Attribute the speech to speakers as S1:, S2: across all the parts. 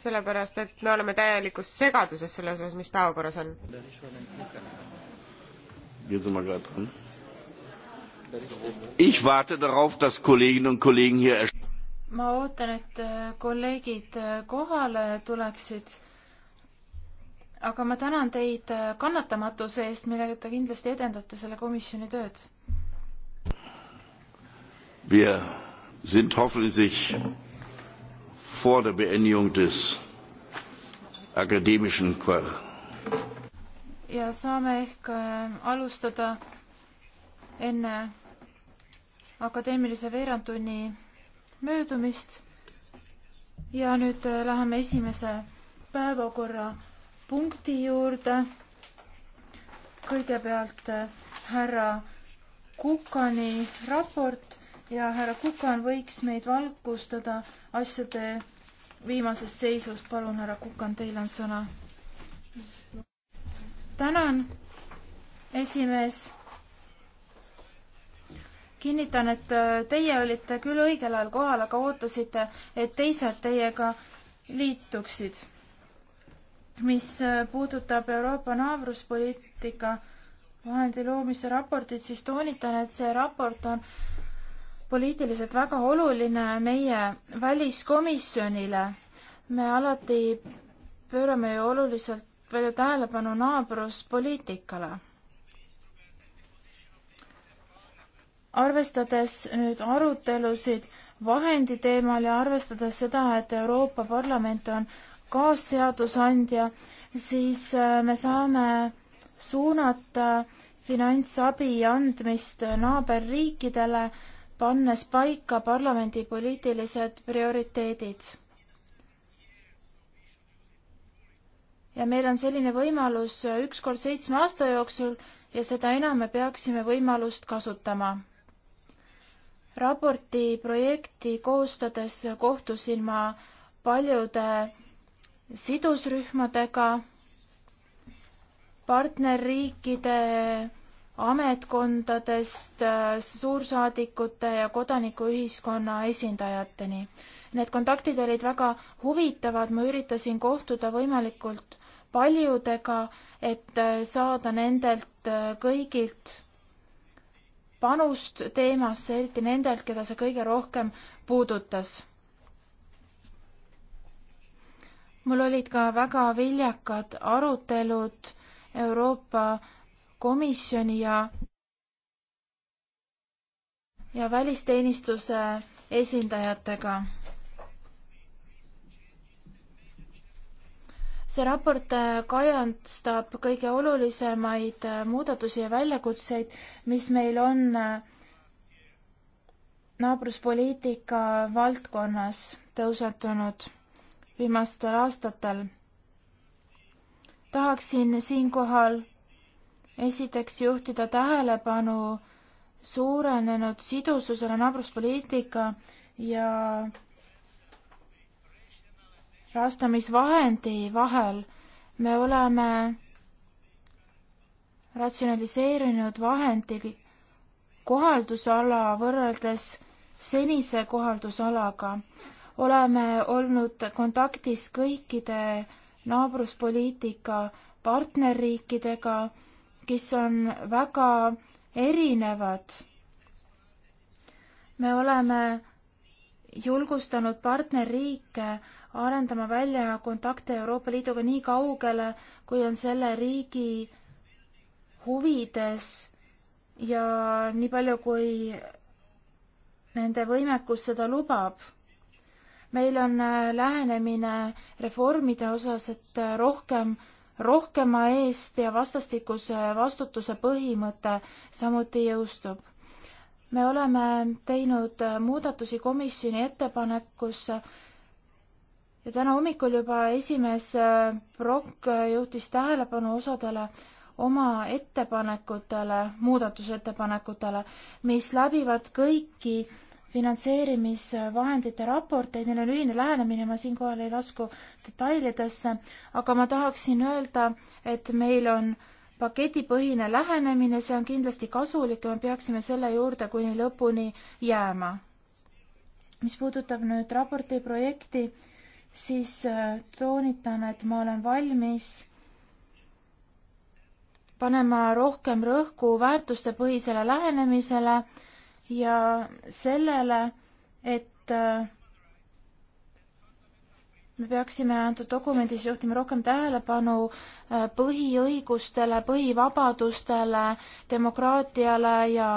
S1: sellepärast et me oleme täielikus segaduses selle osas, mis päevakorras on.
S2: ma ootan, et äh, kolleegid äh, kohale tuleksid. aga ma tänan teid äh, kannatamatuse eest, millega te kindlasti edendate selle komisjoni tööd.
S1: Wir sind hoffentlich vor der Beendigung des akademischen
S2: ja saame ehk äh, alustada enne akadeemilise veerandtunni möödumist. ja nüüd äh, läheme esimese päevakorrapunkti juurde. kõigepealt äh, härra Kukani raport ja härra Kukan võiks meid valgustada asjade viimasest seisust, palun, härra Kukan, teil on sõna. tänan, esimees. kinnitan, et äh, teie olite küll õigel ajal kohal, aga ootasite, et teised teiega liituksid. mis äh, puudutab Euroopa naabruspoliitika vahendi loomise raportit, siis toonitan, et see raport on poliitiliselt väga oluline meie väliskomisjonile. me alati pöörame ju oluliselt palju tähelepanu naabruspoliitikale. arvestades nüüd arutelusid vahendi teemal ja arvestades seda, et Euroopa Parlament on kaasseadusandja, siis äh, me saame suunata finantsabi andmist naaberriikidele pannes paika parlamendi poliitilised prioriteedid. ja meil on selline võimalus üks kord seitsme aasta jooksul ja seda enam me peaksime võimalust kasutama. raporti projekti koostades kohtusin ma paljude sidusrühmadega, partnerriikide ametkondadest äh, suursaadikute ja kodanikuühiskonna esindajateni. Need kontaktid olid väga huvitavad, ma üritasin kohtuda võimalikult paljudega, et äh, saada nendelt äh, kõigilt panust teemasse, eriti nendelt, keda see kõige rohkem puudutas. mul olid ka väga viljakad arutelud Euroopa komisjoni ja ja välisteenistuse esindajatega. see raport äh, kajastab kõige olulisemaid äh, muudatusi ja väljakutseid, mis meil on äh, naabruspoliitika valdkonnas tõusetunud viimastel aastatel. tahaksin siinkohal esiteks juhtida tähelepanu suurenenud sidususele naabruspoliitika ja rahastamisvahendi vahel. me oleme ratsionaliseerinud vahendi kohaldusala võrreldes senise kohaldusalaga. oleme olnud kontaktis kõikide naabruspoliitika partnerriikidega Türgis on väga erinevad. me oleme julgustanud partnerriike arendama välja kontakte Euroopa Liiduga nii kaugele, kui on selle riigi huvides ja nii palju, kui nende võimekus seda lubab. meil on lähenemine reformide osas, et rohkem rohkema eest ja vastastikuse vastutuse põhimõte samuti jõustub. me oleme teinud muudatusi komisjoni ettepanekusse ja täna hommikul juba esimees äh, Brock juhtis tähelepanu osadele oma ettepanekutele, muudatusettepanekutele, mis läbivad kõiki äh, finantseerimisvahendite raporteid, neil on ühine lähenemine, ma siinkohal ei lasku detailidesse, aga ma tahaksin öelda, et meil on paketipõhine lähenemine, see on kindlasti kasulik ja me peaksime selle juurde kuni lõpuni jääma. mis puudutab nüüd raporti projekti, siis äh, toonitan, et ma olen valmis panema rohkem rõhku väärtustepõhisele lähenemisele ja sellele, et äh, me peaksime antud dokumendis juhtima rohkem tähelepanu äh, põhiõigustele, põhivabadustele, demokraatiale ja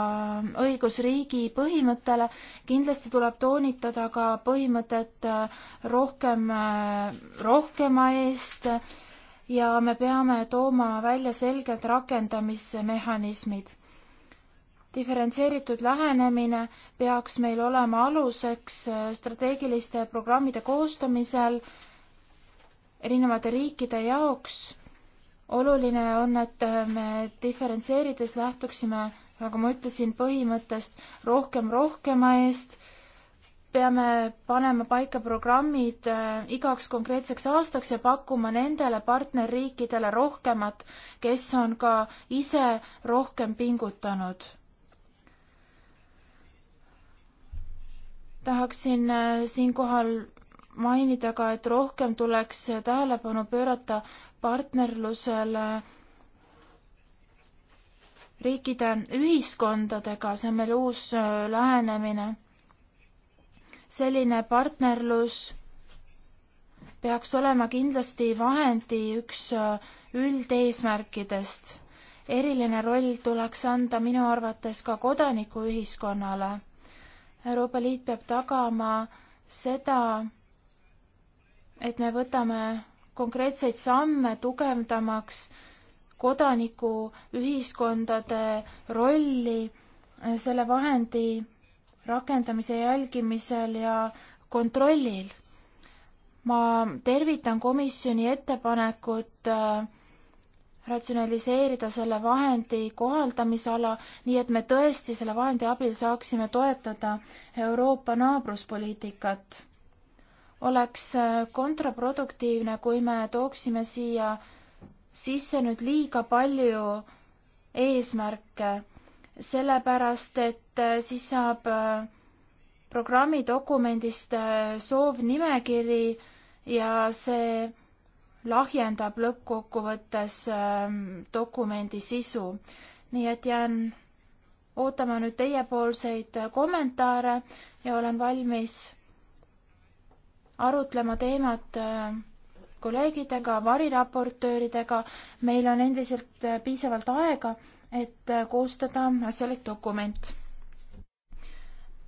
S2: õigusriigi põhimõttele. kindlasti tuleb toonitada ka põhimõtet äh, rohkem, rohkema eest ja me peame tooma välja selged rakendamismehhanismid diferentseeritud lähenemine peaks meil olema aluseks äh, strateegiliste programmide koostamisel erinevate riikide jaoks. oluline on, et äh, me diferentseerides lähtuksime, nagu ma ütlesin, põhimõttest rohkem rohkema eest. peame panema paika programmid äh, igaks konkreetseks aastaks ja pakkuma nendele partnerriikidele rohkemat, kes on ka ise rohkem pingutanud tahaksin äh, siinkohal mainida ka, et rohkem tuleks tähelepanu pöörata partnerlusele riikide ühiskondadega, see on meil uus äh, lähenemine. selline partnerlus peaks olema kindlasti vahendi üks äh, üldeesmärkidest. eriline roll tuleks anda minu arvates ka kodanikuühiskonnale Euroopa Liit peab tagama seda, et me võtame konkreetseid samme tugevdamaks kodanikuühiskondade rolli selle vahendi rakendamise jälgimisel ja kontrollil. ma tervitan komisjoni ettepanekut äh, ratsionaliseerida selle vahendi kohaldamisala, nii et me tõesti selle vahendi abil saaksime toetada Euroopa naabruspoliitikat. oleks äh, kontraproduktiivne, kui me tooksime siia sisse nüüd liiga palju eesmärke, sellepärast et äh, siis saab äh, programmi dokumendist soovnimekiri ja see lahjendab lõppkokkuvõttes ähm, dokumendi sisu. nii et jään ootama nüüd teiepoolseid kommentaare ja olen valmis arutlema teemat ähm, kolleegidega, variraportööridega. meil on endiselt äh, piisavalt aega, et äh, koostada asjalik dokument.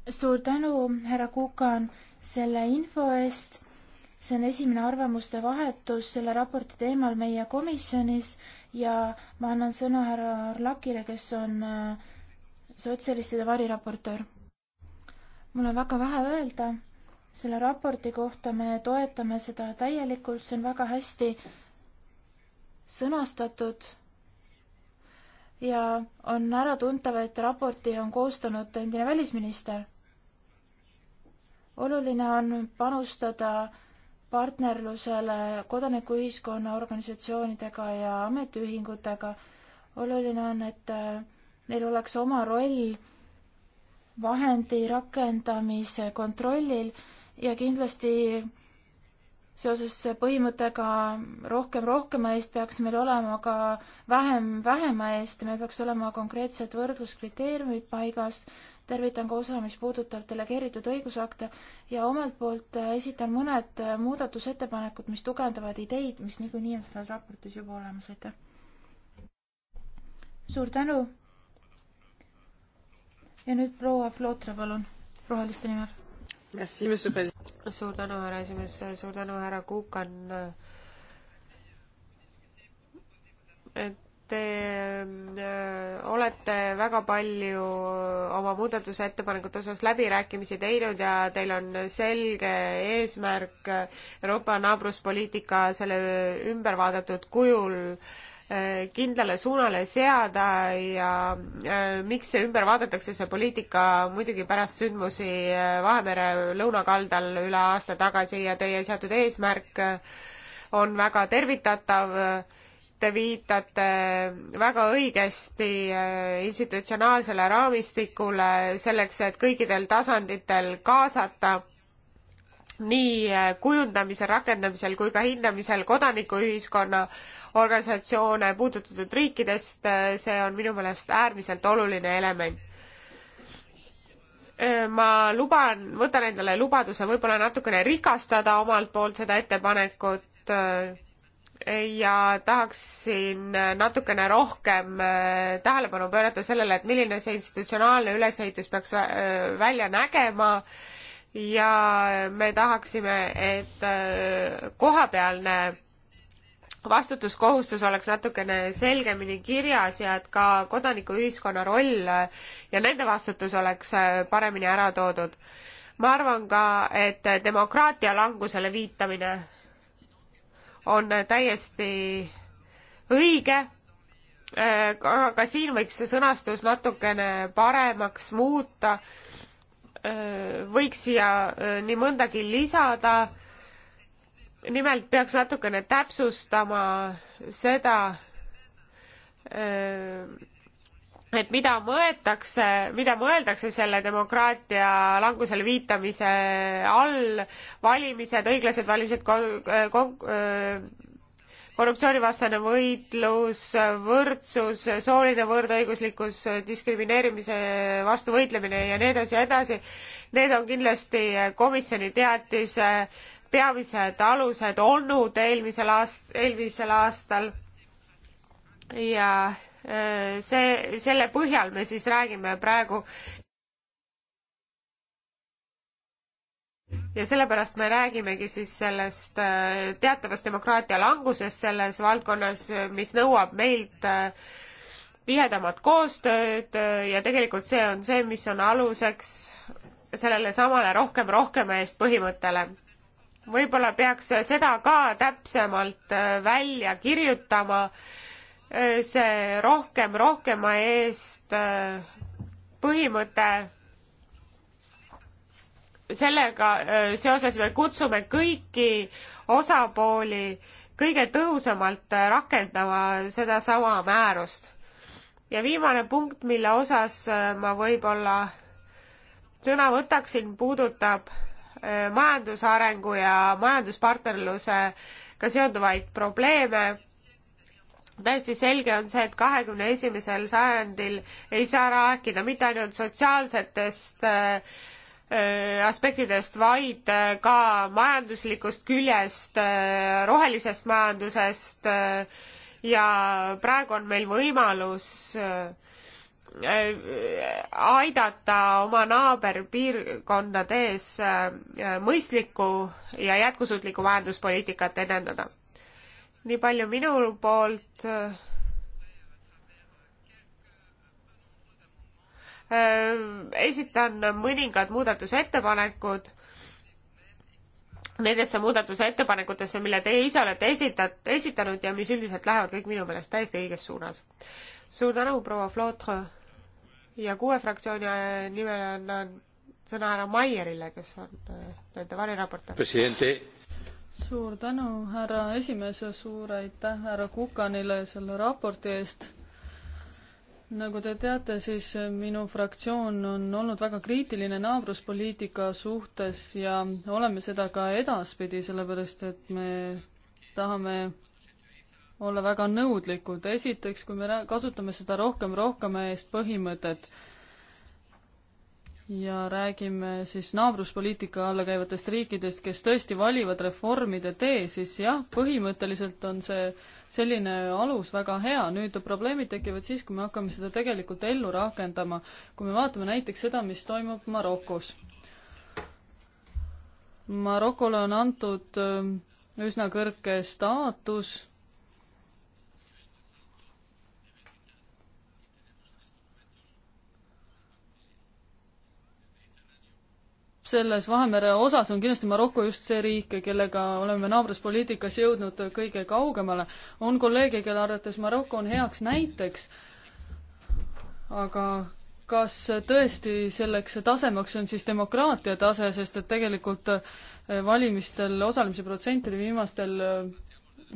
S2: suur tänu, härra Kukan, selle info eest see on esimene arvamuste vahetus selle raporti teemal meie komisjonis ja ma annan sõna härra Arlakile, kes on äh, sotsialistide variraportöör. mul on väga vähe öelda selle raporti kohta, me toetame seda täielikult, see on väga hästi sõnastatud ja on äratuntav, et raporti on koostanud endine välisminister. oluline on panustada partnerlusele kodanikuühiskonna organisatsioonidega ja ametiühingutega. oluline on, et äh, neil oleks oma roll vahendi rakendamise kontrollil ja kindlasti seoses põhimõttega rohkem rohkema eest peaks meil olema ka vähem vähema eest ja meil peaks olema konkreetsed võrdluskriteeriumid paigas tervitan ka osa, mis puudutab delegeeritud õigusakte ja omalt poolt äh, esitan mõned äh, muudatusettepanekud, mis tugevdavad ideid, mis niikuinii on selles raportis juba olemas, aitäh. suur tänu. ja nüüd proua Flotre, palun, roheliste nimel.
S1: suur tänu, härra esimees, suur tänu, härra Kukan et Te äh, olete väga palju oma muudatusettepanekute osas läbirääkimisi teinud ja teil on selge eesmärk Euroopa naabruspoliitika selle ümber vaadatud kujul äh, kindlale suunale seada ja äh, miks see ümber vaadatakse, see poliitika muidugi pärast sündmusi Vahemere lõunakaldal üle aasta tagasi ja teie seatud eesmärk on väga tervitatav te viitate väga õigesti äh, institutsionaalsele raamistikule selleks, et kõikidel tasanditel kaasata nii äh, kujundamisel, rakendamisel kui ka hindamisel kodanikuühiskonna organisatsioone puudutatud riikidest, äh, see on minu meelest äärmiselt oluline element. ma luban, võtan endale lubaduse võib-olla natukene rikastada omalt poolt seda ettepanekut ja tahaksin natukene rohkem äh, tähelepanu pöörata sellele, et milline see institutsionaalne ülesehitus peaks äh, välja nägema ja me tahaksime, et äh, kohapealne vastutuskohustus oleks natukene selgemini kirjas ja et ka kodanikuühiskonna roll ja nende vastutus oleks paremini ära toodud. ma arvan ka, et demokraatia langusele viitamine on täiesti õige, aga siin võiks see sõnastus natukene paremaks muuta, võiks siia eh, nii mõndagi lisada, nimelt peaks natukene täpsustama seda, eh, et mida mõetakse, mida mõeldakse selle demokraatia langusele viitamise all, valimised, õiglased valimised, äh, äh, korruptsioonivastane võitlus, võrdsus, sooline võrdõiguslikkus, diskrimineerimise vastu võitlemine ja nii edasi ja edasi. Need on kindlasti komisjoni teatise peamised alused olnud eelmisel aast-, eelmisel aastal ja Äh, see, selle põhjal me siis räägime praegu. ja sellepärast me räägimegi siis sellest äh, teatavast demokraatia langusest selles valdkonnas, mis nõuab meilt äh, tihedamat koostööd ja tegelikult see on see, mis on aluseks sellele samale rohkem rohkema eest põhimõttele võib-olla peaks seda ka täpsemalt välja kirjutama see rohkem rohkema eest äh, põhimõte, sellega äh, seoses me kutsume kõiki osapooli kõige tõhusamalt äh, rakendama sedasama määrust. ja viimane punkt, mille osas ma võib-olla sõna võtaksin, puudutab majandusarengu ja majanduspartnerlusega seonduvaid probleeme täiesti selge on see, et kahekümne esimesel sajandil ei saa rääkida mitte ainult sotsiaalsetest äh, äh, aspektidest, vaid äh, ka majanduslikust küljest, rohelisest majandusest ja praegu on meil võimalus aidata oma naaberpiirkondades mõistlikku ja jätkusuutlikku majanduspoliitikat edendada nii palju minu poolt. Äh, esitan mõningad muudatusettepanekud nendesse muudatusettepanekutesse, mille teie ise olete esitat-, esitanud ja mis üldiselt lähevad kõik minu meelest täiesti õiges suunas. suur tänu, proua Flotre ja kuue fraktsiooni äh, nimel annan sõna härra Maierile, kes on äh, nende variraportöör suur
S3: tänu, härra esimees ja suur aitäh härra Kukanile selle raporti eest. nagu te teate, siis minu fraktsioon on olnud väga kriitiline naabruspoliitika suhtes ja oleme seda ka edaspidi, sellepärast et me tahame olla väga nõudlikud. esiteks, kui me kasutame seda rohkem rohkema eest põhimõtet, ja räägime siis naabruspoliitika alla käivatest riikidest, kes tõesti valivad reformide tee, siis jah, põhimõtteliselt on see selline alus väga hea, nüüd probleemid tekivad siis, kui me hakkame seda tegelikult ellu rakendama. kui me vaatame näiteks seda, mis toimub Marokos. Marokole on antud ähm, üsna kõrge staatus selles Vahemere osas on kindlasti Maroko just see riik, kellega oleme naabruspoliitikas jõudnud kõige kaugemale. on kolleege, kelle arvates Maroko on heaks näiteks, aga kas tõesti selleks tasemeks on siis demokraatia tase, sest et tegelikult valimistel osalemise protsent oli viimastel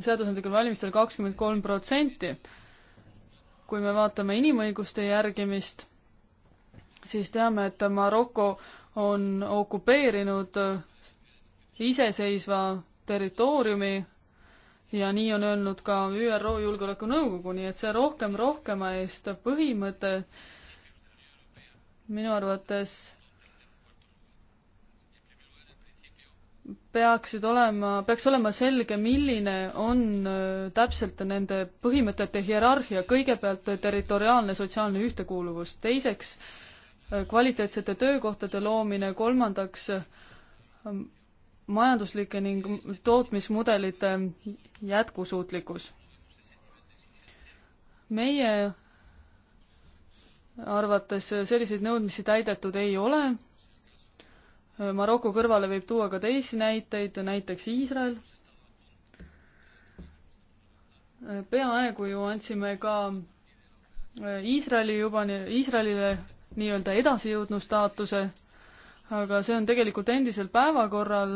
S3: seadusandlikel valimistel kakskümmend kolm protsenti. kui me vaatame inimõiguste järgimist, siis teame, et Maroko on okupeerinud iseseisva territooriumi ja nii on öelnud ka ÜRO Julgeolekunõukogu, nii et see rohkem rohkema eest põhimõte minu arvates peaksid olema, peaks olema selge, milline on äh, täpselt nende põhimõtete hierarhia, kõigepealt territoriaalne sotsiaalne ühtekuuluvus, teiseks äh, kvaliteetsete töökohtade loomine, kolmandaks ähm, majanduslike ning tootmismudelite jätkusuutlikkus. meie arvates selliseid nõudmisi täidetud ei ole. Maroko kõrvale võib tuua ka teisi näiteid, näiteks Iisrael. peaaegu ju andsime ka Iisraeli juba, Iisraelile nii-öelda edasijõudnu staatuse, aga see on tegelikult endiselt päevakorral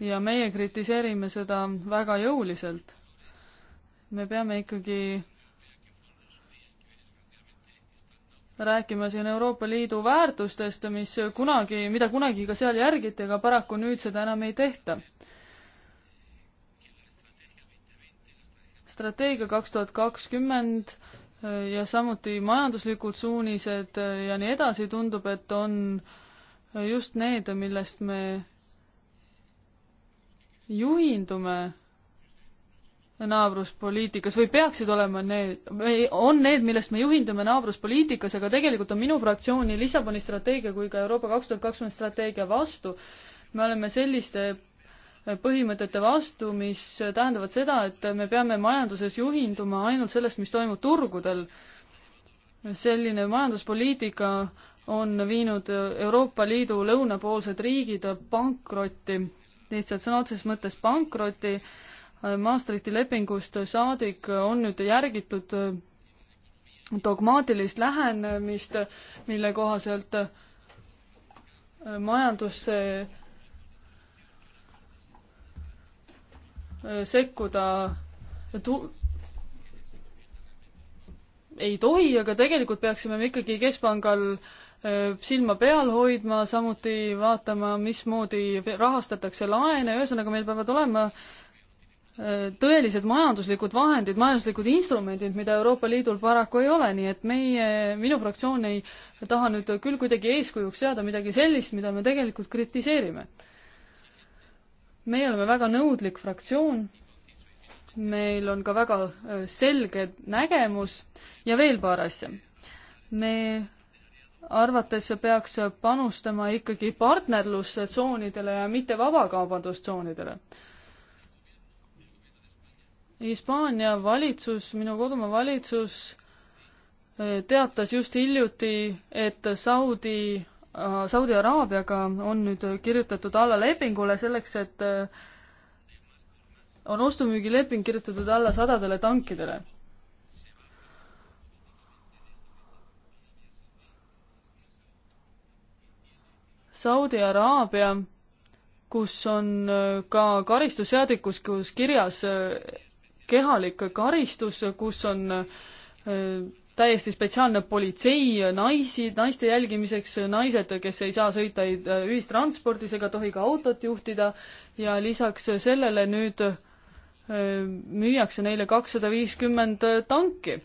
S3: ja meie kritiseerime seda väga jõuliselt. me peame ikkagi rääkima siin Euroopa Liidu väärtustest, mis kunagi, mida kunagi ka seal järgiti, aga paraku nüüd seda enam ei tehta. strateegia kaks tuhat kakskümmend ja samuti majanduslikud suunised ja nii edasi, tundub, et on just need, millest me juhindume naabruspoliitikas või peaksid olema need, on need, millest me juhindume naabruspoliitikas, aga tegelikult on minu fraktsioon nii Lissaboni strateegia kui ka Euroopa kaks tuhat kakskümmend strateegia vastu. me oleme selliste põhimõtete vastu, mis tähendavad seda, et me peame majanduses juhinduma ainult sellest, mis toimub turgudel. selline majanduspoliitika on viinud Euroopa Liidu lõunapoolsed riigid pankrotti, lihtsalt sõna otseses mõttes pankrotti. Maastrichti lepingust saadik on nüüd järgitud dogmaatilist lähenemist, mille kohaselt majandusse Äh, sekkuda tu-, ei tohi, aga tegelikult peaksime me ikkagi keskpangal äh, silma peal hoidma, samuti vaatama, mismoodi rahastatakse laene, ühesõnaga meil peavad olema äh, tõelised majanduslikud vahendid, majanduslikud instrumendid, mida Euroopa Liidul paraku ei ole, nii et meie, minu fraktsioon ei taha nüüd küll kuidagi eeskujuks seada midagi sellist, mida me tegelikult kritiseerime meie oleme väga nõudlik fraktsioon, meil on ka väga äh, selge nägemus ja veel paar asja. me arvates peaks panustama ikkagi partnerlustsoonidele ja mitte vabakaubandustsoonidele. Hispaania valitsus, minu kodumaa valitsus äh, teatas just hiljuti, et Saudi Äh, Saudi Araabiaga on nüüd kirjutatud alla lepingule selleks, et äh, on ostu-müügileping kirjutatud alla sadadele tankidele. Saudi Araabia, kus on äh, ka karistusseadikus, kus kirjas kehalik karistus, kus on täiesti spetsiaalne politsei naisi, naiste jälgimiseks, naised, kes ei saa sõita äh, ühistranspordis ega tohi ka autot juhtida ja lisaks sellele nüüd äh, müüakse neile kakssada viiskümmend äh, tanki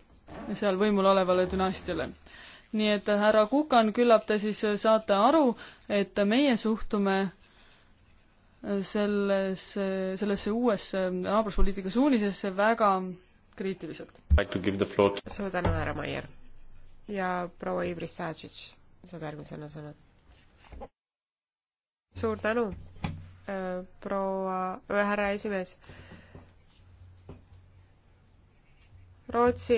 S3: seal võimul olevale dünastiale. nii et härra Kukan, küllap te siis saate aru, et meie suhtume selles, sellesse uuesse naabruspoliitika suunisesse väga kriitiliselt like. suur tänu, härra Maier.
S1: ja proua Ivris Sajic saab järgmisena sõna. suur tänu, äh, proua, äh, härra esimees rootsi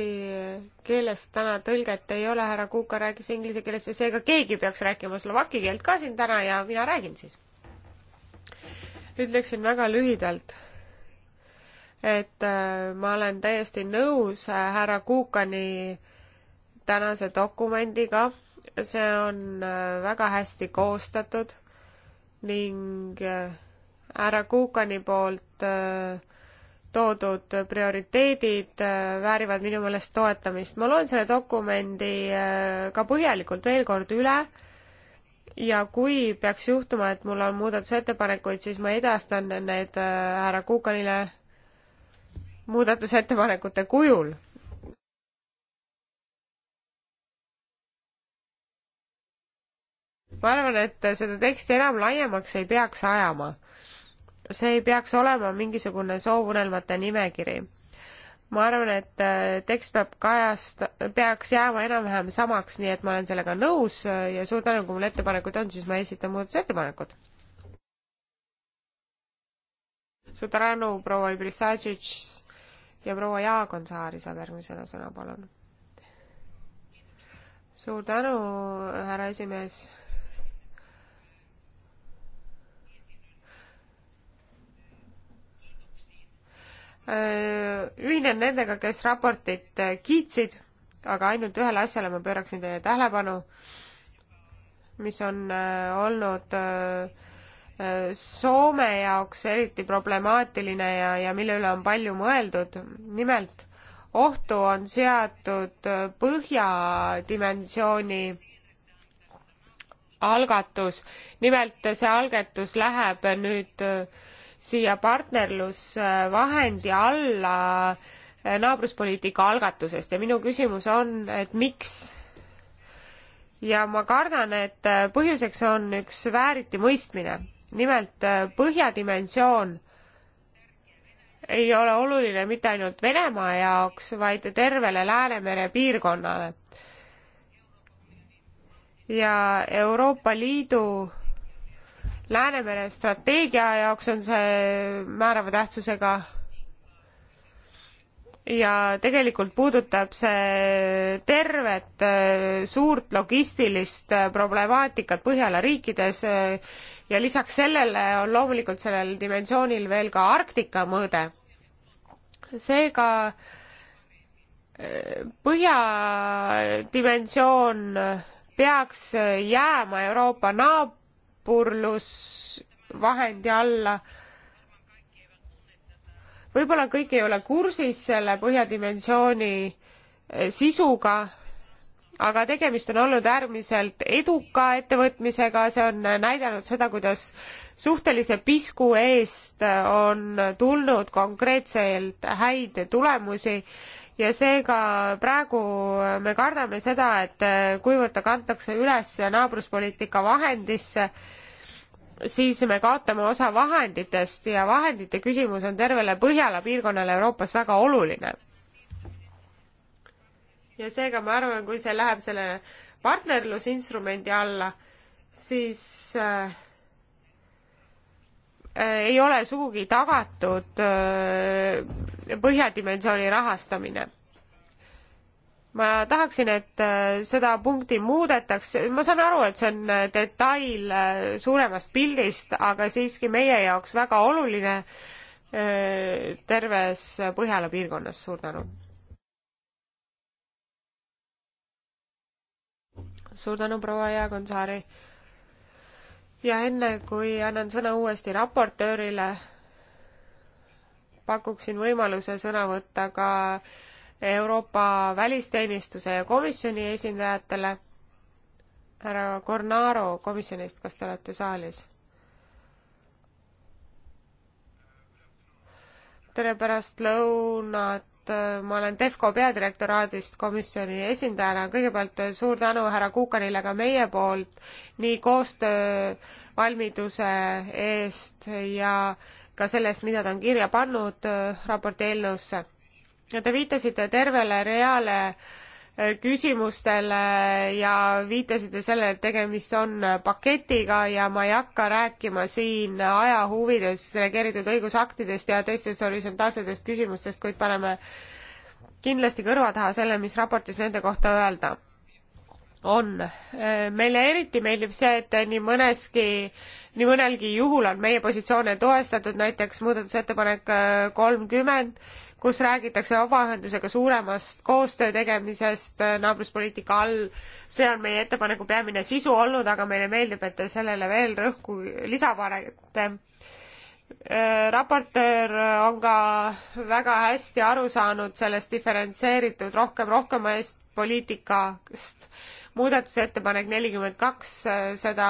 S1: keelest täna tõlget ei ole, härra Kuka rääkis inglise keeles ja seega keegi peaks rääkima slovaki keelt ka siin täna ja mina räägin siis. ütleksin väga lühidalt, et äh, ma olen täiesti nõus äh, härra Kuukani tänase dokumendiga, see on äh, väga hästi koostatud ning härra Kuukani poolt toodud prioriteedid väärivad minu meelest toetamist. ma loen selle dokumendi ka põhjalikult veel kord üle ja kui peaks juhtuma, et mul on muudatusettepanekuid, siis ma edastan need härra Kuukanile muudatusettepanekute kujul. ma arvan, et seda teksti enam laiemaks ei peaks ajama. see ei peaks olema mingisugune soovunelmate nimekiri. ma arvan, et äh, tekst peab kajast-, peaks jääma enam-vähem samaks, nii et ma olen sellega nõus äh, ja suur tänu, kui mul ettepanekuid on, siis ma esitan muudatusettepanekud. suur tänu, proua Ibrissadžitš ja proua Jaagonsaari saab järgmisena sõna, palun. suur tänu, härra esimees. Äh, ühinen nendega, kes raportit äh, kiitsid, aga ainult ühele asjale ma pööraksin teie tähelepanu, mis on äh, olnud äh, Soome jaoks eriti problemaatiline ja, ja mille üle on palju mõeldud. nimelt ohtu on seatud põhjadimensiooni algatus. nimelt see algatus läheb nüüd siia partnerlusvahendi alla naabruspoliitika algatusest ja minu küsimus on, et miks? ja ma kardan, et põhjuseks on üks vääritimõistmine nimelt äh, põhjadimensioon ei ole oluline mitte ainult Venemaa jaoks, vaid tervele Läänemere piirkonnale. ja Euroopa Liidu Läänemere strateegia jaoks on see määrava tähtsusega. ja tegelikult puudutab see tervet äh, suurt logistilist äh, problemaatikat Põhjala riikides ja lisaks sellele on loomulikult sellel dimensioonil veel ka Arktika mõõde. seega eh, põhjadimensioon peaks jääma Euroopa naabrusvahendi alla. võib-olla kõik ei ole kursis selle põhjadimensiooni eh, sisuga aga tegemist on olnud äärmiselt eduka ettevõtmisega, see on näidanud seda, kuidas suhtelise pisku eest on tulnud konkreetselt häid tulemusi ja seega praegu me kardame seda, et kuivõrd ta kantakse üles naabruspoliitika vahendisse, siis me kaotame osa vahenditest ja vahendite küsimus on tervele Põhjala piirkonnale Euroopas väga oluline ja seega ma arvan, kui see läheb selle partnerlusinstrumendi alla, siis äh, äh ei ole sugugi tagatud äh, põhjadimensiooni rahastamine. ma tahaksin, et äh, seda punkti muudetaks, ma saan aru, et see on detail suuremast pildist, aga siiski meie jaoks väga oluline terves Põhjala piirkonnas, suur tänu suur tänu, proua Jaagonsaari. ja enne, kui annan sõna uuesti raportöörile, pakuksin võimaluse sõna võtta ka Euroopa välisteenistuse ja komisjoni esindajatele. härra Cornaro komisjonist, kas te olete saalis? tere pärast lõunat Äh, ma olen Defco peadirektoraadist komisjoni esindajana. kõigepealt äh, suur tänu härra Kukanile ka meie poolt nii koostöövalmiduse eest ja ka selle eest, mida ta on kirja pannud äh, raporti eelnõusse. Te viitasite tervele reale äh, küsimustele ja viitasite sellele, et tegemist on paketiga ja ma ei hakka rääkima siin aja huvides delegeeritud õigusaktidest ja teistest horisontaalsetest küsimustest, kuid paneme kindlasti kõrva taha selle, mis raportis nende kohta öelda on. meile eriti meeldib see, et nii mõneski, nii mõnelgi juhul on meie positsioone toestatud, näiteks muudatusettepanek kolmkümmend, kus räägitakse vabaühendusega suuremast koostöö tegemisest äh, naabruspoliitika all. see on meie ettepaneku peamine sisu olnud, aga meile meeldib, et te sellele veel rõhku lisa panete. Äh, raportöör on ka väga hästi aru saanud sellest diferentseeritud rohkem rohkema eest poliitikast. muudatusettepanek nelikümmend kaks äh, seda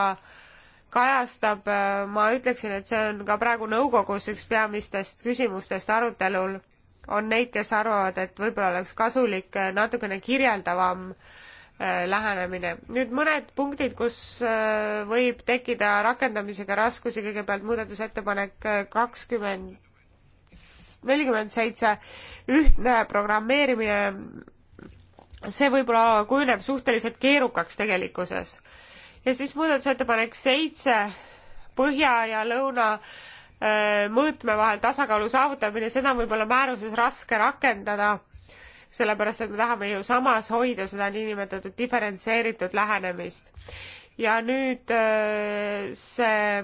S1: kajastab, ma ütleksin, et see on ka praegu nõukogus üks peamistest küsimustest arutelul on neid, kes arvavad, et võib-olla oleks kasulik äh, natukene kirjeldavam äh, lähenemine. nüüd mõned punktid, kus äh, võib tekkida rakendamisega raskusi, kõigepealt muudatusettepanek kakskümmend, nelikümmend seitse, ühtne programmeerimine, see võib-olla kujuneb suhteliselt keerukaks tegelikkuses. ja siis muudatusettepanek seitse, põhja ja lõuna Äh, mõõtme vahel tasakaalu saavutamine, seda on võib-olla määruses raske rakendada, sellepärast et me tahame ju samas hoida seda niinimetatud diferentseeritud lähenemist. ja nüüd äh, see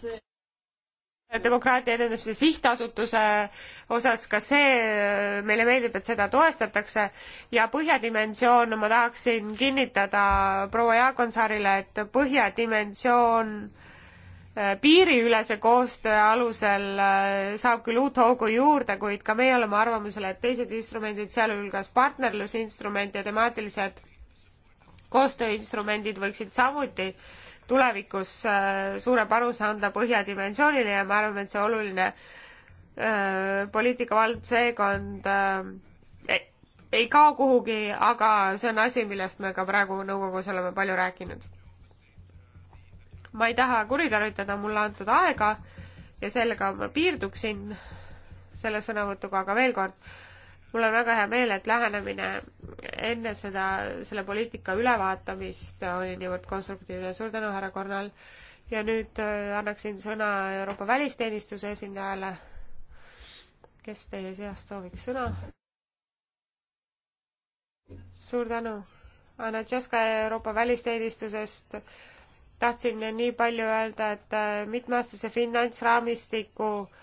S1: see äh, demokraatia edendamise sihtasutuse osas, ka see meile meeldib, et seda toestatakse ja põhjadimensioon, ma tahaksin kinnitada proua Jaakonsaarile, et põhjadimensioon äh, piiriülese koostöö alusel äh, saab küll uut hoogu juurde, kuid ka meie oleme arvamusel, et teised instrumendid, sealhulgas partnerlusinstrument ja temaatilised koostööinstrumendid võiksid samuti äh, tulevikus äh, suure panuse anda Põhjadimensioonile ja me arvame, et see oluline äh, poliitikavaldseekond äh, ei, ei kao kuhugi, aga see on asi, millest me ka praegu nõukogus oleme palju rääkinud. ma ei taha kuritarvitada mulle antud aega ja sellega ma piirduksin selle sõnavõtuga, aga veel kord mul on väga hea meel, et lähenemine enne seda, selle poliitika ülevaatamist oli niivõrd konstruktiivne. suur tänu, härra Kornal. ja nüüd äh, annaksin sõna Euroopa Välisteenistuse esindajale. kes teie seast sooviks sõna? suur tänu. Anna Tšeska Euroopa Välisteenistusest tahtsin nii palju öelda, et äh, mitmeaastase finantsraamistiku äh,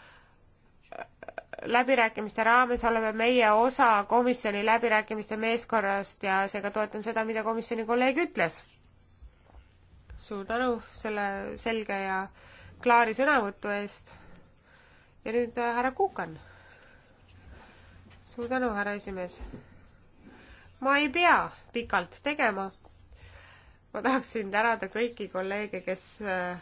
S1: läbirääkimiste raames oleme meie osa komisjoni läbirääkimiste meeskonnast ja seega toetan seda, mida komisjoni kolleeg ütles. suur tänu selle selge ja klaari sõnavõtu eest. ja nüüd äh, härra Kukan. suur tänu, härra esimees. ma ei pea pikalt tegema. ma tahaksin tänada kõiki kolleege, kes äh,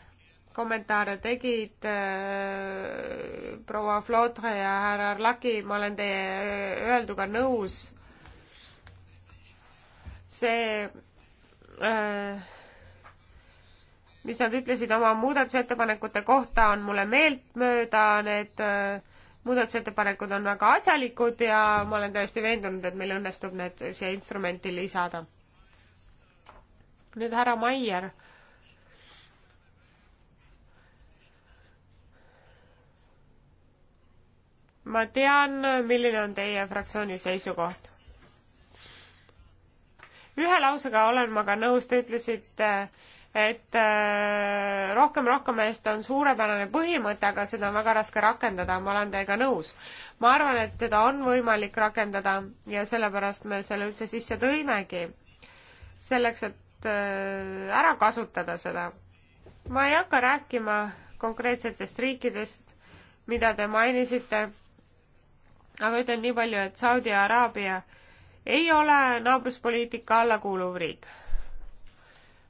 S1: kommentaare tegid äh, proua Flotre ja härra Arlaki, ma olen teie öelduga nõus. see äh, mis nad ütlesid oma muudatusettepanekute kohta, on mulle meeltmööda, need äh, muudatusettepanekud on väga asjalikud ja ma olen täiesti veendunud, et meil õnnestub need siia instrumenti lisada. nüüd härra Maier ma tean, milline on teie fraktsiooni seisukoht. ühe lausega olen ma ka nõus, te ütlesite, et äh, rohkem rohkem eest on suurepärane põhimõte, aga seda on väga raske rakendada, ma olen teiega nõus. ma arvan, et seda on võimalik rakendada ja sellepärast me selle üldse sisse tõimegi. selleks, et äh, ära kasutada seda. ma ei hakka rääkima konkreetsetest riikidest, mida te mainisite aga ütlen nii palju, et Saudi Araabia ei ole naabruspoliitika alla kuuluv riik.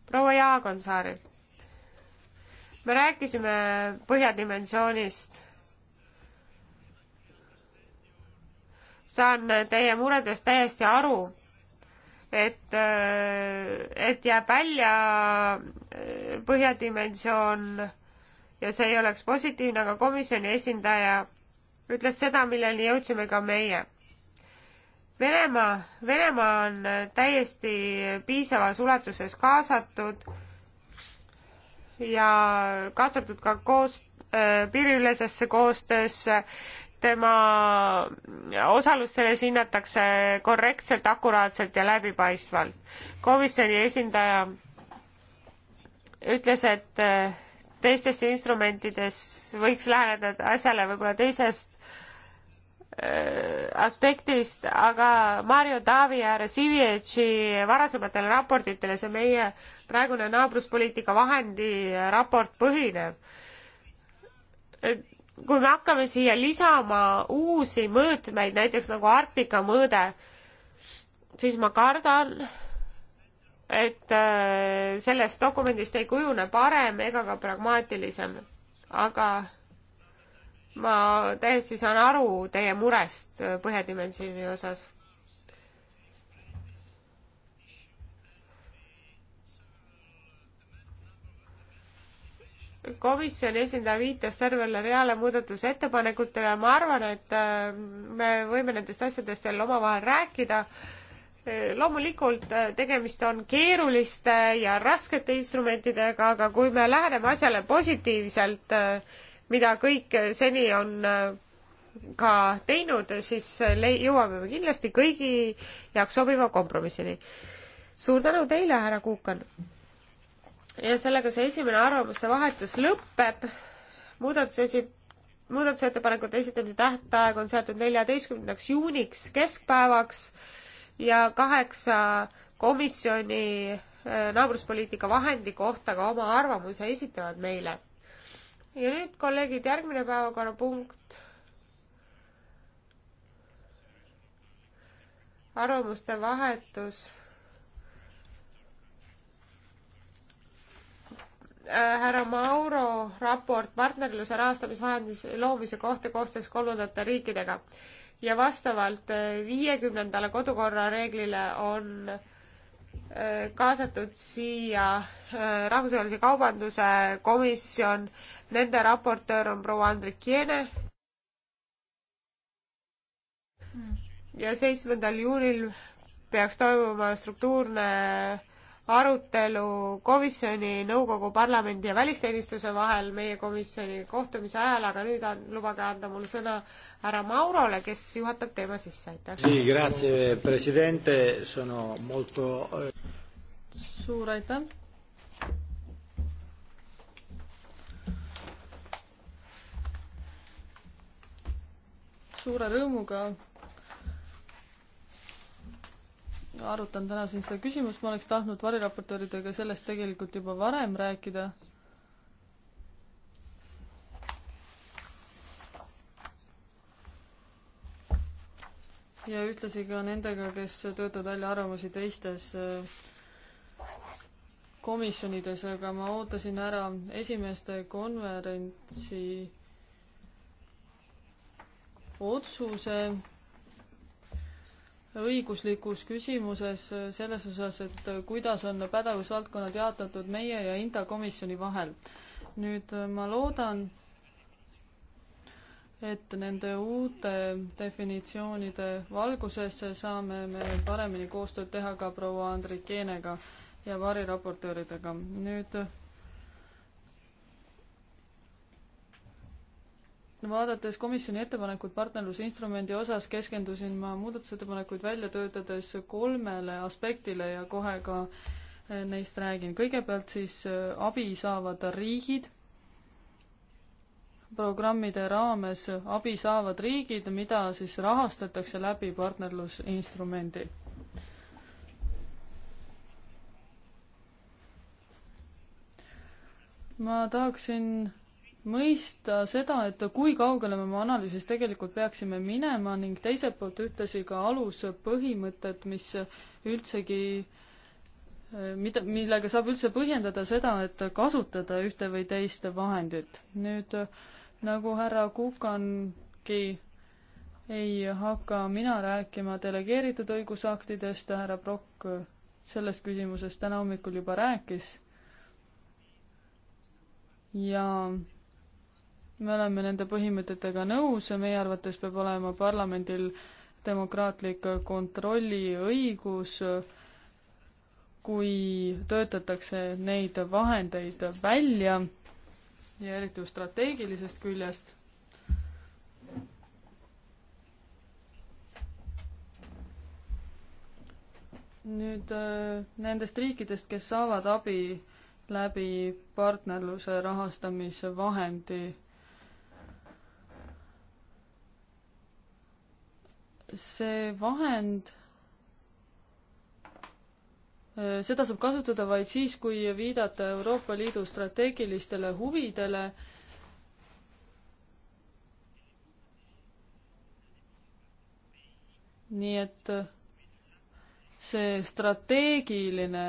S1: proua Jaagonsaari, me rääkisime põhjadimensioonist. saan teie muredest täiesti aru, et, et jääb välja põhjadimensioon ja see ei oleks positiivne, aga komisjoni esindaja ütles seda, milleni jõudsime ka meie. Venemaa, Venemaa on täiesti piisavas ulatuses kaasatud ja kaasatud ka koos äh,, piiriülesesse koostöösse tema osalust selles hinnatakse korrektselt, akuraatselt ja läbipaistvalt. komisjoni esindaja ütles, et äh, teistes instrumentides võiks läheneda asjale võib-olla teisest aspektist, aga Mario Taavi ja Rasivieci varasematele raportitele see meie praegune naabruspoliitika vahendi raport põhineb. kui me hakkame siia lisama uusi mõõtmeid, näiteks nagu Arktika mõõde, siis ma kardan, et äh, sellest dokumendist ei kujune parem ega ka pragmaatilisem, aga ma täiesti saan aru teie murest äh, Põhjadimensiooni osas. komisjoni esindaja viitas tervele reale muudatusettepanekutele ja ma arvan, et äh, me võime nendest asjadest veel omavahel rääkida. Äh, loomulikult tegemist on keeruliste ja raskete instrumentidega, aga kui me läheneme asjale positiivselt, mida kõik seni on äh, ka teinud, siis äh, jõuame me kindlasti kõigi jaoks sobiva kompromissini. suur tänu teile, härra Kuukan! ja sellega see esimene arvamuste vahetus lõpeb. muudatuse esi-, muudatusettepanekute esitamise tähtaeg on seatud neljateistkümnendaks juuniks keskpäevaks ja kaheksa komisjoni äh, naabruspoliitika vahendi kohta ka oma arvamuse esitavad meile ja nüüd, kolleegid, järgmine päevakorrapunkt. arvamuste vahetus äh, härra Mauro raport partnerluse rahastamisvahendis loomise kohta koostöös kolmandate riikidega ja vastavalt äh, viiekümnendale kodukorra reeglile on kaasatud siia äh, Rahvusvahelise Kaubanduse Komisjon, nende raportöör on proua Andrikiene. ja seitsmendal juunil peaks toimuma struktuurne arutelu komisjoni, nõukogu, parlamendi ja välisteenistuse vahel meie komisjoni kohtumise ajal, aga nüüd on, lubage anda mul sõna härra Maurole, kes juhatab teema sisse, aitäh suur aitäh.
S3: suure rõõmuga arutan täna siin seda küsimust, ma oleks tahtnud variraportööridega sellest tegelikult juba varem rääkida. ja ühtlasi ka nendega, kes töötavad välja arvamusi teistes äh, komisjonides, aga ma ootasin ära esimeste konverentsi otsuse õiguslikus küsimuses selles osas, et kuidas on pädevusvaldkonnad jaotatud meie ja Inta komisjoni vahel. nüüd ma loodan, et nende uute definitsioonide valguses saame me paremini koostööd teha ka proua Andrikeenega ja variraportööridega. nüüd vaadates komisjoni ettepanekuid partnerlusinstrumendi osas, keskendusin ma muudatusettepanekuid välja töötades kolmele aspektile ja kohe ka eh, neist räägin. kõigepealt siis eh, abi saavad riigid, programmide raames abi saavad riigid, mida siis rahastatakse läbi partnerlusinstrumendi ma tahaksin mõista seda, et kui kaugele me oma analüüsis tegelikult peaksime minema ning teiselt poolt ühtlasi ka aluspõhimõtted, mis üldsegi, mida, millega saab üldse põhjendada seda, et kasutada ühte või teist vahendit. nüüd nagu härra Kukangi ei hakka mina rääkima delegeeritud õigusaktidest, härra Prokk sellest küsimusest täna hommikul juba rääkis ja me oleme nende põhimõtetega nõus ja meie arvates peab olema parlamendil demokraatlik kontrolliõigus, kui töötatakse neid vahendeid välja ja eriti just strateegilisest küljest nüüd äh, nendest riikidest, kes saavad abi läbi partnerluse rahastamise vahendi. see vahend, äh, seda saab kasutada vaid siis, kui viidata Euroopa Liidu strateegilistele huvidele nii et äh, see strateegiline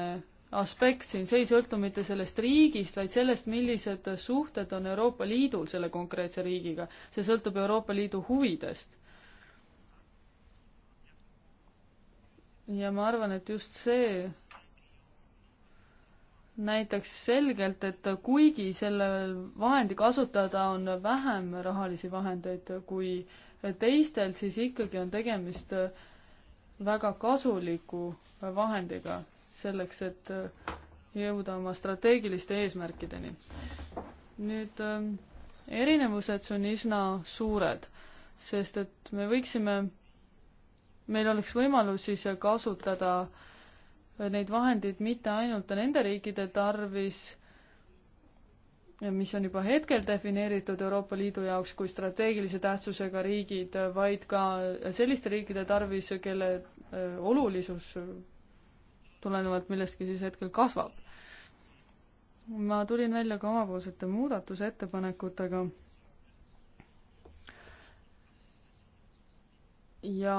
S3: aspekt siin, see ei sõltu mitte sellest riigist, vaid sellest, millised suhted on Euroopa Liidul selle konkreetse riigiga. see sõltub Euroopa Liidu huvidest. ja ma arvan, et just see näitaks selgelt, et kuigi selle vahendi kasutada on vähem rahalisi vahendeid kui teistel, siis ikkagi on tegemist väga kasuliku vahendiga selleks, et äh, jõuda oma strateegiliste eesmärkideni. nüüd äh, erinevused on üsna suured, sest et me võiksime, meil oleks võimalus siis äh, kasutada neid vahendeid mitte ainult nende riikide tarvis, mis on juba hetkel defineeritud Euroopa Liidu jaoks kui strateegilise tähtsusega riigid, vaid ka selliste riikide tarvis, kelle olulisus tulenevalt millestki siis hetkel kasvab. ma tulin välja ka omapoolsete muudatusettepanekutega. ja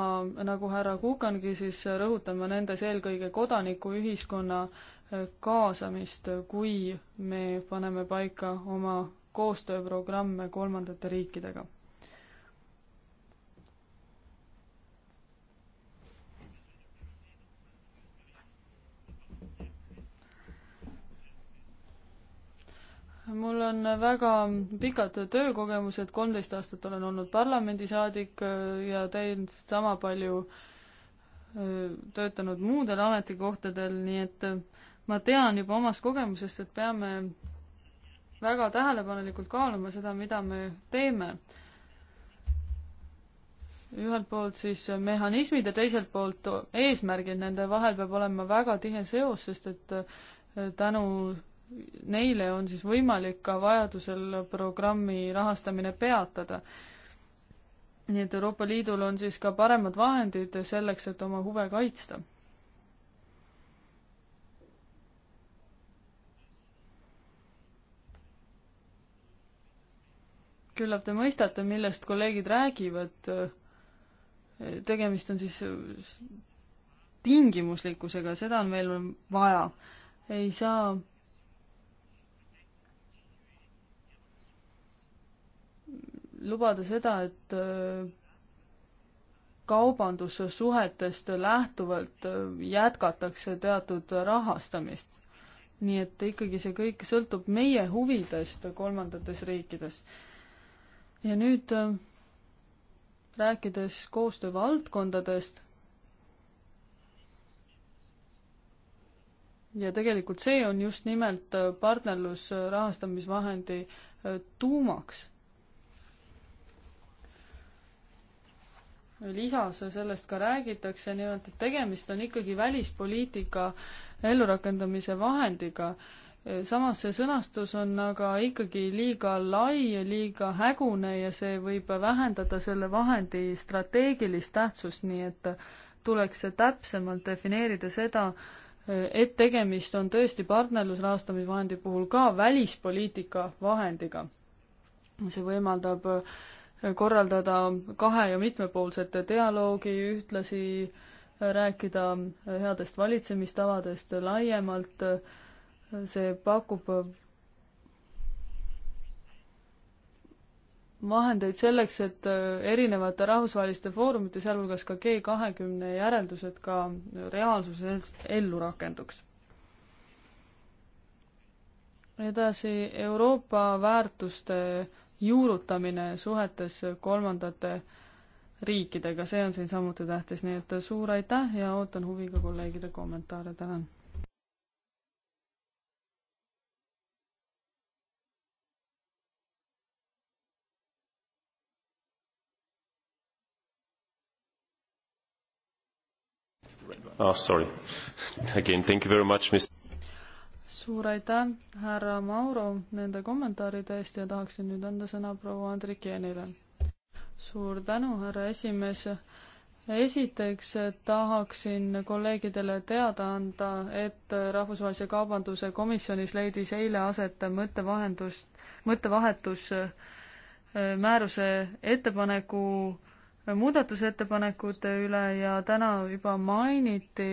S3: nagu härra Kukangi, siis rõhutan ma nendes eelkõige kodanikuühiskonna eh, kaasamist, kui me paneme paika oma koostööprogramme kolmandate riikidega mul on väga pikad töökogemused, kolmteist aastat olen olnud parlamendisaadik äh, ja teen sama palju äh, töötanud muudel ametikohtadel, nii et äh, ma tean juba omast kogemusest, et peame väga tähelepanelikult kaaluma seda, mida me teeme. ühelt poolt siis mehhanismid ja teiselt poolt eesmärgid, nende vahel peab olema väga tihe seos, sest et tänu neile on siis võimalik ka vajadusel programmi rahastamine peatada. nii et Euroopa Liidul on siis ka paremad vahendid selleks, et oma huve kaitsta. küllap te mõistate, millest kolleegid räägivad. tegemist on siis tingimuslikkusega, seda on meil vaja. ei saa lubada seda, et äh, kaubandussuhetest lähtuvalt äh, jätkatakse teatud rahastamist. nii et ikkagi see kõik sõltub meie huvidest kolmandates riikides. ja nüüd äh, rääkides koostöövaldkondadest, ja tegelikult see on just nimelt partnerlus rahastamisvahendi tuumaks lisas sellest ka räägitakse, nimelt et tegemist on ikkagi välispoliitika ellurakendamise vahendiga. samas see sõnastus on aga ikkagi liiga lai, liiga hägune ja see võib vähendada selle vahendi strateegilist tähtsust, nii et tuleks täpsemalt defineerida seda, et tegemist on tõesti partnerlusrahastamisvahendi puhul ka välispoliitika vahendiga. see võimaldab korraldada kahe- ja mitmepoolset dialoogi, ühtlasi rääkida headest valitsemistavadest laiemalt, see pakub vahendeid selleks, et erinevate rahvusvaheliste foorumite, sealhulgas ka G kahekümne järeldused ka reaalsuses ellu rakenduks. edasi Euroopa väärtuste juurutamine suhetes kolmandate riikidega, see on siin samuti tähtis, nii et suur aitäh ja ootan huviga kolleegide kommentaare, tänan.
S1: Oh, sorry. Again, thank you very much, Mr
S3: suur aitäh, härra Mauro, nende kommentaaride eest ja tahaksin nüüd anda sõna proua Andrikienile. suur tänu, härra esimees. esiteks tahaksin kolleegidele teada anda, et Rahvusvahelise Kaubanduse Komisjonis leidis eile aset mõttevahendus, mõttevahetus äh, määruse ettepaneku muudatusettepanekute üle ja täna juba mainiti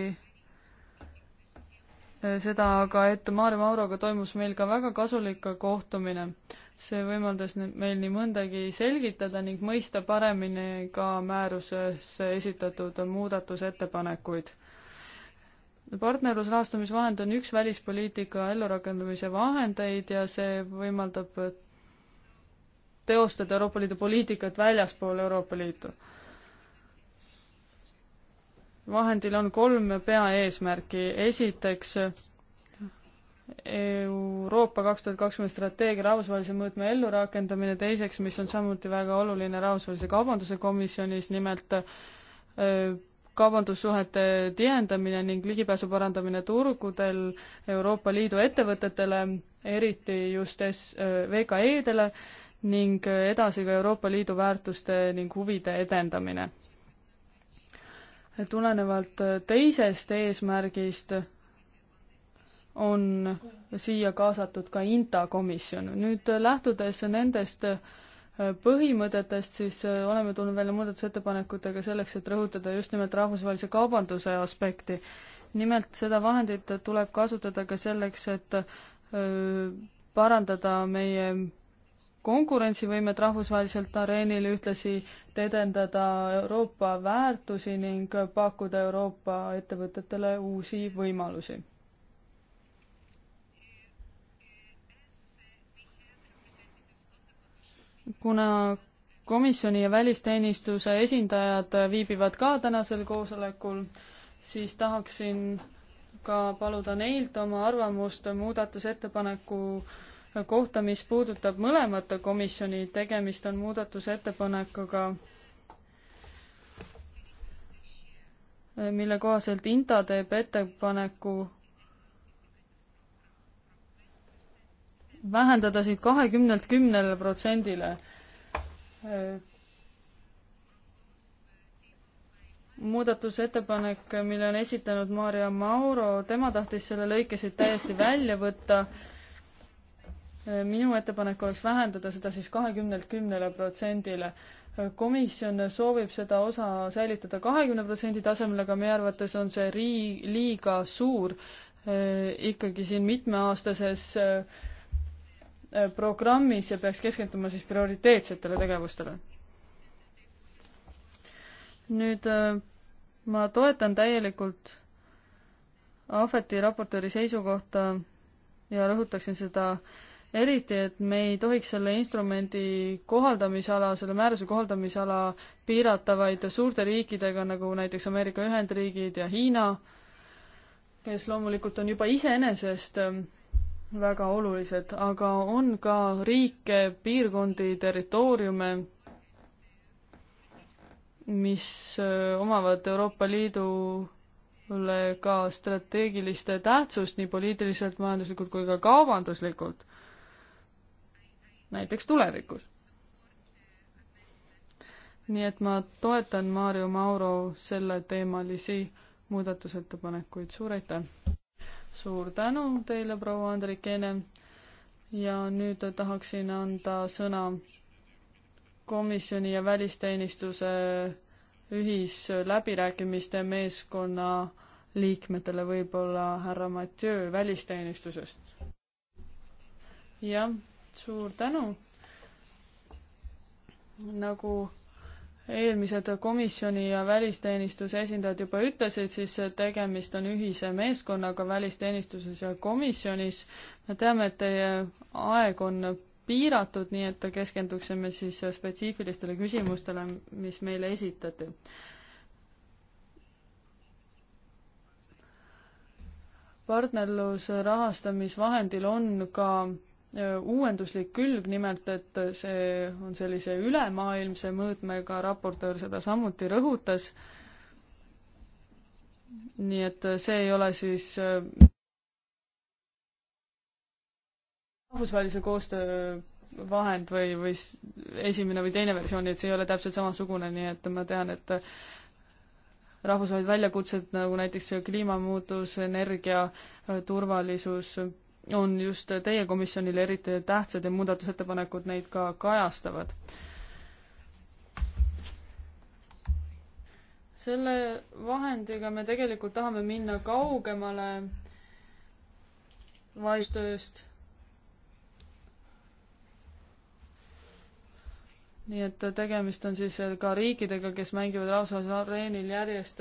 S3: Äh, seda aga, et Maarja Mauroga toimus meil ka väga kasulik kohtumine. see võimaldas meil nii mõndagi selgitada ning mõista paremini ka määruses esitatud muudatusettepanekuid. partnerlusrahastamisvahend on üks välispoliitika ellurakendamise vahendeid ja see võimaldab teostada Euroopa Liidu poliitikat väljaspool Euroopa Liitu vahendil on kolm peaeesmärki. esiteks Euroopa kaks tuhat kakskümmend strateegia rahvusvahelise mõõtme ellurakendamine, teiseks, mis on samuti väga oluline Rahvusvahelise Kaubanduse Komisjonis, nimelt kaubandussuhete tihendamine ning ligipääsu parandamine turgudel Euroopa Liidu ettevõtetele, eriti just S-, VKE-dele, ning edasi ka Euroopa Liidu väärtuste ning huvide edendamine tulenevalt äh, teisest eesmärgist on siia kaasatud ka INTA komisjon. nüüd äh, lähtudes nendest äh, põhimõtetest, siis oleme tulnud välja muudatusettepanekutega selleks, et rõhutada just nimelt rahvusvahelise kaubanduse aspekti. nimelt seda vahendit tuleb kasutada ka selleks, et parandada meie konkurentsivõimet rahvusvaheliselt areenil, ühtlasi edendada Euroopa väärtusi ning pakkuda Euroopa ettevõtetele uusi võimalusi. kuna komisjoni ja välisteenistuse esindajad viibivad ka tänasel koosolekul, siis tahaksin ka paluda neilt oma arvamust muudatusettepaneku äh, kohta, mis puudutab mõlemat komisjoni, tegemist on muudatusettepanekuga, mille kohaselt INTA teeb ettepaneku vähendada siit kahekümnelt kümnele protsendile muudatusettepanek, mille on esitanud Maarja Mauro, tema tahtis selle lõike siit täiesti välja võtta minu ettepanek oleks vähendada seda siis kahekümnelt kümnele protsendile. komisjon soovib seda osa säilitada kahekümne protsendi tasemel, aga meie arvates on see rii-, liiga suur eh, ikkagi siin mitmeaastases eh, programmis ja peaks keskenduma siis prioriteetsetele tegevustele. nüüd eh, ma toetan täielikult Ahveti raportööri seisukohta ja rõhutaksin seda äh, eriti, et me ei tohiks selle instrumendi kohaldamisala, selle määruse kohaldamisala piirata vaid suurte riikidega, nagu näiteks Ameerika Ühendriigid ja Hiina, kes loomulikult on juba iseenesest ähm, väga olulised, aga on ka riike, piirkondi, territooriume, mis äh, omavad Euroopa Liidule ka strateegilist tähtsust nii poliitiliselt, majanduslikult kui ka kaubanduslikult näiteks tulevikus. nii et ma toetan Maarjo Mauro selleteemalisi muudatusettepanekuid, suur aitäh! suur tänu teile, proua Andrikene! ja nüüd tahaksin anda sõna komisjoni ja välisteenistuse ühisläbirääkimiste meeskonna liikmetele, võib-olla härra Mathieu välisteenistusest. jah suur tänu. nagu eelmised komisjoni ja välisteenistuse esindajad juba ütlesid, siis tegemist on ühise meeskonnaga välisteenistuses ja komisjonis. me teame, et teie aeg on piiratud, nii et keskenduksime siis spetsiifilistele küsimustele, mis meile esitati. partnerluse rahastamisvahendil on ka Äh, uuenduslik külg, nimelt et see on sellise ülemaailmse mõõtmega, raportöör seda samuti rõhutas, nii et see ei ole siis äh, rahvusvahelise koostöö vahend või, või esimene või teine versioon, nii et see ei ole täpselt samasugune, nii et ma tean, et äh, rahvusvahelised väljakutsed nagu näiteks kliimamuutus, energia turvalisus, on just teie komisjonile eriti tähtsad ja muudatusettepanekud neid ka kajastavad. selle vahendiga me tegelikult tahame minna kaugemale vaestööst. nii et tegemist on siis ka riikidega, kes mängivad rahvusvahelisel areenil järjest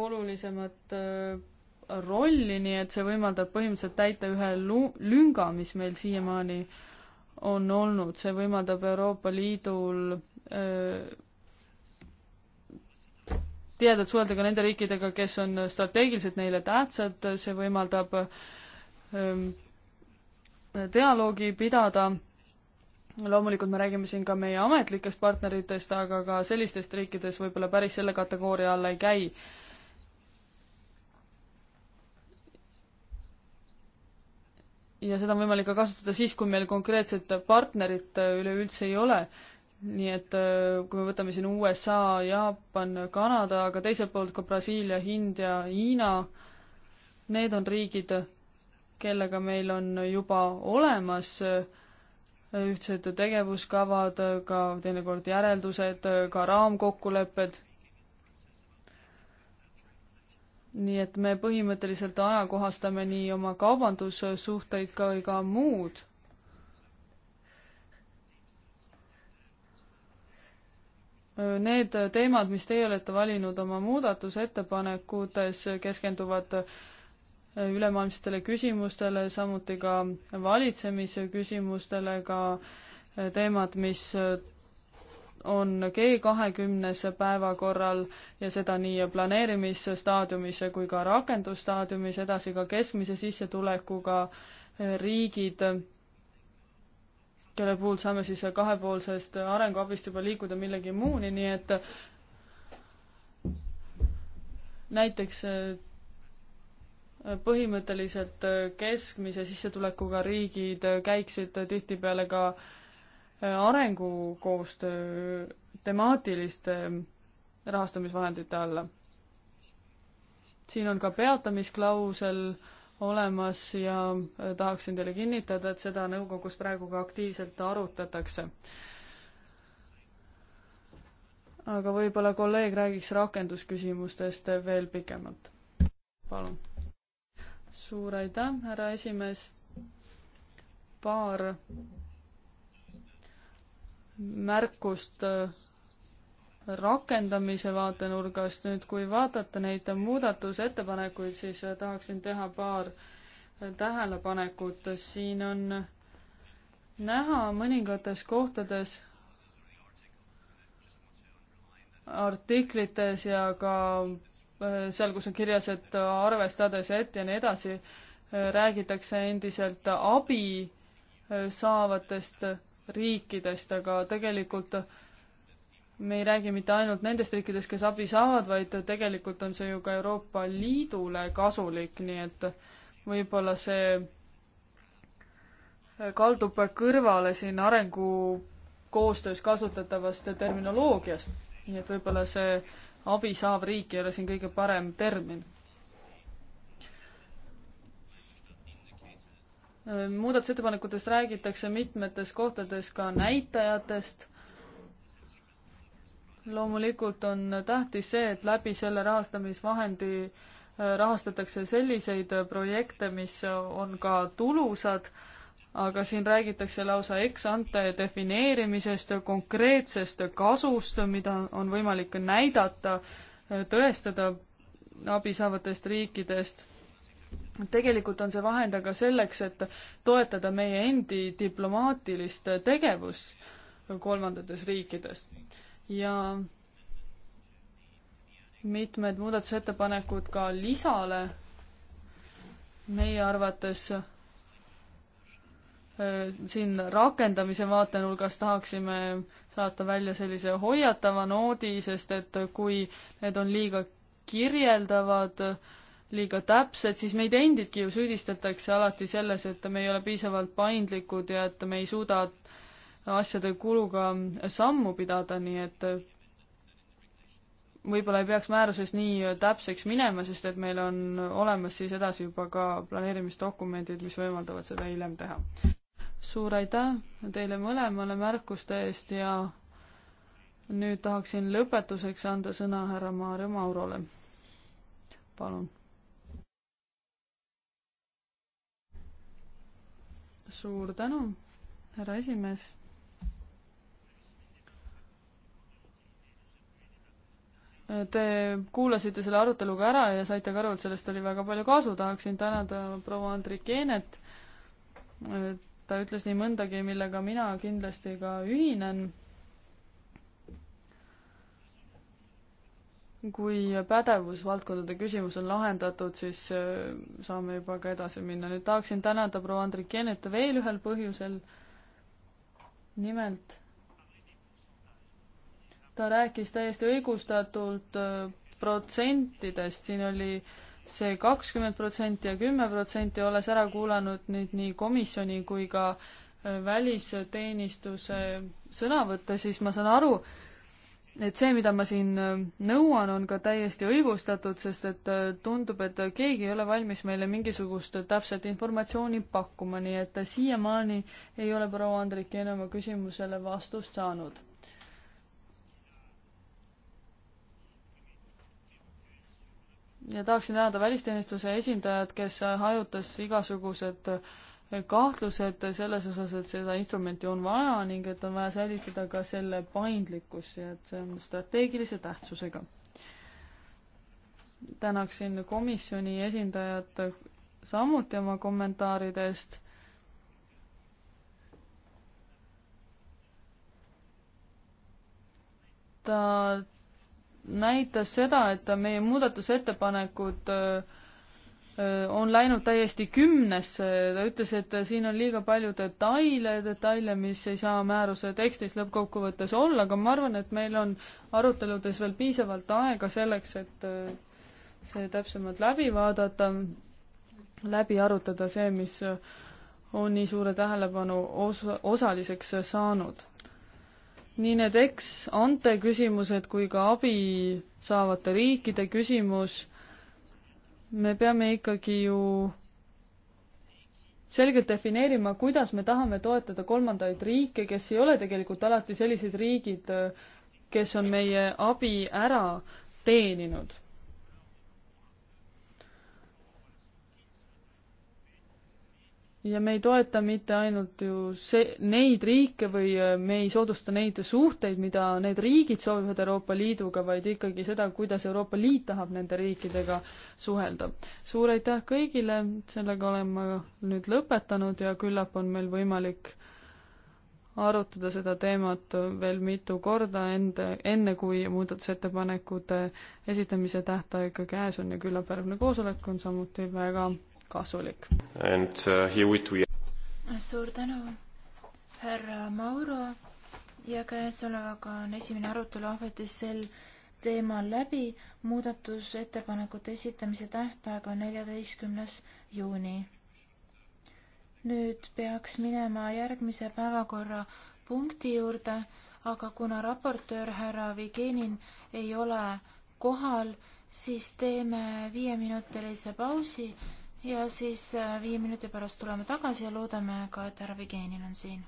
S3: olulisemat äh, rolli, nii et see võimaldab põhimõtteliselt täita ühe lünga, mis meil siiamaani on olnud, see võimaldab Euroopa Liidul öö, tihedalt suhelda ka nende riikidega, kes on strateegiliselt neile tähtsad, see võimaldab dialoogi pidada. loomulikult me räägime siin ka meie ametlikest partneritest, aga ka sellistest riikidest võib-olla päris selle kategooria alla ei käi ja seda on võimalik ka kasutada siis, kui meil konkreetset partnerit äh, üleüldse ei ole. nii et äh, kui me võtame siin USA, Jaapan, Kanada, aga teiselt poolt ka Brasiilia, India, Hiina, need on riigid, kellega meil on juba olemas äh, ühtsed tegevuskavad, ka teinekord järeldused, ka raamkokkulepped nii et me põhimõtteliselt ajakohastame nii oma kaubandussuhteid kui ka, ka muud. Need teemad, mis teie olete valinud oma muudatusettepanekutes, keskenduvad ülemaailmsetele küsimustele, samuti ka valitsemise küsimustele, ka teemad, mis on G kahekümnes päevakorral ja seda nii planeerimisstaadiumis kui ka rakendusstaadiumis, edasi ka keskmise sissetulekuga riigid, kelle puhul saame siis kahepoolsest arenguabist juba liikuda millegi muuni, nii et näiteks põhimõtteliselt keskmise sissetulekuga riigid käiksid tihtipeale ka äh, arengukoostöö temaatiliste rahastamisvahendite alla. siin on ka peatamisklausel olemas ja äh, tahaksin teile kinnitada, et seda nõukogus praegu ka aktiivselt arutatakse. aga võib-olla kolleeg räägiks rakendusküsimustest veel pikemalt. palun. suur aitäh, härra esimees. paar märkust äh, rakendamise vaatenurgast. nüüd, kui vaadata neid muudatusettepanekuid, siis äh, tahaksin teha paar äh, tähelepanekut. siin on näha mõningates kohtades artiklites ja ka seal, kus on kirjas, et arvestades, et ja nii edasi, räägitakse endiselt abi saavatest riikidest, aga tegelikult me ei räägi mitte ainult nendest riikidest, kes abi saavad, vaid tegelikult on see ju ka Euroopa Liidule kasulik, nii et võib-olla see kaldub kõrvale siin arengukoostöös kasutatavast terminoloogiast. nii et võib-olla see abi saav riik ei ole siin kõige parem termin muudatusettepanekutest räägitakse mitmetes kohtades ka näitajatest. loomulikult on tähtis see, et läbi selle rahastamisvahendi äh, rahastatakse selliseid projekte, mis on ka tulusad, aga siin räägitakse lausa eksante defineerimisest, konkreetsest kasust, mida on võimalik näidata, tõestada abi saavatest riikidest tegelikult on see vahend aga selleks, et toetada meie endi diplomaatilist tegevust kolmandates riikides. ja mitmed muudatusettepanekud ka lisale meie arvates äh, siin rakendamise vaatenurgas tahaksime saata välja sellise hoiatava noodi, sest et kui need on liiga kirjeldavad äh, liiga täpsed, siis meid endidki ju süüdistatakse alati selles, et me ei ole piisavalt paindlikud ja et me ei suuda asjade kuluga sammu pidada, nii et võib-olla ei peaks määruses nii täpseks minema, sest et meil on olemas siis edasi juba ka planeerimisdokumendid, mis võimaldavad seda hiljem teha. suur aitäh teile mõlemale märkuste eest ja nüüd tahaksin lõpetuseks anda sõna härra Maarja Maurole. palun suur tänu, härra esimees. Te kuulasite selle arutelu ka ära ja saite ka aru, et sellest oli väga palju kasu, tahaksin tänada proua Andrik Jeenet. ta ütles nii mõndagi, millega mina kindlasti ka ühinen kui pädevusvaldkondade küsimus on lahendatud, siis äh, saame juba ka edasi minna. nüüd tahaksin tänada proua Andrikienit veel ühel põhjusel. nimelt ta rääkis täiesti õigustatult äh, protsentidest, siin oli see kakskümmend protsenti ja kümme protsenti, olles ära kuulanud nüüd nii komisjoni kui ka äh, välisteenistuse sõnavõtte, siis ma saan aru, et see, mida ma siin äh, nõuan, on ka täiesti õigustatud, sest et äh, tundub, et keegi ei ole valmis meile mingisugust täpset informatsiooni pakkuma, nii et siiamaani ei ole proua Andrik enam oma küsimusele vastust saanud. ja tahaksin tänada välisteenistuse esindajat, kes hajutas igasugused äh, kahtlused selles osas, et seda instrumenti on vaja ning et on vaja säilitada ka selle paindlikkus ja et see on strateegilise tähtsusega. tänaksin komisjoni esindajat samuti oma kommentaaride eest. ta näitas seda, et meie muudatusettepanekud äh, on läinud täiesti kümnesse, ta ütles, et siin on liiga palju detaile, detaile, mis ei saa määruse tekstis lõppkokkuvõttes olla, aga ma arvan, et meil on aruteludes veel piisavalt aega selleks, et äh, see täpsemalt läbi vaadata, läbi arutada see, mis on nii suure tähelepanu os-, osaliseks saanud. nii need eks-ante küsimused kui ka abi saavate riikide küsimus me peame ikkagi ju selgelt defineerima, kuidas me tahame toetada kolmandaid riike, kes ei ole tegelikult alati sellised riigid, kes on meie abi ära teeninud ja me ei toeta mitte ainult ju see, neid riike või äh, me ei soodusta neid suhteid, mida need riigid soovivad Euroopa Liiduga, vaid ikkagi seda, kuidas Euroopa Liit tahab nende riikidega suhelda. suur aitäh kõigile, sellega olen ma nüüd lõpetanud ja küllap on meil võimalik arutada seda teemat veel mitu korda enda, enne kui muudatusettepanekute esitamise tähtaeg käes on ja küllap järgmine koosolek on samuti väga kasulik. Uh,
S2: suur tänu, härra Mauro ja käesolevaga on esimene arutelu ahvetis sel teemal läbi. muudatusettepanekute esitamise tähtaeg on neljateistkümnes juuni. nüüd peaks minema järgmise päevakorrapunkti juurde, aga kuna raportöör härra Vigenin ei ole kohal, siis teeme viieminutilise pausi ja siis äh, viie minuti pärast tuleme tagasi ja loodame ka, et härra Vigenin on siin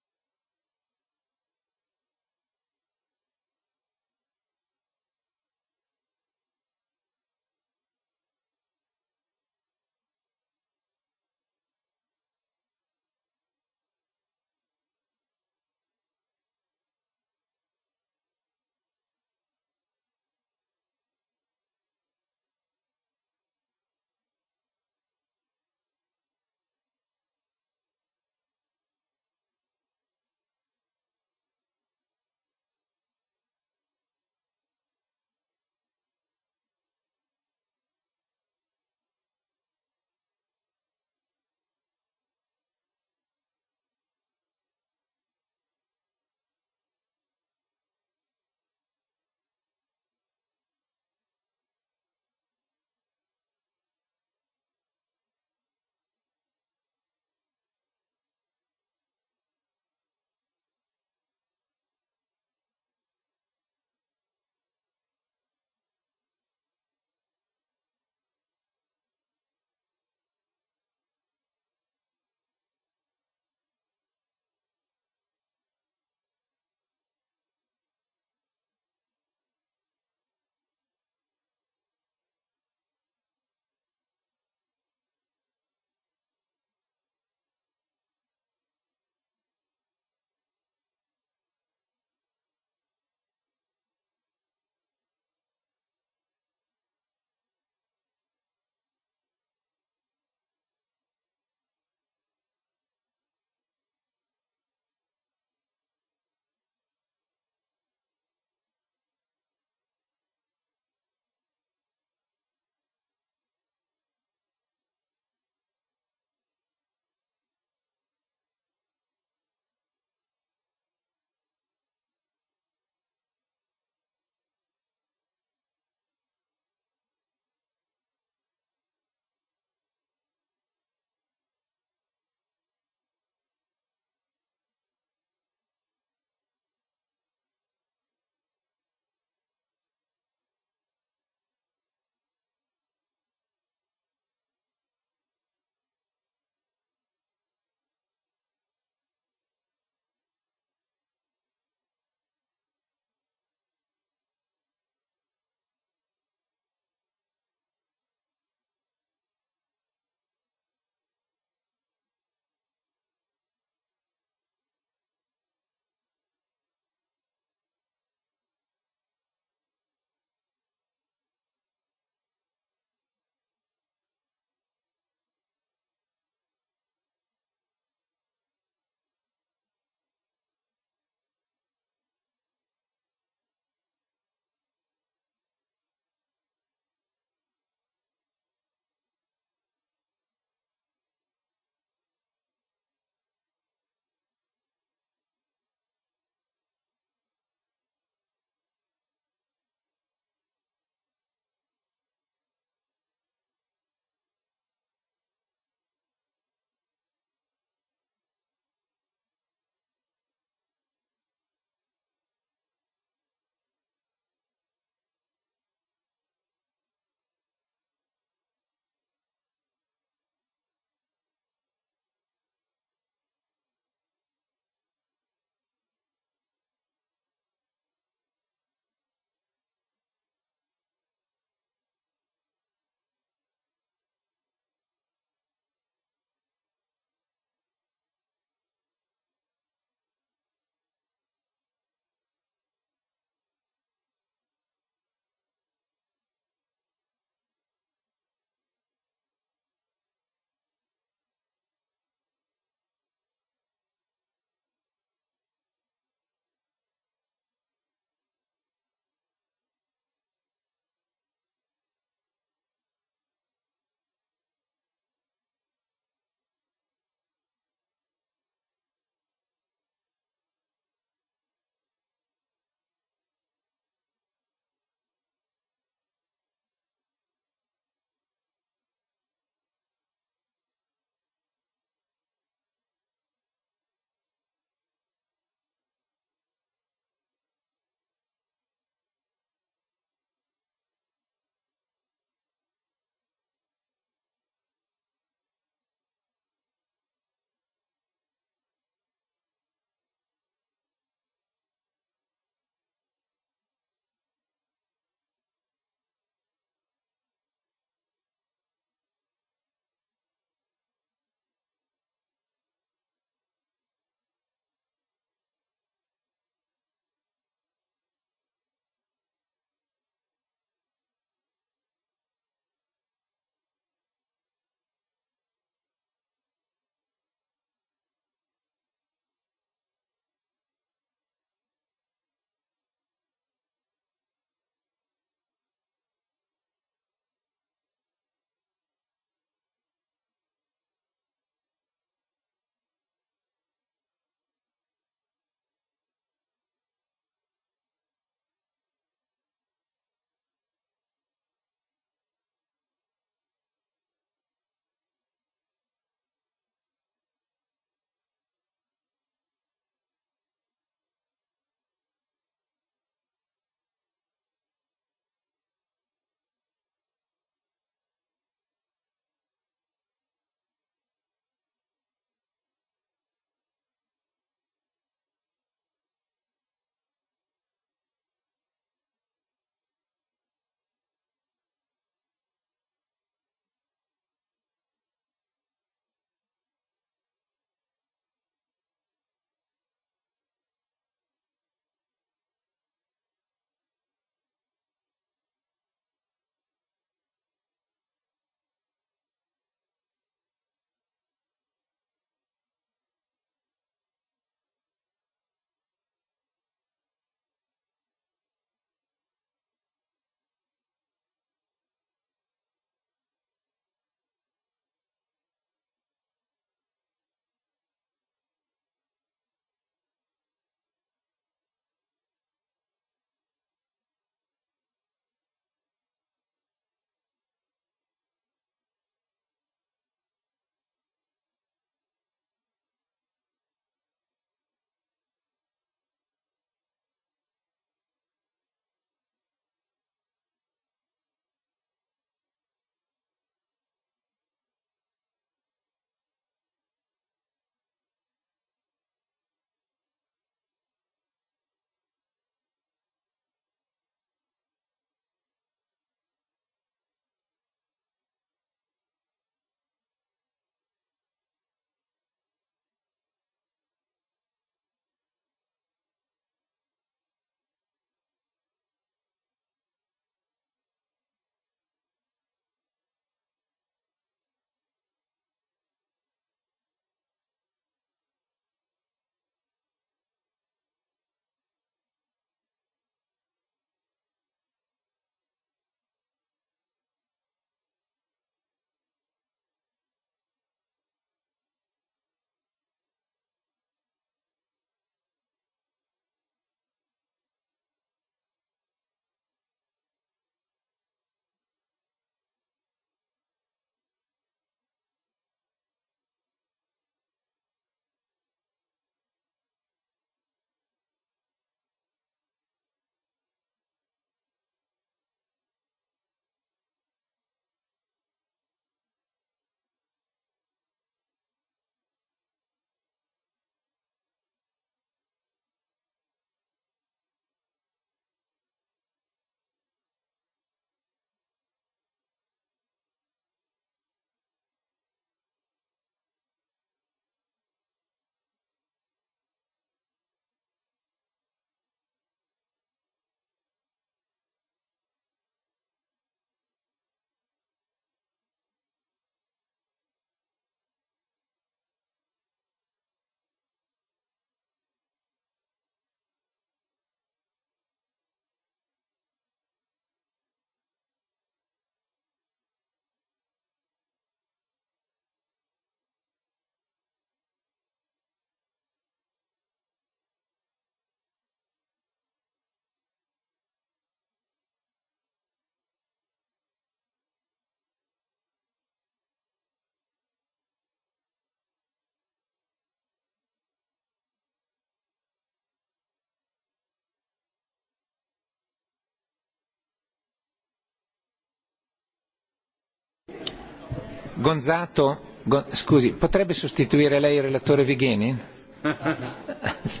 S2: Gonzato, go, scusi, potrebbe sostituire lei il relatore Vigheni?
S3: kas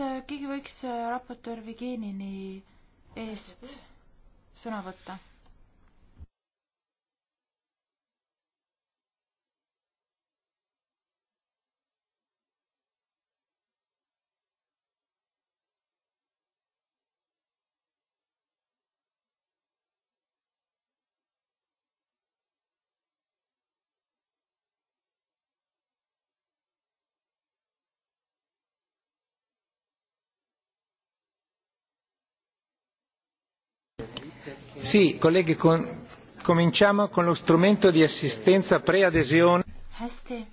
S2: eh, keegi võiks eh, raportöör Vigenini eest sõna võtta?
S3: Sì, colleghi, con, cominciamo con lo strumento di assistenza preadesione.
S2: hästi.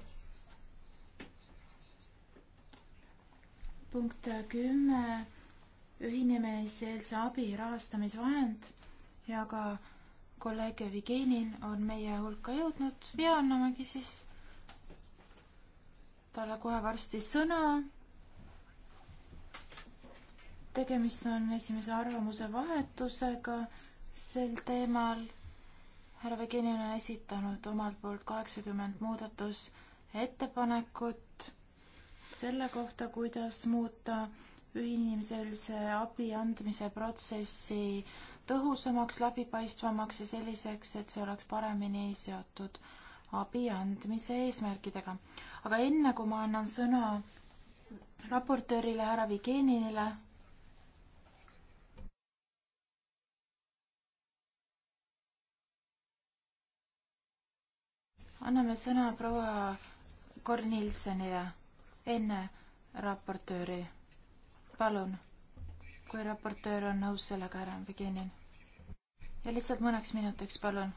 S2: punkt kümme, ühinemiseelse abi rahastamisvahend ja ka kolleeg Jevgenin on meie hulka jõudnud ja annamegi siis talle kohe varsti sõna. tegemist on esimese arvamuse vahetusega sel teemal härra Veginin on esitanud omalt poolt kaheksakümmend muudatusettepanekut selle kohta, kuidas muuta ühinemiseelse abi andmise protsessi tõhusamaks, läbipaistvamaks ja selliseks, et see oleks paremini seotud abi andmise eesmärkidega. aga enne, kui ma annan sõna raportöörile härra Vigeninile, anname sõna proua Kornilsonile enne raportööri. palun, kui raportöör on nõus sellega, härra Beginin. ja lihtsalt mõneks minutiks, palun.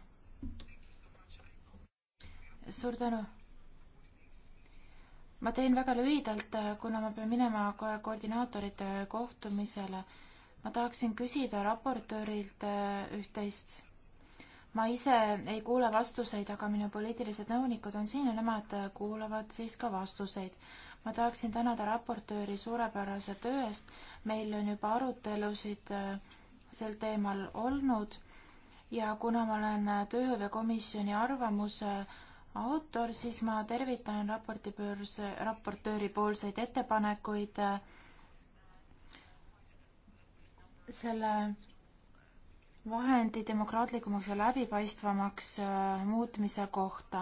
S2: suur tänu. ma teen väga lühidalt, kuna ma pean minema kohe koordinaatorite kohtumisele. ma tahaksin küsida raportöörilt äh, üht-teist ma ise ei kuule vastuseid, aga minu poliitilised nõunikud on siin ja nemad kuulavad siis ka vastuseid. ma tahaksin tänada raportööri suurepärase töö eest, meil on juba arutelusid äh, sel teemal olnud ja kuna ma olen äh, tööhõivekomisjoni arvamuse äh, autor, siis ma tervitan raporti pöörs, raportööri poolseid ettepanekuid selle vahendi demokraatlikumaks ja läbipaistvamaks äh, muutmise kohta.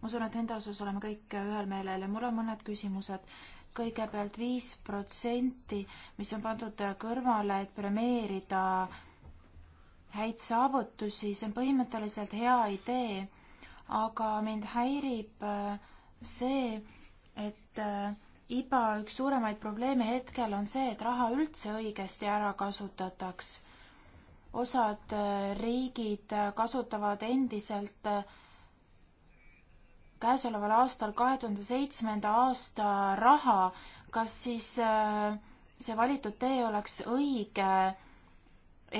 S2: ma usun, et nende osas oleme kõik ühel meelel ja mul on mõned küsimused kõigepealt viis protsenti, mis on pandud kõrvale, et premeerida häid saavutusi, see on põhimõtteliselt hea idee, aga mind häirib äh, see, et äh, IBA üks suuremaid probleeme hetkel on see, et raha üldse õigesti ära kasutataks osad äh, riigid äh, kasutavad endiselt äh, käesoleval aastal, kahe tuhande seitsmenda aasta raha, kas siis see valitud tee oleks õige,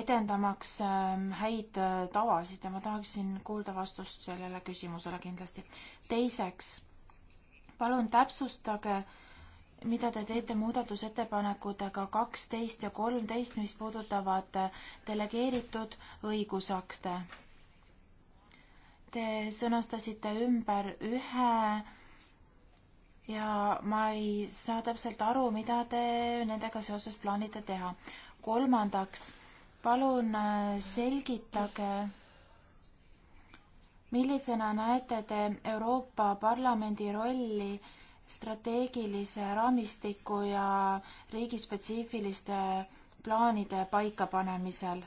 S2: edendamaks ähm, häid tavasid ja ma tahaksin kuulda vastust sellele küsimusele kindlasti. teiseks, palun täpsustage, mida te teete muudatusettepanekutega kaksteist ja kolmteist, mis puudutavad delegeeritud õigusakte. Te sõnastasite ümber ühe ja ma ei saa täpselt aru, mida te nendega seoses plaanite teha. kolmandaks, palun äh, selgitage millisena näete te Euroopa Parlamendi rolli strateegilise raamistiku ja riigispetsiifiliste plaanide paikapanemisel.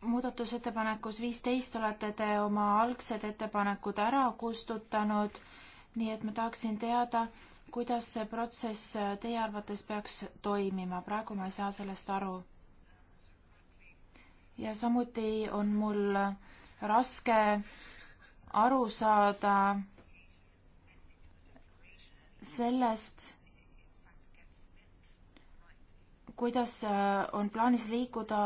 S2: muudatusettepanekus viisteist olete te oma algsed ettepanekud ära kustutanud, nii et ma tahaksin teada, kuidas see protsess teie arvates peaks toimima, praegu ma ei saa sellest aru. ja samuti on mul raske aru saada sellest, kuidas on plaanis liikuda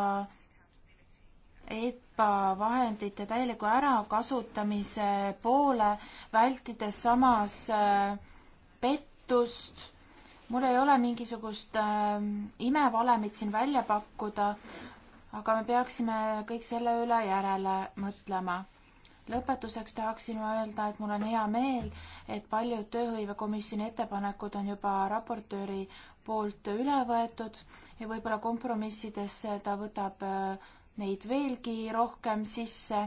S2: EPA vahendite täieliku ärakasutamise poole, vältides samas äh, pettust. mul ei ole mingisugust äh, imevalemit siin välja pakkuda, aga me peaksime kõik selle üle järele mõtlema lõpetuseks tahaksin ma öelda, et mul on hea meel, et paljud tööhõivekomisjoni ettepanekud on juba raportööri poolt üle võetud ja võib-olla kompromissides ta võtab äh, neid veelgi rohkem sisse.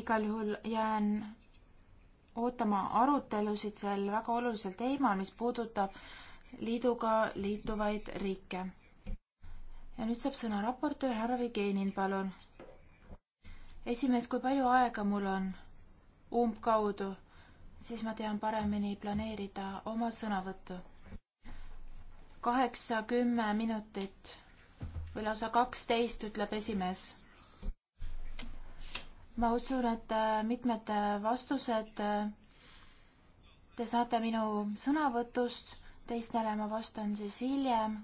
S2: igal juhul jään ootama arutelusid sel väga olulisel teemal, mis puudutab liiduga liituvaid riike. ja nüüd saab sõna raportöör härra Vigenin, palun esimees, kui palju aega mul on? umbkaudu, siis ma tean paremini planeerida oma sõnavõttu. kaheksa, kümme minutit või lausa kaksteist, ütleb esimees. ma usun, et äh, mitmed äh, vastused äh, te saate minu sõnavõtust, teistele ma vastan siis hiljem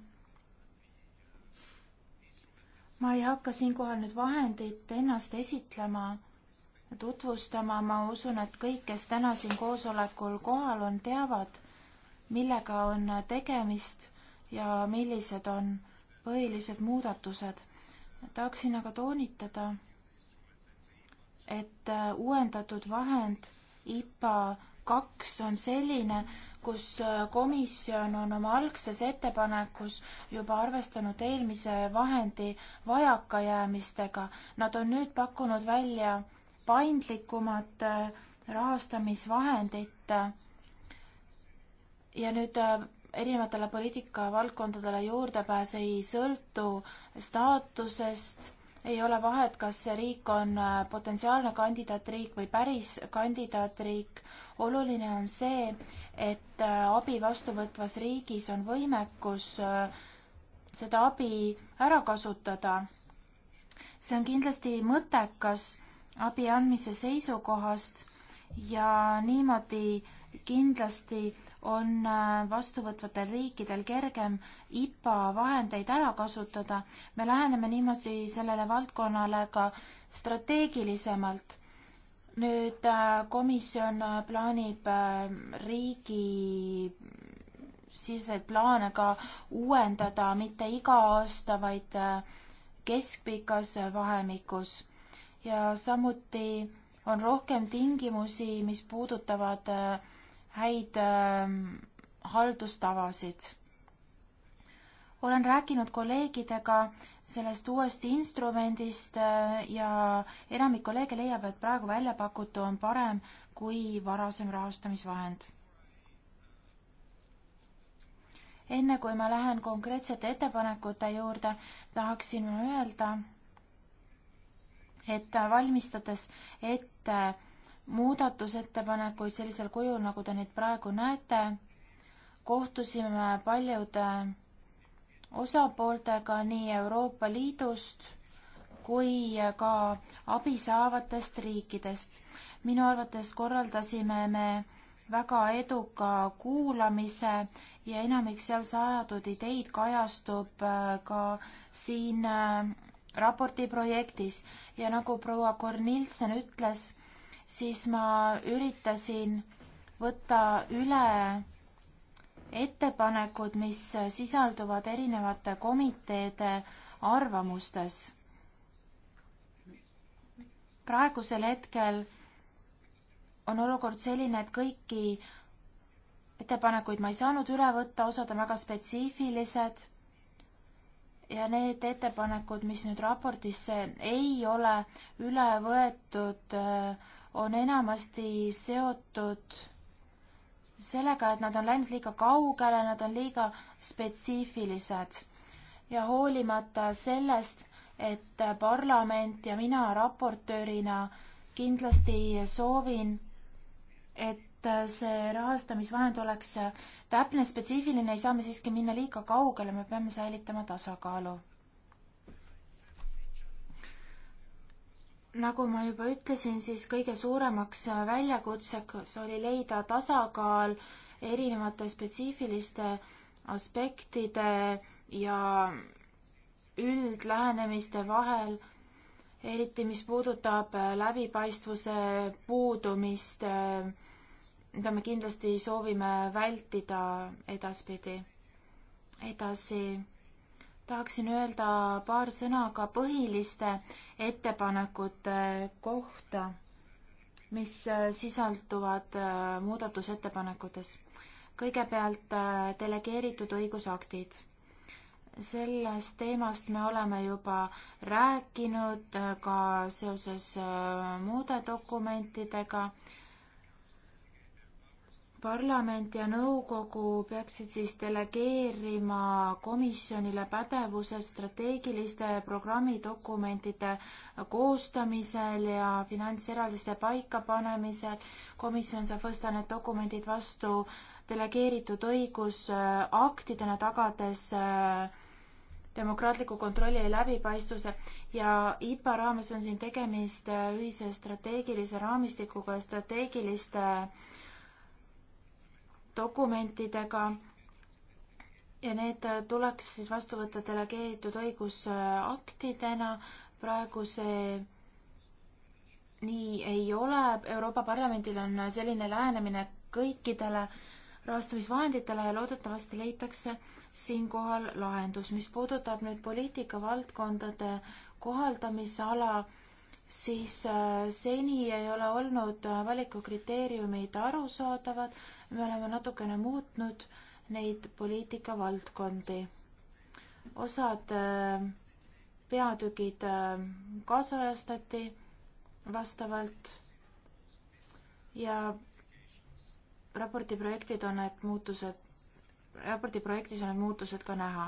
S2: ma ei hakka siinkohal nüüd vahendit ennast esitlema ja tutvustama, ma usun, et kõik, kes täna siin koosolekul kohal on, teavad, millega on tegemist ja millised on põhilised muudatused. tahaksin aga toonitada, et äh, uuendatud vahend IPA kaks on selline, kus äh, komisjon on oma algses ettepanekus juba arvestanud eelmise vahendi vajakajäämistega. Nad on nüüd pakkunud välja paindlikumad äh, rahastamisvahendid äh, ja nüüd erinevatele poliitikavaldkondadele juurdepääs ei sõltu staatusest ei ole vahet, kas riik on äh, potentsiaalne kandidaatriik või päris kandidaatriik. oluline on see, et äh, abi vastuvõtvas riigis on võimekus äh, seda abi ära kasutada. see on kindlasti mõttekas abi andmise seisukohast ja niimoodi kindlasti on äh, vastuvõtvatel riikidel kergem IPA vahendeid ära kasutada. me läheneme niimoodi sellele valdkonnale ka strateegilisemalt. nüüd äh, komisjon äh, plaanib riigi siseid plaane ka uuendada mitte iga aasta, vaid keskpikas vahemikus ja samuti on rohkem tingimusi, mis puudutavad äh, häid äh, haldustavasid. olen rääkinud kolleegidega sellest uuest instrumendist äh, ja enamik kolleege leiab, et praegu välja pakutu on parem kui varasem rahastamisvahend. enne kui ma lähen konkreetsete ettepanekute juurde, tahaksin ma öelda, et valmistades ette muudatusettepanekuid sellisel kujul, nagu te neid praegu näete. kohtusime paljude äh, osapooltega nii Euroopa Liidust kui äh, ka abi saavatest riikidest. minu arvates korraldasime me väga eduka kuulamise ja enamik seal saadud ideid kajastub äh, ka siin raporti projektis ja nagu proua Kornilsen ütles, siis ma üritasin võtta üle ettepanekud, mis sisalduvad erinevate komiteede arvamustes. praegusel hetkel on olukord selline, et kõiki ettepanekuid ma ei saanud üle võtta, osad on väga spetsiifilised ja need ettepanekud, mis nüüd raportisse ei ole üle võetud äh,, on enamasti seotud sellega, et nad on läinud liiga kaugele, nad on liiga spetsiifilised ja hoolimata sellest, et parlament ja mina raportöörina kindlasti soovin, et see rahastamisvahend oleks täpne, spetsiifiline, ei saa me siiski minna liiga kaugele, me peame säilitama tasakaalu. nagu ma juba ütlesin, siis kõige suuremaks väljakutseks oli leida tasakaal erinevate spetsiifiliste aspektide ja üldlähenemiste vahel, eriti mis puudutab läbipaistvuse puudumist, mida me kindlasti soovime vältida edaspidi. edasi tahaksin öelda paar sõna ka põhiliste ettepanekute kohta, mis äh, sisalduvad äh, muudatusettepanekutes. kõigepealt äh, delegeeritud õigusaktid. sellest teemast me oleme juba rääkinud ka seoses muude dokumentidega parlament ja nõukogu peaksid siis delegeerima komisjonile pädevuse strateegiliste programmidokumentide koostamisel ja finantseraldiste paikapanemisel. komisjon saab võtta need dokumendid vastu delegeeritud õigusaktidena, tagades äh, demokraatliku kontrolli läbipaistvuse ja IPA raames on siin tegemist ühise strateegilise raamistikuga ja strateegiliste äh, dokumentidega ja need tuleks siis vastu võtta delegeeritud õigusaktidena. praegu see nii ei ole. Euroopa Parlamendil on selline lähenemine kõikidele rahastamisvahenditele ja loodetavasti leitakse siinkohal lahendus. mis puudutab nüüd poliitikavaldkondade kohaldamisala, siis äh, seni ei ole olnud äh, valikukriteeriumid arusaadavad me oleme natukene muutnud neid poliitikavaldkondi. osad äh, peatükid äh, kaasajastati vastavalt ja raporti projektid on need muutused, raporti projektis on need muutused ka näha.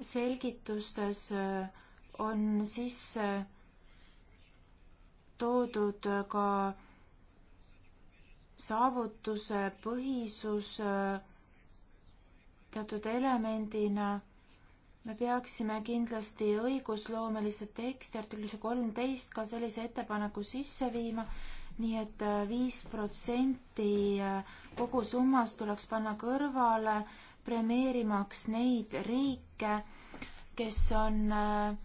S2: selgitustes äh, on sisse toodud ka saavutuse põhisus teatud elemendina. me peaksime kindlasti õigusloomelise teksti artiklisse kolmteist ka sellise ettepaneku sisse viima, nii et viis protsenti kogusummast tuleks panna kõrvale premeerimaks neid riike, kes on äh,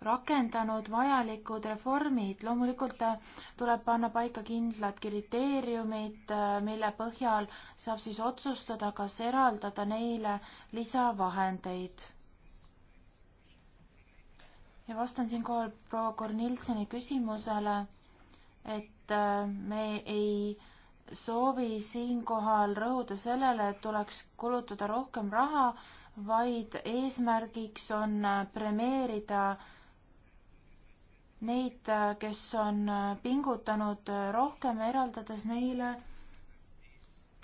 S2: rakendanud vajalikud reformid. loomulikult äh, tuleb panna paika kindlad kriteeriumid, äh, mille põhjal saab siis otsustada, kas eraldada neile lisavahendeid. ja vastan siinkohal proua Kornilseni küsimusele, et äh, me ei soovi siinkohal rõhuda sellele, et tuleks kulutada rohkem raha, vaid eesmärgiks on premeerida äh, neid, äh, kes on äh, pingutanud äh, rohkem, eraldades neile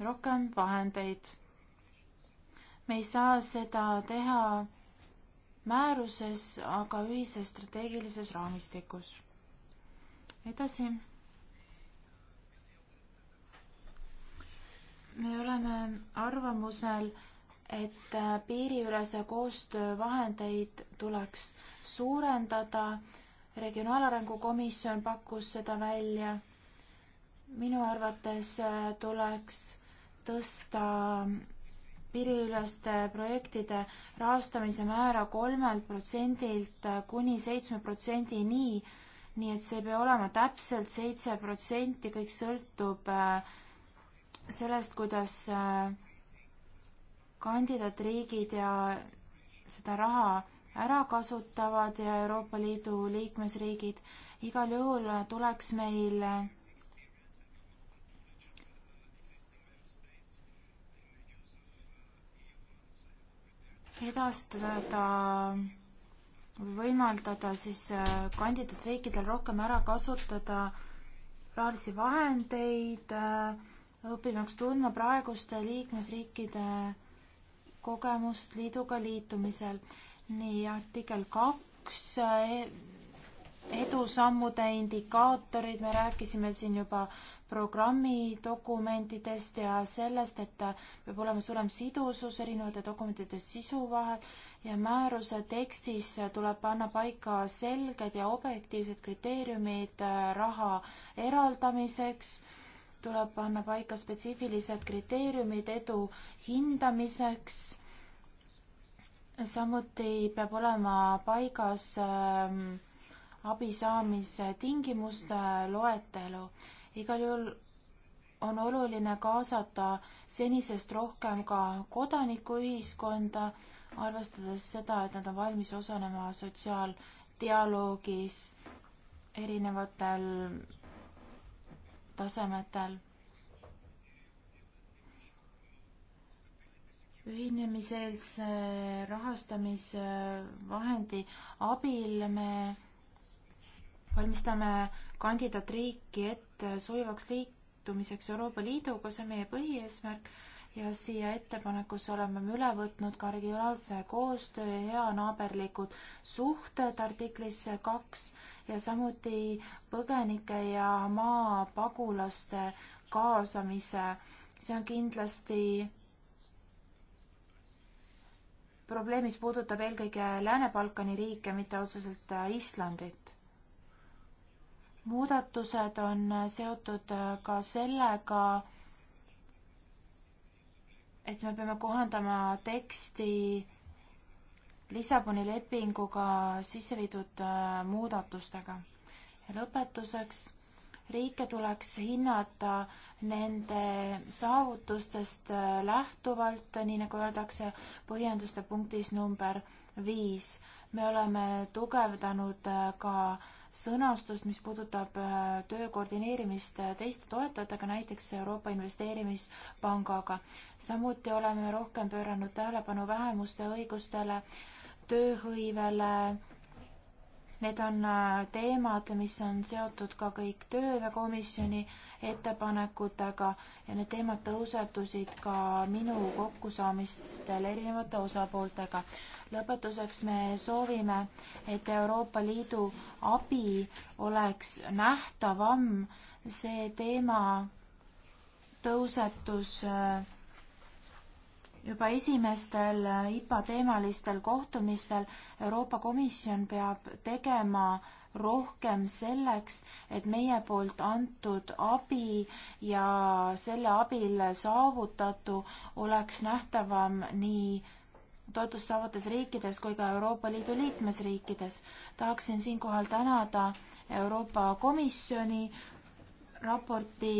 S2: rohkem vahendeid. me ei saa seda teha määruses, aga ühises strateegilises raamistikus. edasi. me oleme arvamusel, et piiriülese koostöö vahendeid tuleks suurendada regionaalarengu komisjon pakkus seda välja. minu arvates äh, tuleks tõsta piiriüleste projektide rahastamise määra kolmelt protsendilt äh, kuni seitsme protsendini, nii et see ei pea olema täpselt seitse protsenti, kõik sõltub äh, sellest, kuidas kandidaatriigid ja seda raha ära kasutavad ja Euroopa Liidu liikmesriigid. igal juhul tuleks meil edastada võimaldada siis äh, kandidaatriikidel rohkem ära kasutada rahalisi vahendeid, äh, õppimaks tundma praeguste liikmesriikide kogemust liiduga liitumisel nii artikkel kaks, e, edusammude indikaatorid, me rääkisime siin juba programmi dokumentidest ja sellest, et peab olema suurem sidusus erinevate dokumentide sisu vahel ja määruse tekstis tuleb panna paika selged ja objektiivsed kriteeriumid äh, raha eraldamiseks, tuleb panna paika spetsiifilised kriteeriumid edu hindamiseks samuti peab olema paigas ähm, abi saamise tingimuste loetelu. igal juhul on oluline kaasata senisest rohkem ka kodanikuühiskonda, arvestades seda, et nad on valmis osalema sotsiaaldialoogis erinevatel tasemetel. ühinemiseelse äh, rahastamisvahendi abil me valmistame kandidaatriiki ette sujuvaks liitumiseks Euroopa Liiduga, see on meie põhieesmärk ja siia ettepanekusse oleme me üle võtnud ka regionaalse koostöö ja heanaaberlikud suhted artiklis kaks ja samuti põgenike ja maapagulaste kaasamise. see on kindlasti probleem, mis puudutab eelkõige Lääne-Balkani riike, mitte otseselt äh, Islandit. muudatused on äh, seotud äh, ka sellega, et me peame kohandama teksti Lissaboni lepinguga sisse viidud muudatustega. ja lõpetuseks riike tuleks hinnata nende saavutustest äh, lähtuvalt, nii nagu öeldakse põhjenduste punktis number viis. me oleme tugevdanud äh, ka sõnastust, mis puudutab äh, töö koordineerimist teiste toetajatega, näiteks Euroopa Investeerimispangaga. samuti oleme rohkem pööranud tähelepanu vähemuste õigustele, tööhõivele Need on äh, teemad, mis on seotud ka kõik tööväekomisjoni ettepanekutega ja need teemad tõusetusid ka minu kokkusaamistel erinevate osapooltega. lõpetuseks me soovime, et Euroopa Liidu abi oleks nähtavam. see teema tõusetus äh, juba esimestel äh, IPA teemalistel kohtumistel Euroopa Komisjon peab tegema rohkem selleks, et meie poolt antud abi ja selle abil saavutatu oleks nähtavam nii toetust saavates riikides kui ka Euroopa Liidu liikmesriikides. tahaksin siinkohal tänada Euroopa Komisjoni raporti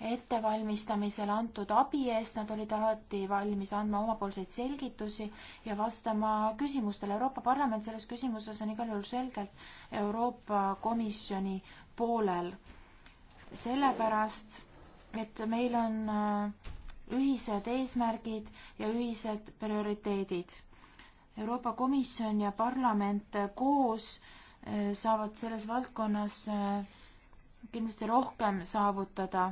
S2: ettevalmistamisel antud abi eest, nad olid alati valmis andma omapoolseid selgitusi ja vastama küsimustele. Euroopa Parlament selles küsimuses on igal juhul selgelt Euroopa Komisjoni poolel. sellepärast, et meil on äh, ühised eesmärgid ja ühised prioriteedid. Euroopa Komisjon ja parlament äh, koos äh, saavad selles valdkonnas kindlasti rohkem saavutada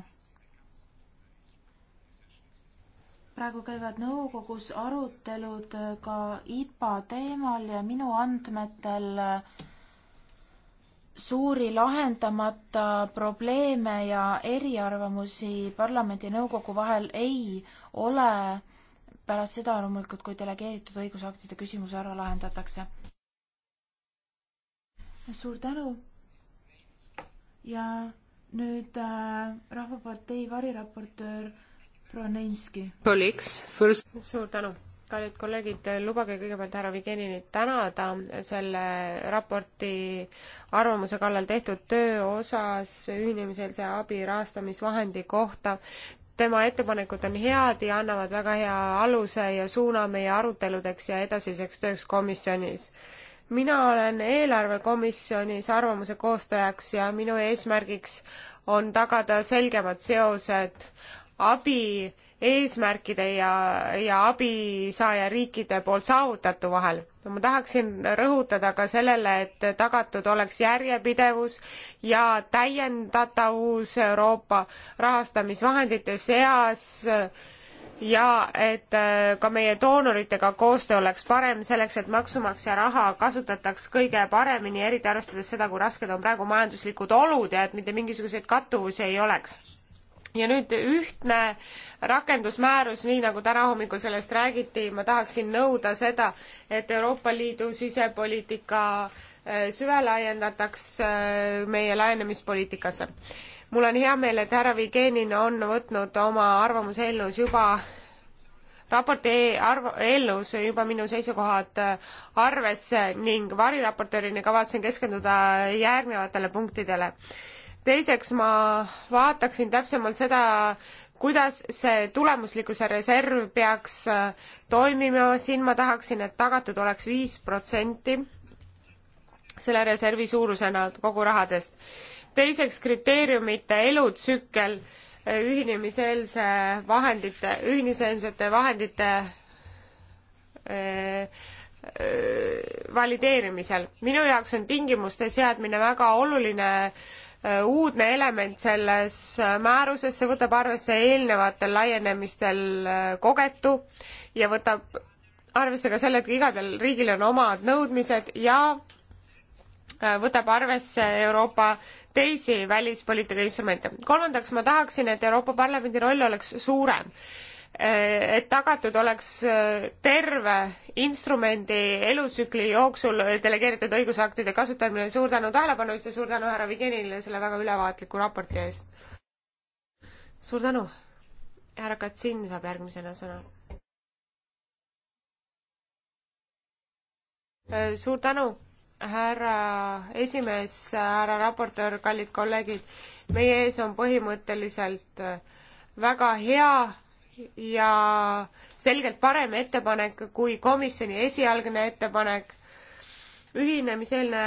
S2: praegu käivad nõukogus arutelud äh, ka IPA teemal ja minu andmetel äh, suuri lahendamata probleeme ja eriarvamusi parlamendi ja nõukogu vahel ei ole. pärast seda loomulikult, kui delegeeritud õigusaktide küsimus ära lahendatakse. suur tänu. ja nüüd äh, Rahvapartei variraportöör proua Neinski.
S1: suur tänu kallid kolleegid, lubage kõigepealt härra Vigeninit tänada selle raporti arvamuse kallal tehtud töö osas ühinemisel see abi rahastamisvahendi kohta. tema ettepanekud on head ja annavad väga hea aluse ja suuna meie aruteludeks ja edasiseks tööks komisjonis mina olen eelarvekomisjonis arvamuse koostajaks ja minu eesmärgiks on tagada selgemad seosed abi eesmärkide ja, ja abisaaja riikide poolt saavutatu vahel. ma tahaksin rõhutada ka sellele, et tagatud oleks järjepidevus ja täiendatavus Euroopa rahastamisvahendite seas ja et äh, ka meie doonoritega koostöö oleks parem selleks, et maksumaksja raha kasutataks kõige paremini, eriti arvestades seda, kui rasked on praegu majanduslikud olud ja et mitte mingisuguseid kattuvusi ei oleks ja nüüd ühtne rakendusmäärus, nii nagu täna hommikul sellest räägiti, ma tahaksin nõuda seda, et Euroopa Liidu sisepoliitika äh, süvelaiendataks äh, meie laienemispoliitikasse. mul on hea meel, et härra Vigenin on võtnud oma arvamuse eelnõus juba raporti e-, arv-, eelnõus juba minu seisukohad äh, arvesse ning variraportöörina kavatsen keskenduda järgnevatele punktidele teiseks ma vaataksin täpsemalt seda, kuidas see tulemuslikkuse reserv peaks äh, toimima, siin ma tahaksin, et tagatud oleks viis protsenti selle reservi suurusena kogu rahadest. teiseks kriteeriumite elutsükkel äh, ühinemiseelse vahendite, ühiniseelsete vahendite öö, äh, öö, valideerimisel. minu jaoks on tingimuste seadmine väga oluline öö, Äh, uudne element selles äh, määruses, see võtab arvesse eelnevatel laienemistel äh, kogetu ja võtab arvesse ka selle, et igadel riigil on omad nõudmised ja võtab arvesse Euroopa teisi välispoliitika instrumente. kolmandaks, ma tahaksin, et Euroopa Parlamendi roll oleks suurem et tagatud oleks äh, terve instrumendi elusükli jooksul delegeeritud õigusaktide kasutamine. suur tänu tähelepanu eest ja suur tänu härra Vigenile selle väga ülevaatliku raporti eest. suur tänu. härra Katsin saab järgmisena sõna. Äh, suur tänu, härra esimees, härra raportöör, kallid kolleegid. meie ees on põhimõtteliselt äh, väga hea ja selgelt parem ettepanek kui komisjoni esialgne ettepanek. ühinemiselne,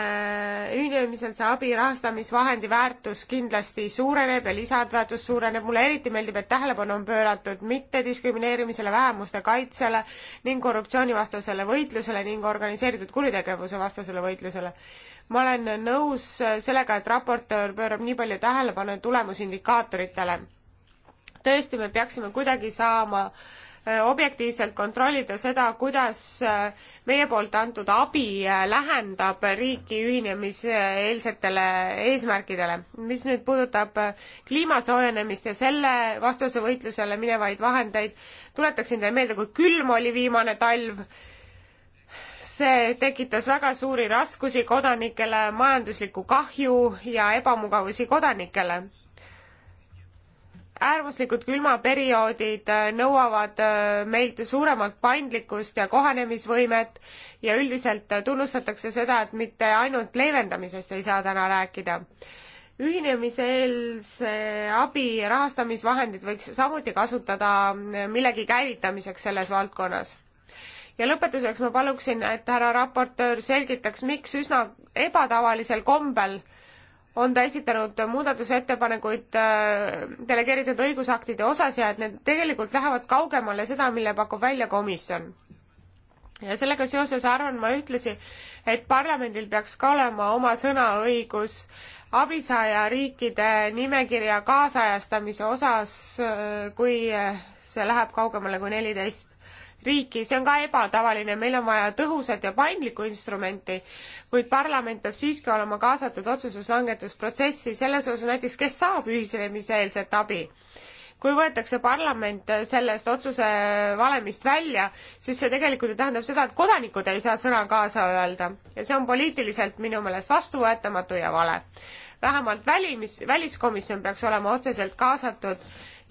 S1: ühinemisel see abi rahastamisvahendi väärtus kindlasti suureneb ja lisandväärtus suureneb. mulle eriti meeldib, et tähelepanu on pööratud mittediskrimineerimisele, vähemuste kaitsele ning korruptsioonivastasele võitlusele ning organiseeritud kuritegevuse vastasele võitlusele ma olen nõus sellega, et raportöör pöörab nii palju tähelepanu tulemusindikaatoritele tõesti, me peaksime kuidagi saama äh, objektiivselt kontrollida seda, kuidas äh, meie poolt antud abi äh, lähendab riiki ühinemiseelsetele eesmärkidele. mis nüüd puudutab kliima soojenemist ja selle vastase võitlusele minevaid vahendeid, tuletaksin teile meelde, kui külm oli viimane talv, see tekitas väga suuri raskusi kodanikele, majanduslikku kahju ja ebamugavusi kodanikele äärmuslikud külmaperioodid äh, nõuavad äh, meilt suuremat paindlikkust ja kohanemisvõimet ja üldiselt äh, tunnustatakse seda, et mitte ainult leevendamisest ei saa täna rääkida. ühinemise eelse abi rahastamisvahendid võiks samuti kasutada millegi käivitamiseks selles valdkonnas ja lõpetuseks ma paluksin, et härra raportöör selgitaks, miks üsna ebatavalisel kombel äh, on ta esitanud muudatusettepanekuid äh, delegeeritud õigusaktide osas ja et need tegelikult lähevad kaugemale seda, mille pakub välja komisjon. ja sellega seoses arvan ma ühtlasi, et parlamendil peaks ka olema oma sõnaõigus abisaaja riikide nimekirja kaasajastamise osas, äh, kui äh, see läheb kaugemale kui neliteist riiki, see on ka ebatavaline, meil on vaja tõhusat ja paindlikku instrumenti, kuid parlament peab siiski olema kaasatud otsustuslangetusprotsessi selles osas näiteks, kes saab ühisremiseelset abi. kui võetakse parlament sellest otsuse valemist välja, siis see tegelikult ju tähendab seda, et kodanikud ei saa sõna kaasa öelda ja see on poliitiliselt minu meelest vastuvõetamatu ja vale vähemalt välimis, väliskomisjon peaks olema otseselt kaasatud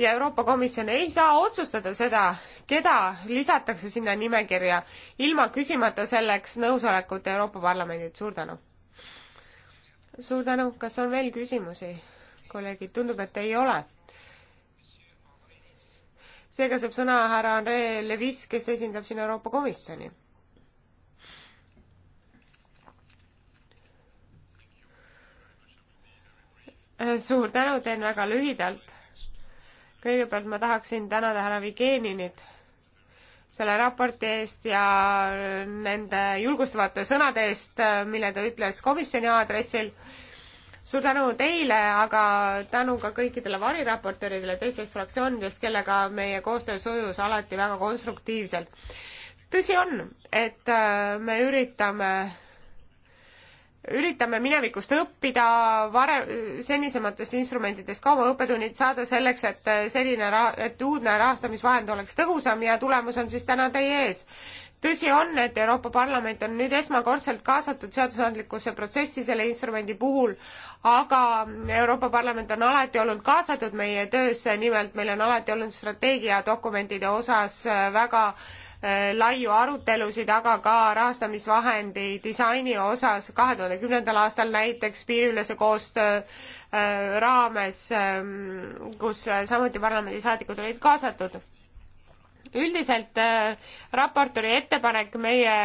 S1: ja Euroopa Komisjon ei saa otsustada seda, keda lisatakse sinna nimekirja ilma küsimata selleks nõusolekut Euroopa Parlamendilt. suur tänu! suur tänu, kas on veel küsimusi? kolleegid, tundub, et ei ole. seega saab sõna härra Andre Levis, kes esindab siin Euroopa Komisjoni. suur tänu, teen väga lühidalt kõigepealt ma tahaksin tänada härra Vigeninit selle raporti eest ja nende julgustavate sõnade eest, mille ta ütles komisjoni aadressil. suur tänu teile, aga tänu ka kõikidele variraportööridele teistest fraktsioonidest, kellega meie koostöö sujus alati väga konstruktiivselt. tõsi on, et äh, me üritame üritame minevikust õppida, varem, senisematest instrumentidest ka oma õppetunnid saada selleks, et äh, selline ra-, et uudne rahastamisvahend oleks tõhusam ja tulemus on siis täna teie ees. tõsi on, et Euroopa Parlament on nüüd esmakordselt kaasatud seadusandlikkusse protsessi selle instrumendi puhul, aga Euroopa Parlament on alati olnud kaasatud meie töösse, nimelt meil on alati olnud strateegiadokumentide osas äh, väga äh, Äh, laiu arutelusid, aga ka rahastamisvahendi disaini osas kahe tuhande kümnendal aastal näiteks piiriülese koostöö äh, raames, ähm, kus äh, samuti parlamendisaadikud olid kaasatud. üldiselt raportori ettepanek meie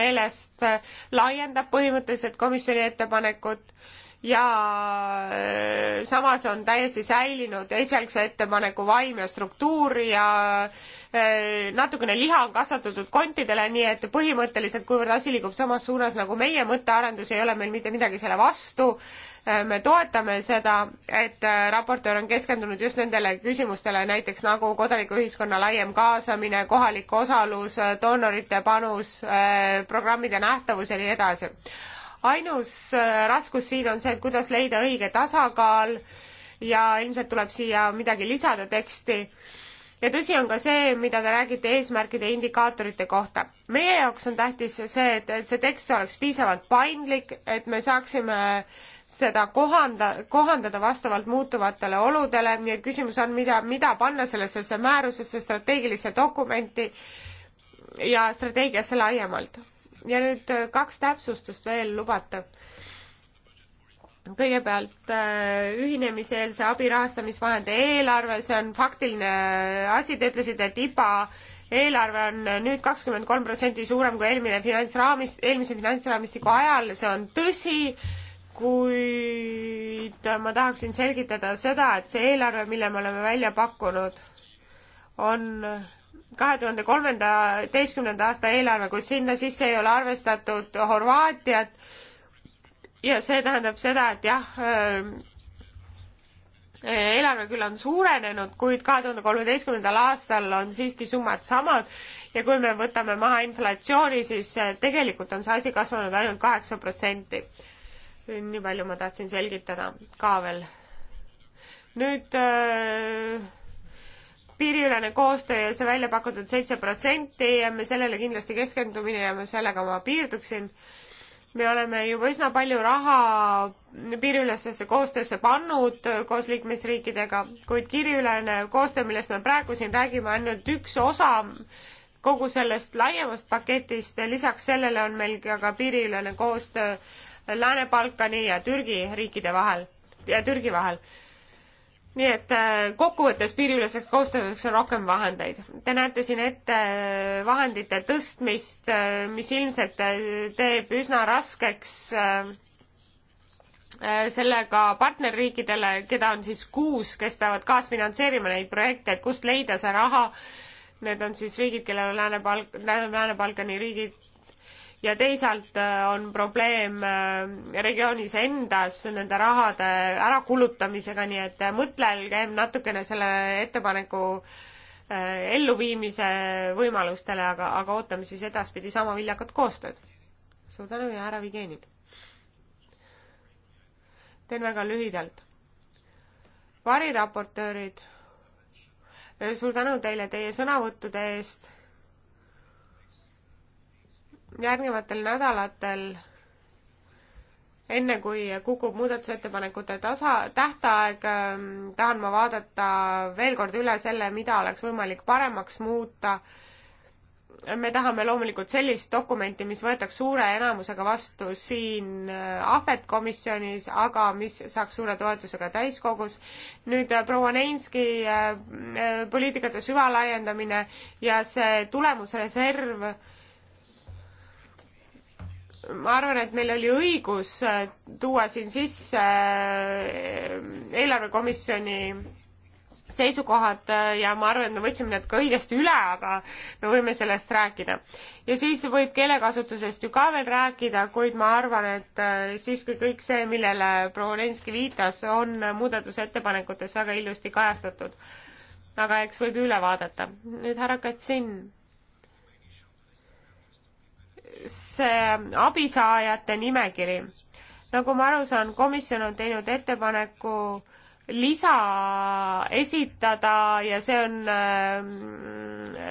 S1: meelest laiendab põhimõtteliselt komisjoni ettepanekut ja äh, samas on täiesti säilinud esialgse ettepaneku vaim ja struktuur ja äh, natukene liha on kasvatatud kontidele, nii et põhimõtteliselt, kuivõrd asi liigub samas suunas nagu meie mõttearendus, ei ole meil mitte midagi selle vastu. Äh, me toetame seda, et raportöör on keskendunud just nendele küsimustele, näiteks nagu kodanikuühiskonna laiem kaasamine, kohalik osalus, doonorite panus, programmide nähtavus ja nii edasi ainus äh, raskus siin on see, et kuidas leida õige tasakaal ja ilmselt tuleb siia midagi lisada teksti. ja tõsi on ka see, mida te räägite eesmärkide indikaatorite kohta. meie jaoks on tähtis see, et, et see tekst oleks piisavalt paindlik, et me saaksime seda kohanda, kohandada vastavalt muutuvatele oludele, nii et küsimus on, mida, mida panna sellesse määrusesse strateegilisse dokumenti ja strateegiasse laiemalt ja nüüd äh, kaks täpsustust veel lubata. kõigepealt äh, ühinemiseelse abi rahastamisvahendi eelarve, see on faktiline äh, asi, te ütlesite, et IPA eelarve on nüüd kakskümmend kolm protsenti suurem kui eelmine finantsraamis, eelmise finantsraamistiku ajal, see on tõsi kuid ma tahaksin selgitada seda, et see eelarve, mille me oleme välja pakkunud, on kahe tuhande kolmeteistkümnenda aasta eelarve, kuid sinna sisse ei ole arvestatud Horvaatiat. ja see tähendab seda, et jah, äh, eelarve küll on suurenenud, kuid kahe tuhande kolmeteistkümnendal aastal on siiski summad samad ja kui me võtame maha inflatsiooni, siis äh, tegelikult on see asi kasvanud ainult kaheksa protsenti. nii palju ma tahtsin selgitada ka veel. nüüd öö, äh, piiriülene koostöö ja see välja pakutud seitse protsenti ja me sellele kindlasti keskendumine ja ma sellega ma piirduksin. me oleme juba üsna palju raha piiriülesesse koostöösse pannud koos liikmesriikidega, kuid piiriülene koostöö, millest me praegu siin räägime, ainult üks osa kogu sellest laiemast paketist, lisaks sellele on meil ka, ka piiriülene koostöö Lääne-Balkani ja Türgi riikide vahel ja Türgi vahel nii et äh, kokkuvõttes piiriüleseks koostööks on rohkem vahendeid. Te näete siin ette äh, vahendite tõstmist, äh, mis ilmselt teeb üsna raskeks sellega partnerriikidele, keda on siis kuus, kes peavad kaasfinantseerima neid projekte, et kust leida see raha. Need on siis riigid, kellel on Lääne-Balk-, Lääne-Balkani riigid, ja teisalt äh, on probleem äh, regioonis endas nende rahade ärakulutamisega, nii et äh, mõtelgem natukene selle ettepaneku elluviimise võimalustele, aga, aga ootame siis edaspidi sama viljakat koostööd. suur tänu ja härra Vigenin! teen väga lühidalt. variraportöörid, suur tänu teile teie sõnavõttude eest järgnevatel nädalatel enne kui kukub muudatusettepanekute tasa, tähtaeg, ähm, tahan ma vaadata veel kord üle selle, mida oleks võimalik paremaks muuta. me tahame loomulikult sellist dokumenti, mis võetaks suure enamusega vastu siin äh, ahvet komisjonis, aga mis saaks suure toetusega täiskogus. nüüd äh, proua Neinski äh, poliitikate süvalaiendamine ja see tulemusreserv ma arvan, et meil oli õigus äh, tuua siin sisse äh, eelarvekomisjoni seisukohad äh, ja ma arvan, et me võtsime need ka õigesti üle, aga me võime sellest rääkida. ja siis võib keelekasutusest ju ka veel rääkida, kuid ma arvan, et siiski kõik see, millele proua Lenski viitas, on muudatusettepanekutes väga ilusti kajastatud. aga eks võib üle vaadata. nüüd härra Katsin see abisaajate nimekiri. nagu ma aru saan, komisjon on teinud ettepaneku lisa esitada ja see on ähm,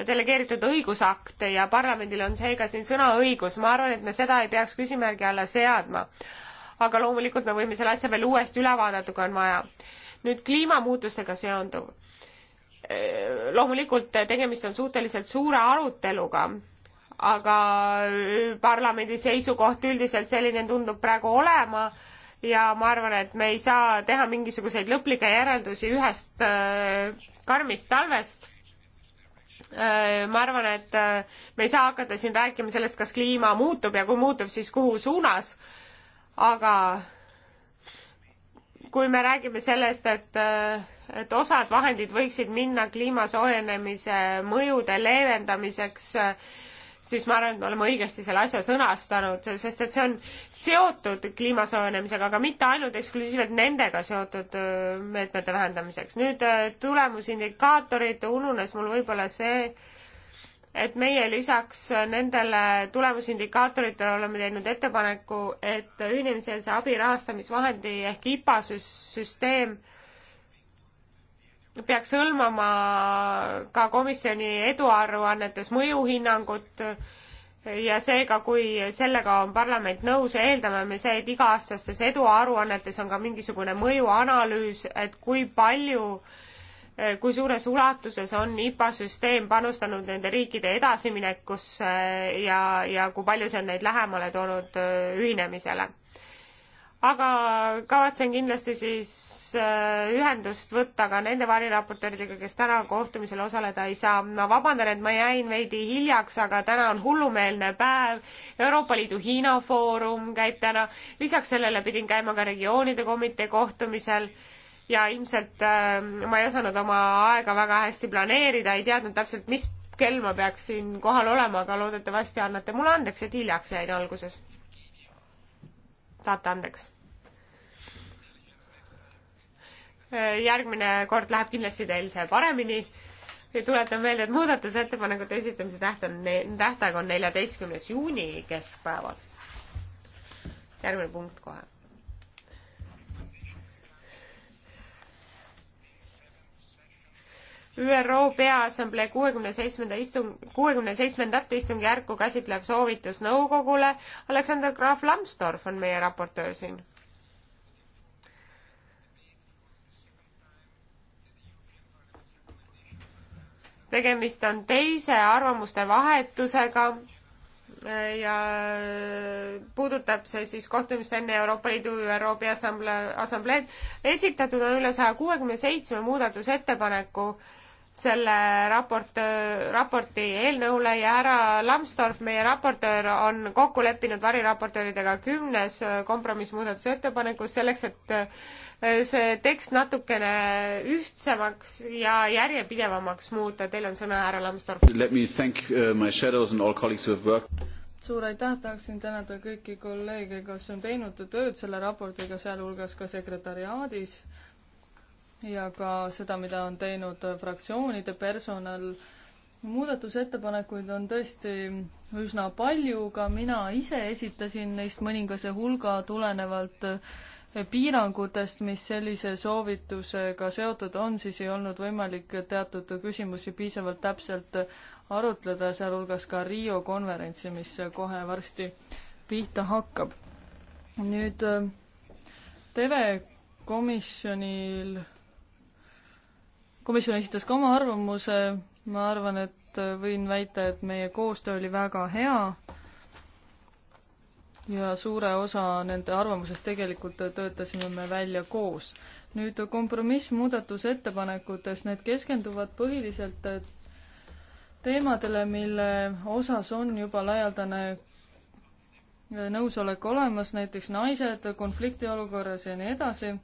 S1: delegeeritud õigusakt ja parlamendil on seega siin sõnaõigus, ma arvan, et me seda ei peaks küsimärgi alla seadma. aga loomulikult me võime selle asja veel uuesti üle vaadata, kui on vaja. nüüd kliimamuutustega seonduv. Äh, loomulikult tegemist on suhteliselt suure aruteluga aga äh, parlamendi seisukoht üldiselt selline tundub praegu olema ja ma arvan, et me ei saa teha mingisuguseid lõplikke järeldusi ühest äh, karmist talvest äh, ma arvan, et me ei saa hakata siin rääkima sellest, kas kliima muutub ja kui muutub, siis kuhu suunas. aga kui me räägime sellest, et, et osad vahendid võiksid minna kliima soojenemise mõjude leevendamiseks siis ma arvan, et me oleme õigesti selle asja sõnastanud, sest et see on seotud kliima soojenemisega, aga mitte ainult eksklusiivselt nendega seotud äh, meetmete vähendamiseks. nüüd äh, tulemusindikaatorid, ununes mul võib-olla see, et meie lisaks nendele tulemusindikaatoritele oleme teinud ettepaneku, et ühinemiseelse abi rahastamisvahendi ehk IPA süsteem peaks hõlmama ka komisjoni eduaruannetes mõjuhinnangut ja seega, kui sellega on parlament nõus, eeldame me see, et iga-aastastes eduaruannetes on ka mingisugune mõjuanalüüs, et kui palju kui suures ulatuses on IPA süsteem panustanud nende riikide edasiminekusse ja, ja kui palju see on neid lähemale toonud ühinemisele aga kavatsen kindlasti siis äh, ühendust võtta ka nende variraportööridega, kes täna kohtumisel osaleda ei saa. ma vabandan, et ma jäin veidi hiljaks, aga täna on hullumeelne päev. Euroopa Liidu Hiina Foorum käib täna. lisaks sellele pidin käima ka regioonide komitee kohtumisel ja ilmselt äh, ma ei osanud oma aega väga hästi planeerida, ei teadnud täpselt, mis kell ma peaksin kohal olema, aga loodetavasti annate mulle andeks, et hiljaks jäin alguses. saate andeks Äh, järgmine kord läheb kindlasti teil see paremini. tuletan meelde, et muudatusettepanekute esitamise täht on, tähtaeg on neljateistkümnes juuni keskpäeval. järgmine punkt kohe. ÜRO Peaassamblee kuuekümne seitsmenda istung, kuuekümne seitsmendat istungjärku käsitlev soovitus nõukogule. Aleksander Graf Lambsdorff on meie raportöör siin tegemist on teise arvamuste vahetusega ja puudutab see siis kohtumist enne Euroopa Liidu ÜRO Peaassambleed. esitatud on üle saja kuuekümne seitsme muudatusettepaneku selle raport, raporti eelnõule ja härra Lambsdorff, meie raportöör, on kokku leppinud variraportööridega kümnes kompromissmuudatusettepanekus selleks, et Äh, see tekst natukene ühtsemaks ja järjepidevamaks muuta. Teil on sõna, härra Lambsdorff.
S2: Let me thank uh, my shadows and all colleagues who have worked
S3: suur aitäh, tahaksin tänada kõiki kolleege, kes on teinud tööd selle raportiga, sealhulgas ka sekretariaadis ja ka seda, mida on teinud fraktsioonide personal. muudatusettepanekuid on tõesti üsna palju, ka mina ise esitasin neist mõningase hulga tulenevalt äh, piirangutest, mis sellise soovitusega seotud on, siis ei olnud võimalik teatud küsimusi piisavalt täpselt arutleda, sealhulgas ka Riio konverentsi, mis kohe varsti pihta hakkab. nüüd telekomisjonil, komisjon esitas ka oma arvamuse, ma arvan, et võin väita, et meie koostöö oli väga hea ja suure osa nende arvamusest tegelikult töötasime me välja koos. nüüd kompromissmuudatusettepanekutes, need keskenduvad põhiliselt äh, teemadele, mille osas on juba laialdane äh, nõusolek olemas, näiteks naised konfliktiolukorras ja nii edasi,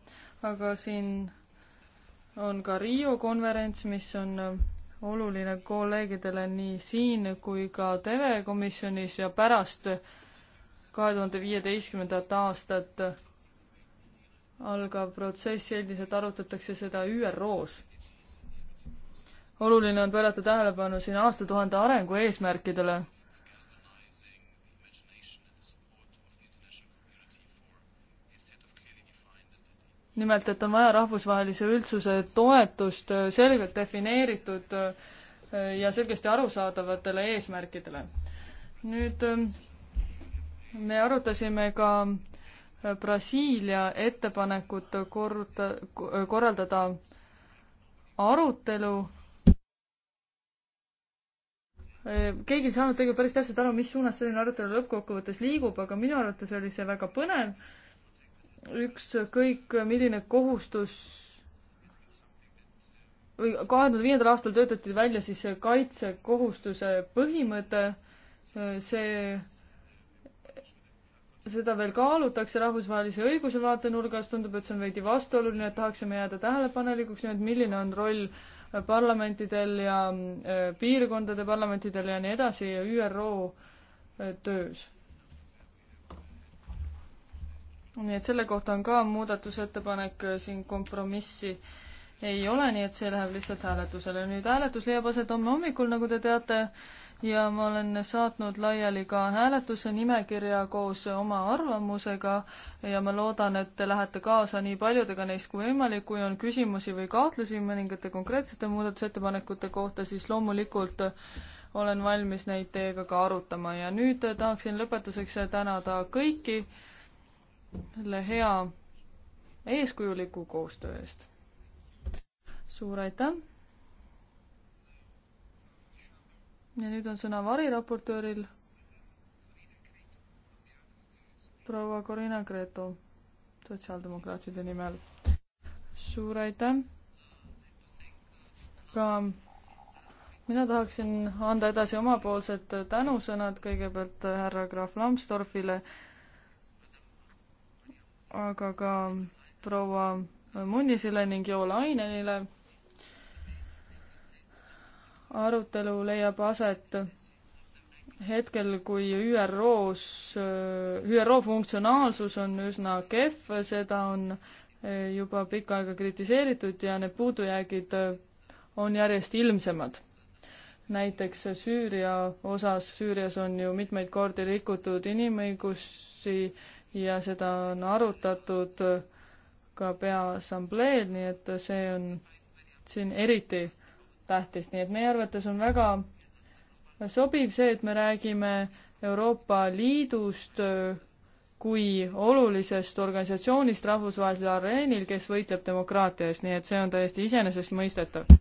S3: aga siin on ka Riio konverents, mis on äh, oluline kolleegidele nii siin kui ka TV komisjonis ja pärast äh, kahe tuhande viieteistkümnendat aastat algav protsess, endiselt arutatakse seda ÜRO-s. oluline on pöörata tähelepanu siin aastatuhande arengu eesmärkidele. nimelt, et on vaja rahvusvahelise üldsuse toetust selgelt defineeritud ja selgesti arusaadavatele eesmärkidele. nüüd me arutasime ka äh, Brasiilia ettepanekut korruta, äh, korraldada arutelu. Äh, keegi ei saanud tegelikult päris täpselt aru, mis suunas selline arutelu lõppkokkuvõttes liigub, aga minu arvates oli see väga põnev. ükskõik milline kohustus või kahe tuhande viiendal aastal töötati välja siis kaitsekohustuse põhimõte, see seda veel kaalutakse rahvusvahelise õiguse vaatenurgast, tundub, et see on veidi vastuoluline, et tahaksime jääda tähelepanelikuks, nii et milline on roll äh, parlamentidel ja äh, piirkondade parlamentidel ja nii edasi ÜRO äh, töös. nii et selle kohta on ka muudatusettepanek siin kompromissi äh, ei ole, nii et see läheb lihtsalt hääletusele. nüüd hääletus leiab aset homme hommikul, nagu te teate, ja ma olen saatnud laiali ka hääletuse nimekirja koos oma arvamusega ja ma loodan, et te lähete kaasa nii paljudega neist kui võimalik. kui on küsimusi või kahtlusi mõningate konkreetsete muudatusettepanekute kohta, siis loomulikult olen valmis neid teiega ka arutama ja nüüd tahaksin lõpetuseks tänada kõiki selle hea eeskujuliku koostöö eest suur aitäh! ja nüüd on sõna variraportööril proua Corina Gretu sotsiaaldemokraatide nimel. suur aitäh! ka mina tahaksin anda edasi omapoolsed tänusõnad kõigepealt härra Graf Lambsdorffile, aga ka proua Munnisele ning Joel Ainenile arutelu leiab aset hetkel, kui ÜRO-s, ÜRO funktsionaalsus on üsna kehv, seda on juba pikka aega kritiseeritud ja need puudujäägid on järjest ilmsemad. näiteks Süüria osas, Süürias on ju mitmeid kordi rikutud inimõigusi ja seda on arutatud ka Peaassambleel, nii et see on siin eriti tähtis, nii et meie arvates on väga sobiv see, et me räägime Euroopa Liidust äh, kui olulisest organisatsioonist rahvusvahelisel areenil, kes võitleb demokraatia eest, nii et see on täiesti iseenesestmõistetav.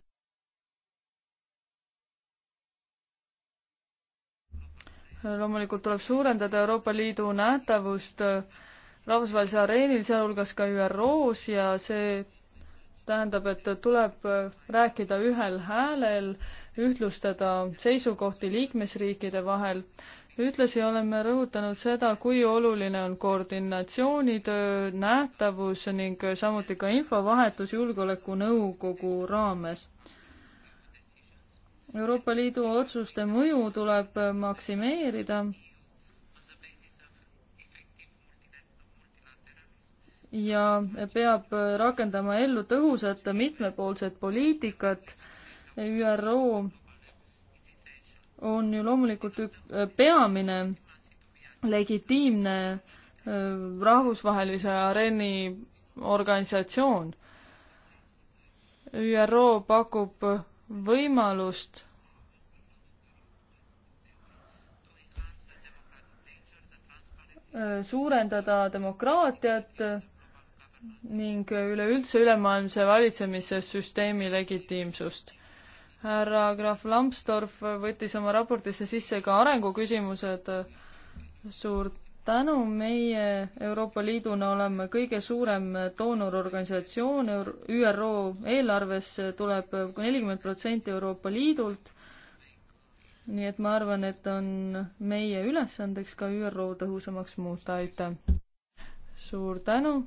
S3: loomulikult tuleb suurendada Euroopa Liidu nähtavust äh, rahvusvahelisel areenil, sealhulgas ka ÜRO-s ja see tähendab, et tuleb äh, rääkida ühel häälel, ühtlustada seisukohti liikmesriikide vahel. ühtlasi oleme rõhutanud seda, kui oluline on koordinatsioonitöö, nähtavus ning samuti ka infovahetus Julgeolekunõukogu raames. Euroopa Liidu otsuste mõju tuleb maksimeerida ja peab rakendama ellu tõhusat mitmepoolset poliitikat. ÜRO on ju loomulikult äh, peamine legitiimne äh, rahvusvahelise areeni organisatsioon. ÜRO pakub võimalust suurendada demokraatiat ning üleüldse ülemaailmse valitsemissüsteemi legitiimsust. härra Graf Lambsdorff võttis oma raportisse sisse ka arenguküsimused. suur tänu, meie Euroopa Liiduna oleme kõige suurem doonororganisatsioon ÜRO eelarvesse tuleb nelikümmend protsenti Euroopa Liidult. nii et ma arvan, et on meie ülesandeks ka ÜRO tõhusamaks muuta, aitäh! suur tänu!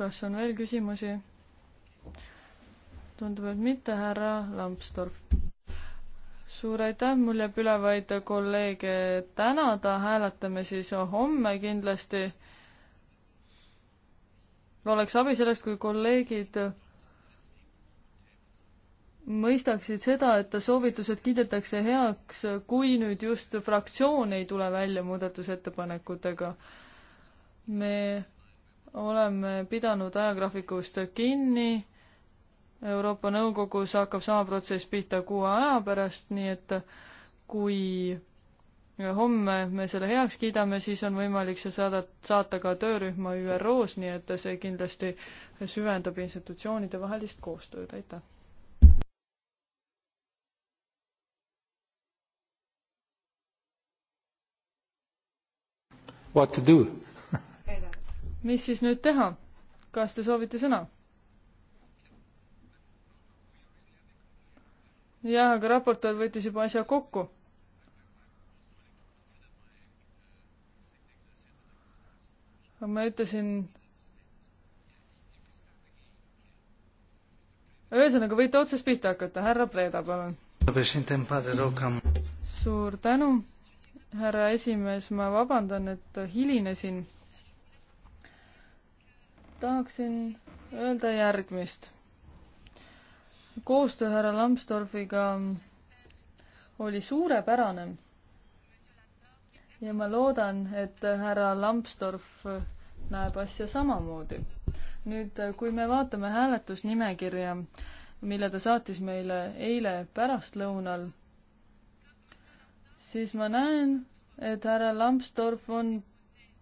S3: kas on veel küsimusi? tundub, et mitte, härra Lambsdorff. suur aitäh, mul jääb üle vaid kolleege tänada, hääletame siis homme kindlasti. oleks abi sellest, kui kolleegid mõistaksid seda, et soovitused kiidetakse heaks, kui nüüd just fraktsioon ei tule välja muudatusettepanekutega. me oleme pidanud ajagraafikust kinni. Euroopa Nõukogus hakkab sama protsess pihta kuu aja pärast, nii et kui homme me selle heaks kiidame, siis on võimalik see saada, saata ka töörühma ÜRO-s, nii et see kindlasti süvendab institutsioonide vahelist koostööd, aitäh! What to do? mis siis nüüd teha? kas te soovite sõna? jah, aga raportöör võttis juba asja kokku. ma ütlesin. ühesõnaga, võite otsast pihta hakata, härra Preda, palun. suur tänu, härra esimees, ma vabandan, et hilinesin tahaksin öelda järgmist. koostöö härra Lambsdorfiga oli suurepärane. ja ma loodan, et härra Lambsdorff näeb asja samamoodi. nüüd, kui me vaatame hääletusnimekirja, mille ta saatis meile eile pärastlõunal, siis ma näen, et härra Lambsdorff on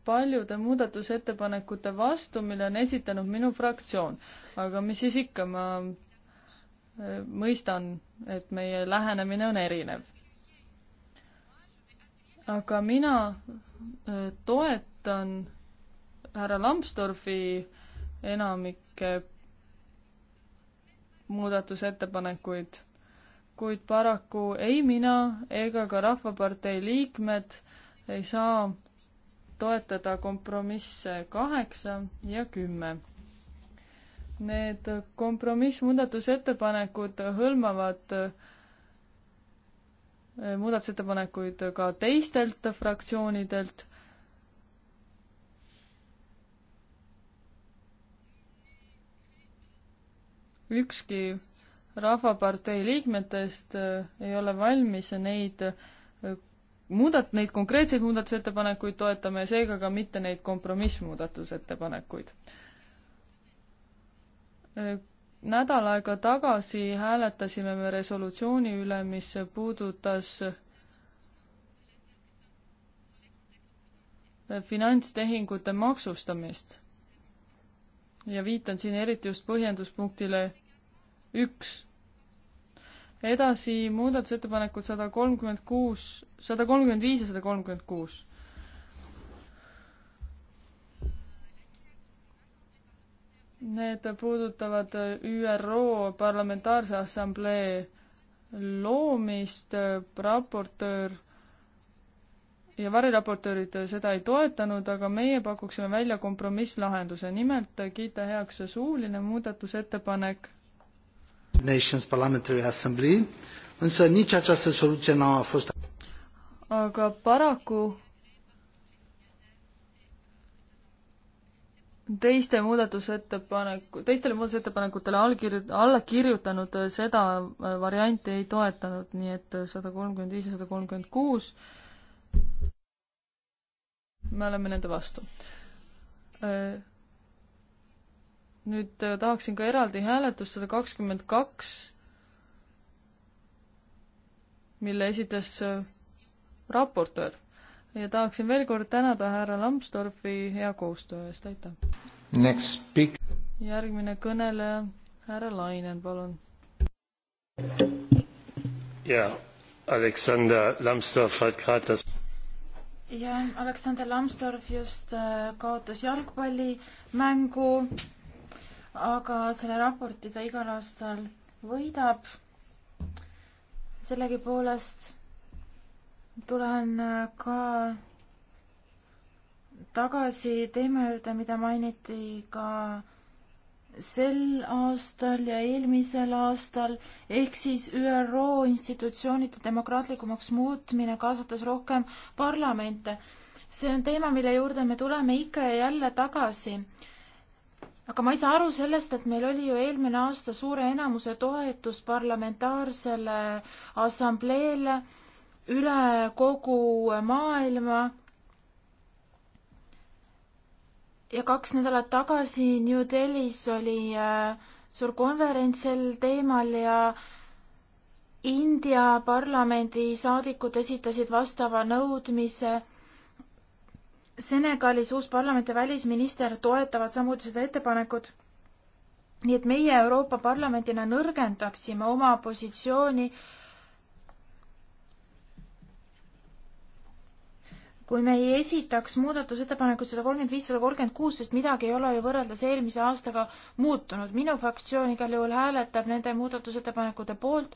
S3: paljude muudatusettepanekute vastu, mille on esitanud minu fraktsioon. aga mis siis ikka, ma äh, mõistan, et meie lähenemine on erinev. aga mina äh, toetan härra Lambsdorfi enamikke muudatusettepanekuid, kuid paraku ei mina ega ka Rahvapartei liikmed ei saa toetada kompromisse kaheksa ja kümme. Need kompromissmuudatusettepanekud hõlmavad eh, muudatusettepanekuid ka teistelt fraktsioonidelt. ükski Rahvapartei liikmetest eh, ei ole valmis neid eh, muudat-, neid konkreetseid muudatusettepanekuid toetame ja seega ka mitte neid kompromissmuudatusettepanekuid. nädal aega tagasi hääletasime me resolutsiooni üle, mis puudutas finantstehingute maksustamist. ja viitan siin eriti just põhjenduspunktile üks edasi muudatusettepanekud sada kolmkümmend kuus, sada kolmkümmend viis ja sada kolmkümmend kuus. Need puudutavad ÜRO Parlamentaarse Assamblee loomist, raportöör ja variraportöörid seda ei toetanud, aga meie pakuksime välja kompromisslahenduse, nimelt kiita heaks suuline muudatusettepanek Nations Parliamentary Assembly, însă nici această soluție nu a fost aga paraku teiste muudatusettepaneku, teistele muudatusettepanekutele allkirju-, alla kirjutanud äh, seda äh, varianti ei toetanud, nii et äh, sada kolmkümmend viis ja sada kolmkümmend kuus me oleme nende vastu nüüd äh, tahaksin ka eraldi hääletust sada kakskümmend kaks, mille esitas äh, raportöör ja tahaksin veel kord tänada härra Lambsdorfi hea koostöö eest, aitäh! järgmine kõneleja, härra Lainen, palun.
S2: jaa, Aleksander Lambsdorff hat gerade das jah, Aleksander Lambsdorff just äh, kaotas jalgpallimängu aga selle raporti ta igal aastal võidab. sellegipoolest tulen ka tagasi teema juurde, mida mainiti ka sel aastal ja eelmisel aastal, ehk siis ÜRO institutsioonide demokraatlikumaks muutmine, kaasates rohkem parlamente. see on teema, mille juurde me tuleme ikka ja jälle tagasi aga ma ei saa aru sellest, et meil oli ju eelmine aasta suure enamuse toetus parlamentaarsele assambleele üle kogu maailma. ja kaks nädalat tagasi New Delhis oli äh, suur konverents sel teemal ja India parlamendi saadikud esitasid vastava nõudmise Senegalis uus parlament ja välisminister toetavad samuti seda ettepanekut. nii et meie Euroopa Parlamendina nõrgendaksime oma positsiooni kui me ei esitaks muudatusettepanekut sada kolmkümmend viis, sada kolmkümmend kuus, sest midagi ei ole ju võrreldes eelmise aastaga muutunud. minu fraktsioon igal juhul hääletab nende muudatusettepanekute poolt.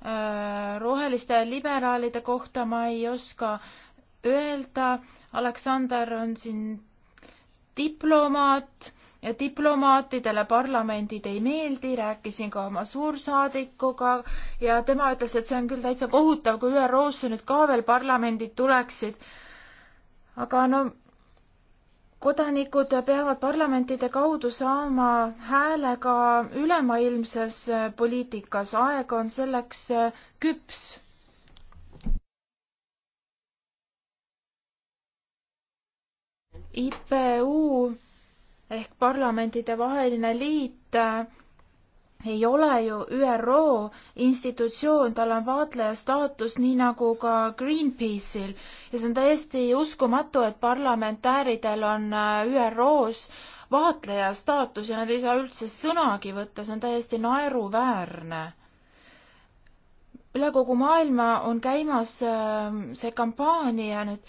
S2: Äh, roheliste liberaalide kohta ma ei oska öelda. Aleksander on siin diplomaat ja diplomaatidele parlamendid ei meeldi, rääkisin ka oma suursaadikuga ja tema ütles, et see on küll täitsa kohutav, kui ÜRO-sse nüüd ka veel parlamendid tuleksid. aga no kodanikud peavad parlamentide kaudu saama hääle ka ülemaailmses poliitikas, aeg on selleks küps IPU ehk parlamentide vaheline liit äh, ei ole ju ÜRO institutsioon, tal on vaatleja staatus, nii nagu ka Greenpeace'il ja see on täiesti uskumatu, et parlamentääridel on äh, ÜRO-s vaatleja staatus ja nad ei saa üldse sõnagi võtta, see on täiesti naeruväärne. üle kogu maailma on käimas äh, see kampaania nüüd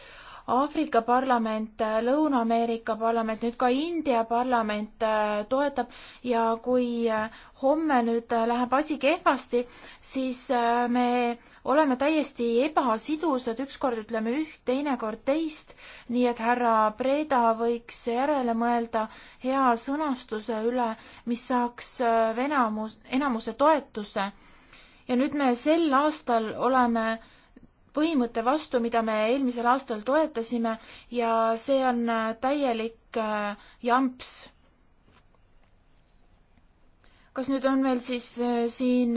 S2: Aafrika parlament, Lõuna-Ameerika parlament, nüüd ka India parlament äh, toetab ja kui äh, homme nüüd äh, läheb asi kehvasti, siis me oleme täiesti ebasidusad, ükskord ütleme üht, teinekord teist, nii et härra Preda võiks järele mõelda hea sõnastuse üle, mis saaks enamus, enamuse toetuse. ja nüüd me sel aastal oleme põhimõtte vastu, mida me eelmisel aastal toetasime ja see on äh, täielik äh, jamps. kas nüüd on meil siis äh, siin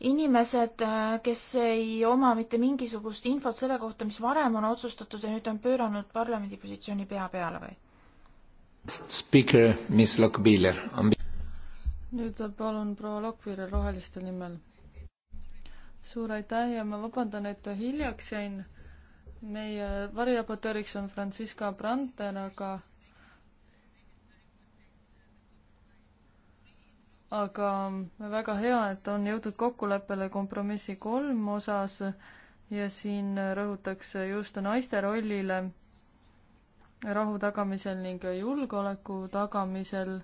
S2: inimesed, kes ei oma mitte mingisugust infot selle kohta, mis varem on otsustatud ja nüüd on pööranud parlamendi positsiooni pea peale või?
S3: Speaker, Miss Lokbiler.
S2: nüüd palun proua Lokbiler roheliste
S3: nimel suur aitäh ja ma vabandan, et hiljaks jäin. meie variraportööriks on Franziska Brandner, aga aga väga hea, et on jõudnud kokkuleppele kompromissi kolm osas ja siin rõhutakse just naiste rollile rahu tagamisel ning julgeoleku tagamisel.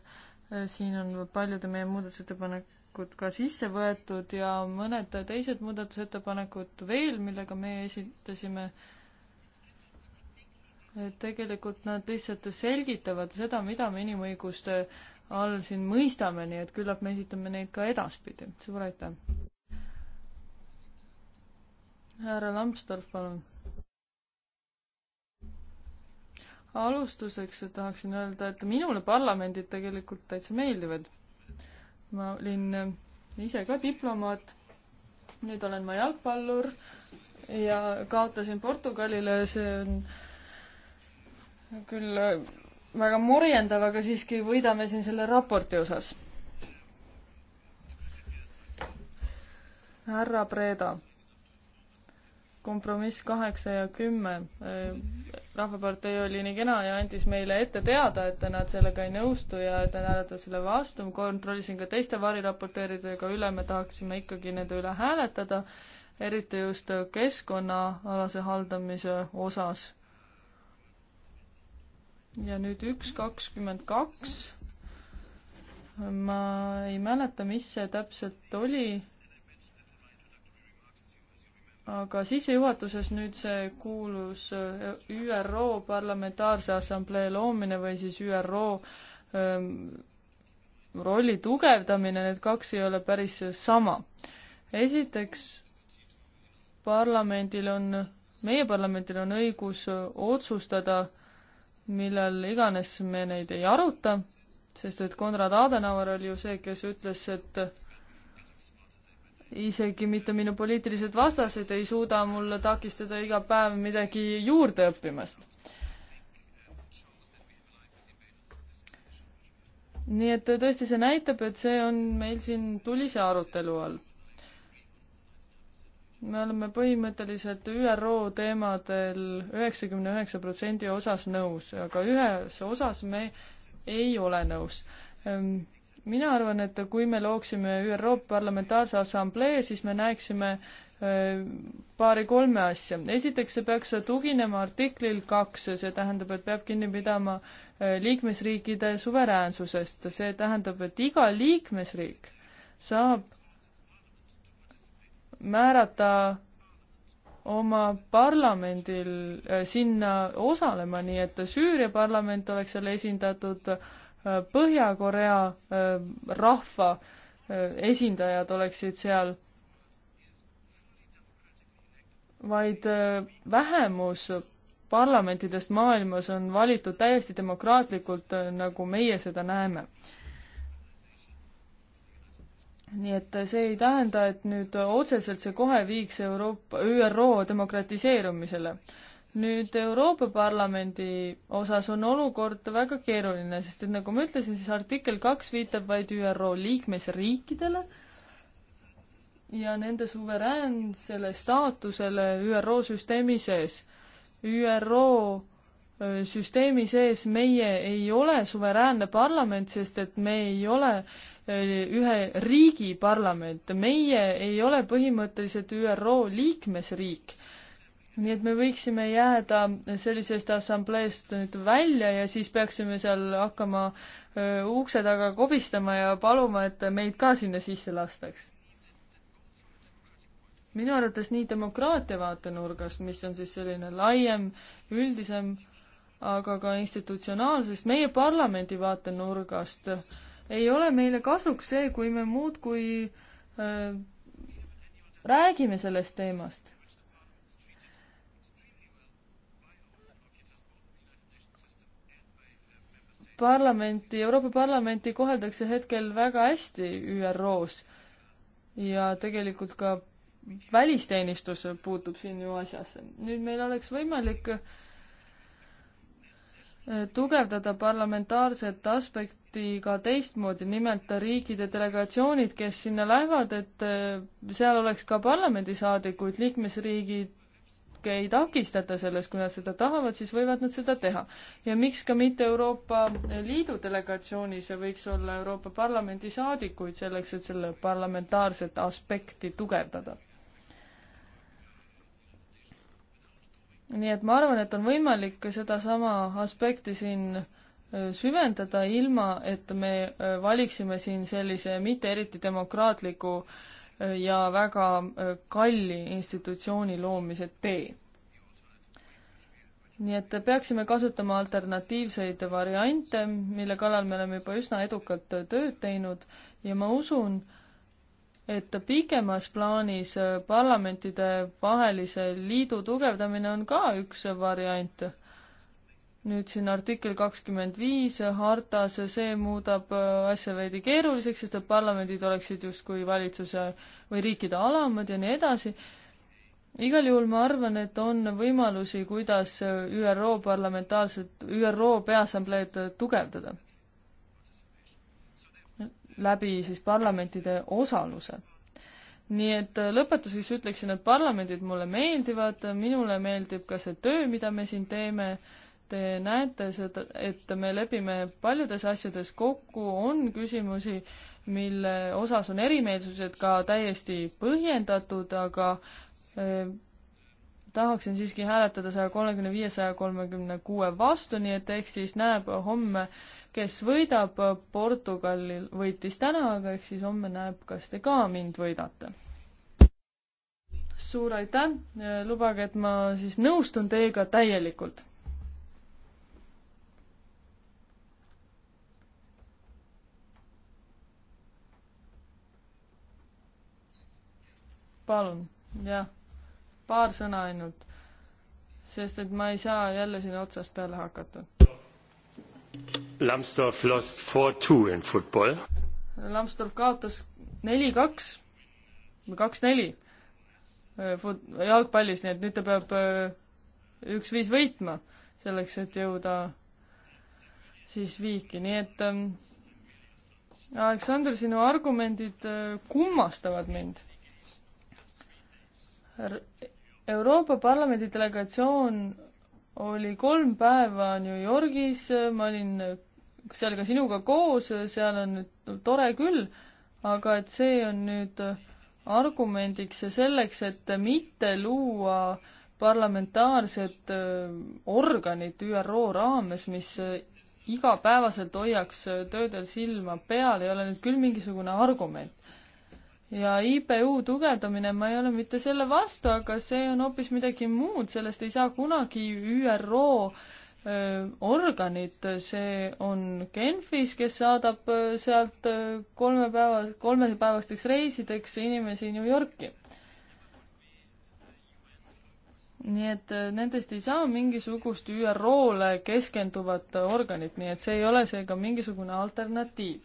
S3: siin on paljude meie muudatusettepanek, ettepanekud ka sisse võetud ja mõned teised muudatusettepanekud veel, millega me esitasime. et tegelikult nad lihtsalt selgitavad seda, mida me inimõiguste all siin mõistame, nii et küllap me esitame neid ka edaspidi. suur aitäh! härra Lambsdorff, palun! alustuseks tahaksin öelda, et minule parlamendid tegelikult täitsa meeldivad ma olin äh, ise ka diplomaat, nüüd olen ma jalgpallur ja kaotasin Portugalile, see on küll äh, väga morjendav, aga siiski võidame siin selle raporti osas. härra Breda, kompromiss kaheksa ja kümme äh, rahvapartei oli nii kena ja andis meile ette teada, et nad sellega ei nõustu ja et nad hääletavad selle vastu, ma kontrollisin ka teiste variraporteeridega üle, me tahaksime ikkagi nende üle hääletada, eriti just keskkonnaalase haldamise osas. ja nüüd üks kakskümmend kaks. ma ei mäleta, mis see täpselt oli aga sissejuhatuses nüüd see kuulus äh, ÜRO Parlamentaarse Assamblee loomine või siis ÜRO ähm, rolli tugevdamine, need kaks ei ole päris sama. esiteks, parlamendil on, meie parlamendil on õigus otsustada, millal iganes me neid ei aruta, sest et Konrad Adenauer oli ju see, kes ütles, et isegi mitte minu poliitilised vastased ei suuda mul takistada iga päev midagi juurde õppimast. nii et tõesti, see näitab, et see on meil siin tulise arutelu all. me oleme põhimõtteliselt ÜRO teemadel üheksakümne üheksa protsendi osas nõus, aga ühes osas me ei ole nõus ehm, mina arvan, et kui me looksime ÜRO Parlamentaarse Assamblee, siis me näeksime äh, paari-kolme asja. esiteks, see peaks tuginema artiklil kaks, see tähendab, et peab kinni pidama äh, liikmesriikide suveräänsusest, see tähendab, et iga liikmesriik saab määrata oma parlamendil äh, sinna osalema, nii et Süüria parlament oleks seal esindatud äh,, Põhja-Korea äh, rahva äh, esindajad oleksid seal, vaid äh, vähemus parlamentidest maailmas on valitud täiesti demokraatlikult, nagu meie seda näeme. nii et see ei tähenda, et nüüd otseselt see kohe viiks Euroopa, ÜRO demokratiseerumisele nüüd Euroopa Parlamendi osas on olukord väga keeruline, sest et nagu ma ütlesin, siis artikkel kaks viitab vaid ÜRO liikmesriikidele ja nende suveräänsele staatusele ÜRO süsteemi sees. ÜRO süsteemi sees meie ei ole suveräänne parlament, sest et me ei ole ühe riigi parlament, meie ei ole põhimõtteliselt ÜRO liikmesriik nii et me võiksime jääda sellisest assambleest nüüd välja ja siis peaksime seal hakkama ukse taga kobistama ja paluma, et meid ka sinna sisse lastaks. minu arvates nii demokraatia vaatenurgast, mis on siis selline laiem, üldisem, aga ka institutsionaalsest, meie parlamendi vaatenurgast ei ole meile kasuks see, kui me muudkui äh, räägime sellest teemast parlamenti, Euroopa Parlamenti koheldakse hetkel väga hästi ÜRO-s ja tegelikult ka välisteenistus puutub siin ju asjasse. nüüd meil oleks võimalik äh, tugevdada parlamentaarset aspekti ka teistmoodi, nimelt riikide delegatsioonid, kes sinna lähevad, et äh, seal oleks ka parlamendisaadikuid, liikmesriigid riike ei takistata selles, kui nad seda tahavad, siis võivad nad seda teha. ja miks ka mitte Euroopa Liidu delegatsioonis võiks olla Euroopa Parlamendi saadikuid selleks, et selle parlamentaarset aspekti tugevdada. nii et ma arvan, et on võimalik sedasama aspekti siin äh, süvendada, ilma et me äh, valiksime siin sellise mitte eriti demokraatliku äh, ja väga äh, kalli institutsiooni loomise tee. nii et peaksime kasutama alternatiivseid variante, mille kallal me oleme juba üsna edukalt tööd teinud ja ma usun, et pikemas plaanis parlamentide vahelise liidu tugevdamine on ka üks variant nüüd siin artikkel kakskümmend viis hartas, see muudab äh, asja veidi keeruliseks, sest et parlamendid oleksid justkui valitsuse või riikide alamad ja nii edasi. igal juhul ma arvan, et on võimalusi, kuidas äh, ÜRO parlamentaarset, ÜRO Peaassambleed äh, tugevdada. läbi siis parlamentide osaluse nii et lõpetuseks ütleksin, et parlamendid mulle meeldivad, minule meeldib ka see töö, mida me siin teeme äh, Te näete seda, et me lepime paljudes asjades kokku, on küsimusi, mille osas on erimeelsused ka täiesti põhjendatud, aga eh, tahaksin siiski hääletada saja kolmekümne viie, saja kolmekümne kuue vastu, nii et ehk siis näeb homme, kes võidab, Portugalil võitis täna, aga ehk siis homme näeb, kas te ka mind võidate. suur aitäh, lubage, et ma siis nõustun teiega täielikult palun, jah, paar sõna ainult, sest et ma ei saa jälle siin otsast peale hakata.
S2: Lambsdorff
S1: lost four-two in football.
S3: Lambsdorff kaotas neli-kaks või kaks-neli äh, fut-, jalgpallis, nii et nüüd ta peab äh, üks-viis võitma selleks, et jõuda siis viiki, nii et ähm, Aleksander, sinu argumendid äh, kummastavad mind Euroopa Parlamendi delegatsioon oli kolm päeva New Yorgis, ma olin seal ka sinuga koos, seal on nüüd tore küll, aga et see on nüüd argumendiks ja selleks, et mitte luua parlamentaarset äh, organit ÜRO raames, mis igapäevaselt hoiaks töödel silma peal, ei ole nüüd küll mingisugune argument ja IPU tugevdamine, ma ei ole mitte selle vastu, aga see on hoopis midagi muud, sellest ei saa kunagi ÜRO öö, organit, see on Genfis, kes saadab sealt kolme päeva, kolmepäevasteks reisideks inimesi New Yorki. nii et nendest ei saa mingisugust ÜRO-le keskenduvat organit, nii et see ei ole seega mingisugune alternatiiv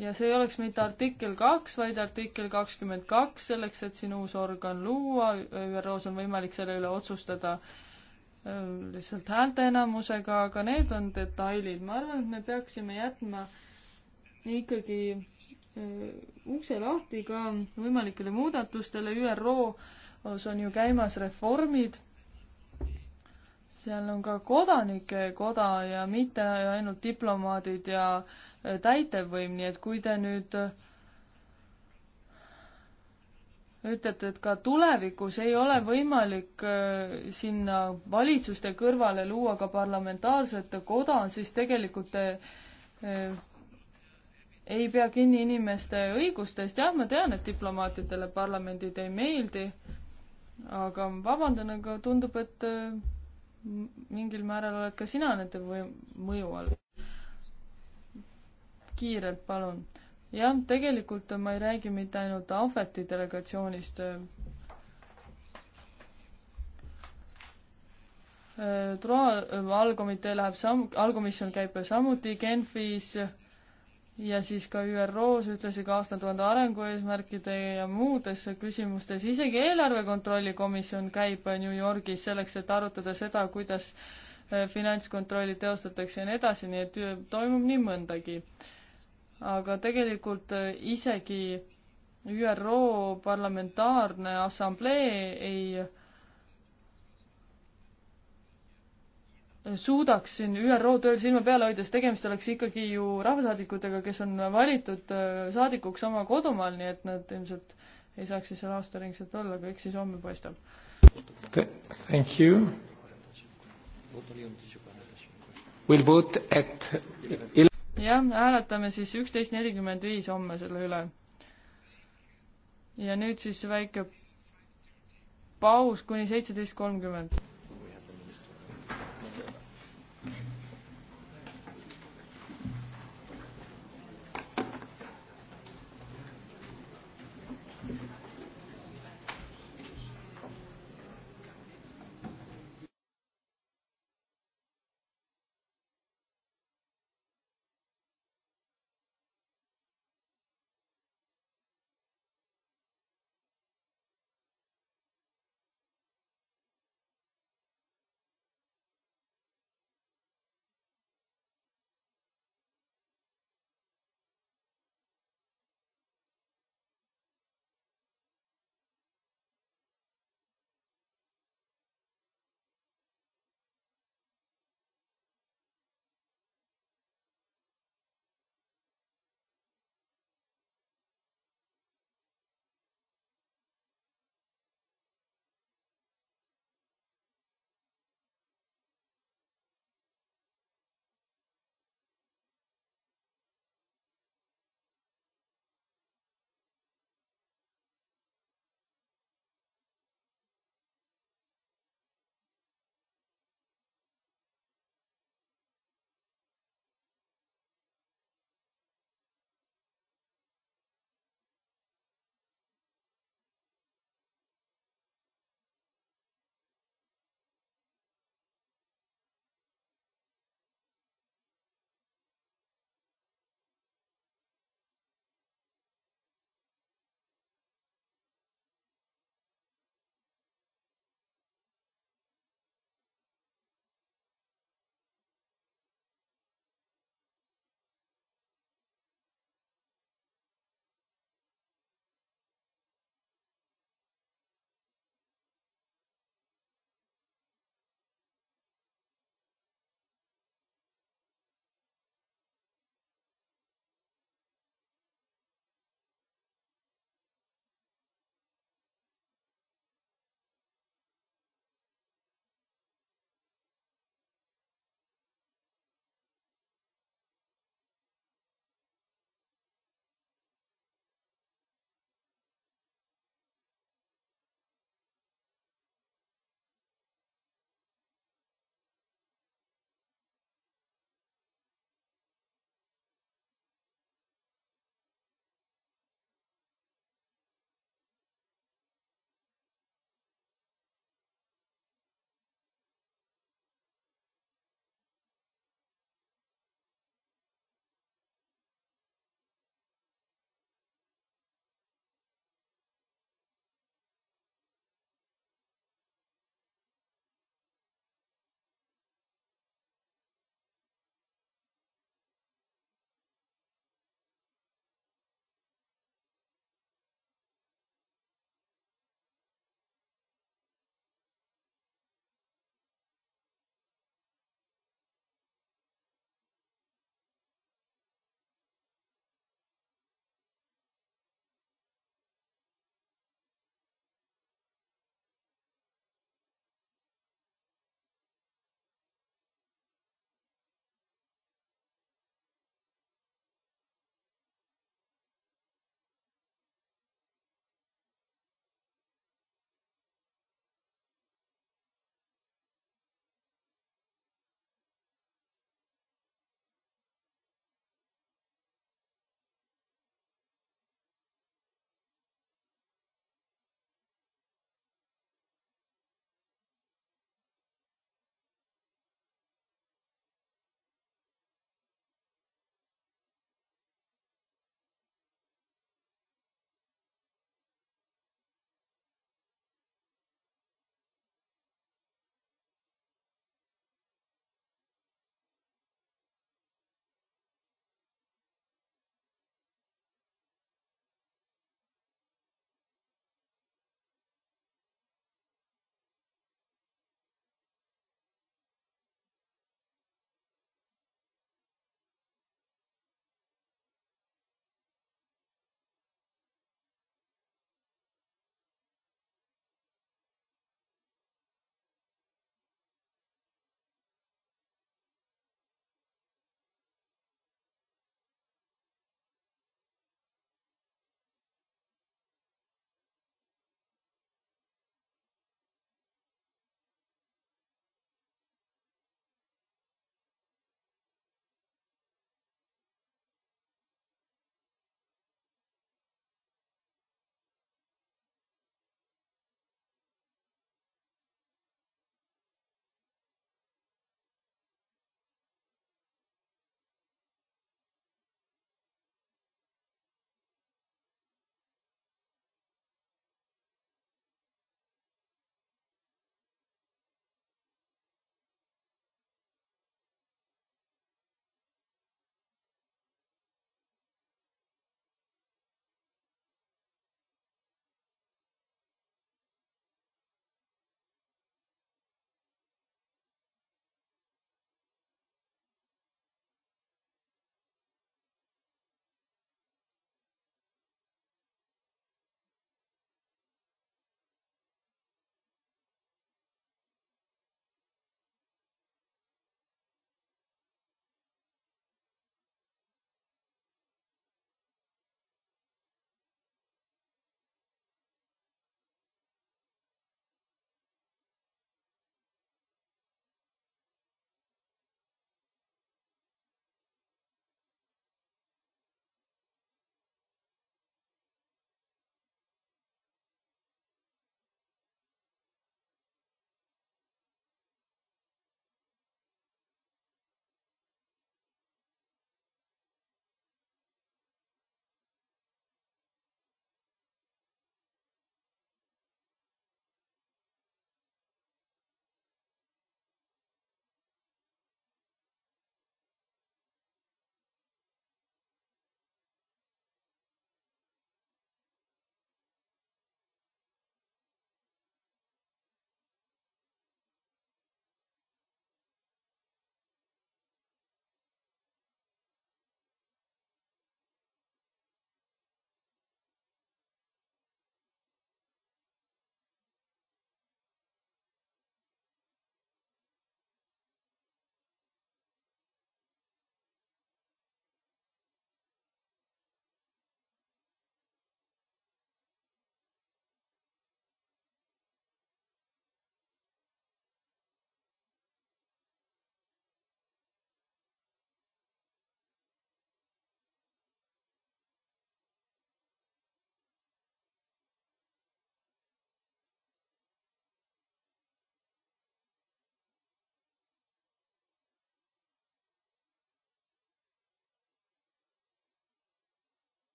S3: ja see ei oleks mitte artikkel kaks, vaid artikkel kakskümmend kaks, selleks et siin uus organ luua, ÜRO-s on võimalik selle üle otsustada äh, lihtsalt häälteenamusega, aga need on detailid. ma arvan, et me peaksime jätma ikkagi äh, ukse lahti ka võimalikele muudatustele. ÜRO-s on ju käimas reformid. seal on ka kodanike koda ja mitte ainult diplomaadid ja äh, täitevvõim, nii et kui te nüüd äh, ütlete, et ka tulevikus ei ole võimalik äh, sinna valitsuste kõrvale luua ka parlamentaarset koda, siis tegelikult te äh, ei pea kinni inimeste õigustest, jah, ma tean, et diplomaatidele parlamendid ei meeldi, aga vabandan, aga tundub, et mingil määral oled ka sina nende mõju all kiirelt, palun. jah, tegelikult ma ei räägi mitte ainult Ahveti delegatsioonist. Äh, äh, Troa äh, allkomitee läheb sam-, allkomisjon käib ka samuti Genfis ja siis ka ÜRO-s ütlesid ka aastatuhande arengueesmärkide ja muudes küsimustes, isegi eelarve kontrolli komisjon käib New Yorgis selleks, et arutada seda, kuidas finantskontrolli teostatakse ja nii edasi, nii et toimub nii mõndagi aga tegelikult äh, isegi ÜRO Parlamentaarne Assamblee ei äh, suudaks siin ÜRO tööl silma peal hoides, tegemist oleks ikkagi ju rahvasaadikutega, kes on valitud äh, saadikuks oma kodumaal, nii et nad ilmselt ei saaks siis seal aastaringselt olla, aga eks siis homme paistab. Thank
S2: you. We'll vote at
S3: jah, hääletame siis üksteist nelikümmend viis homme selle üle. ja nüüd siis väike paus kuni seitseteist kolmkümmend.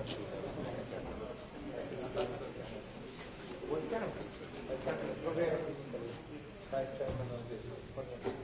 S1: Welcome. Welcome. Vice Chairman of the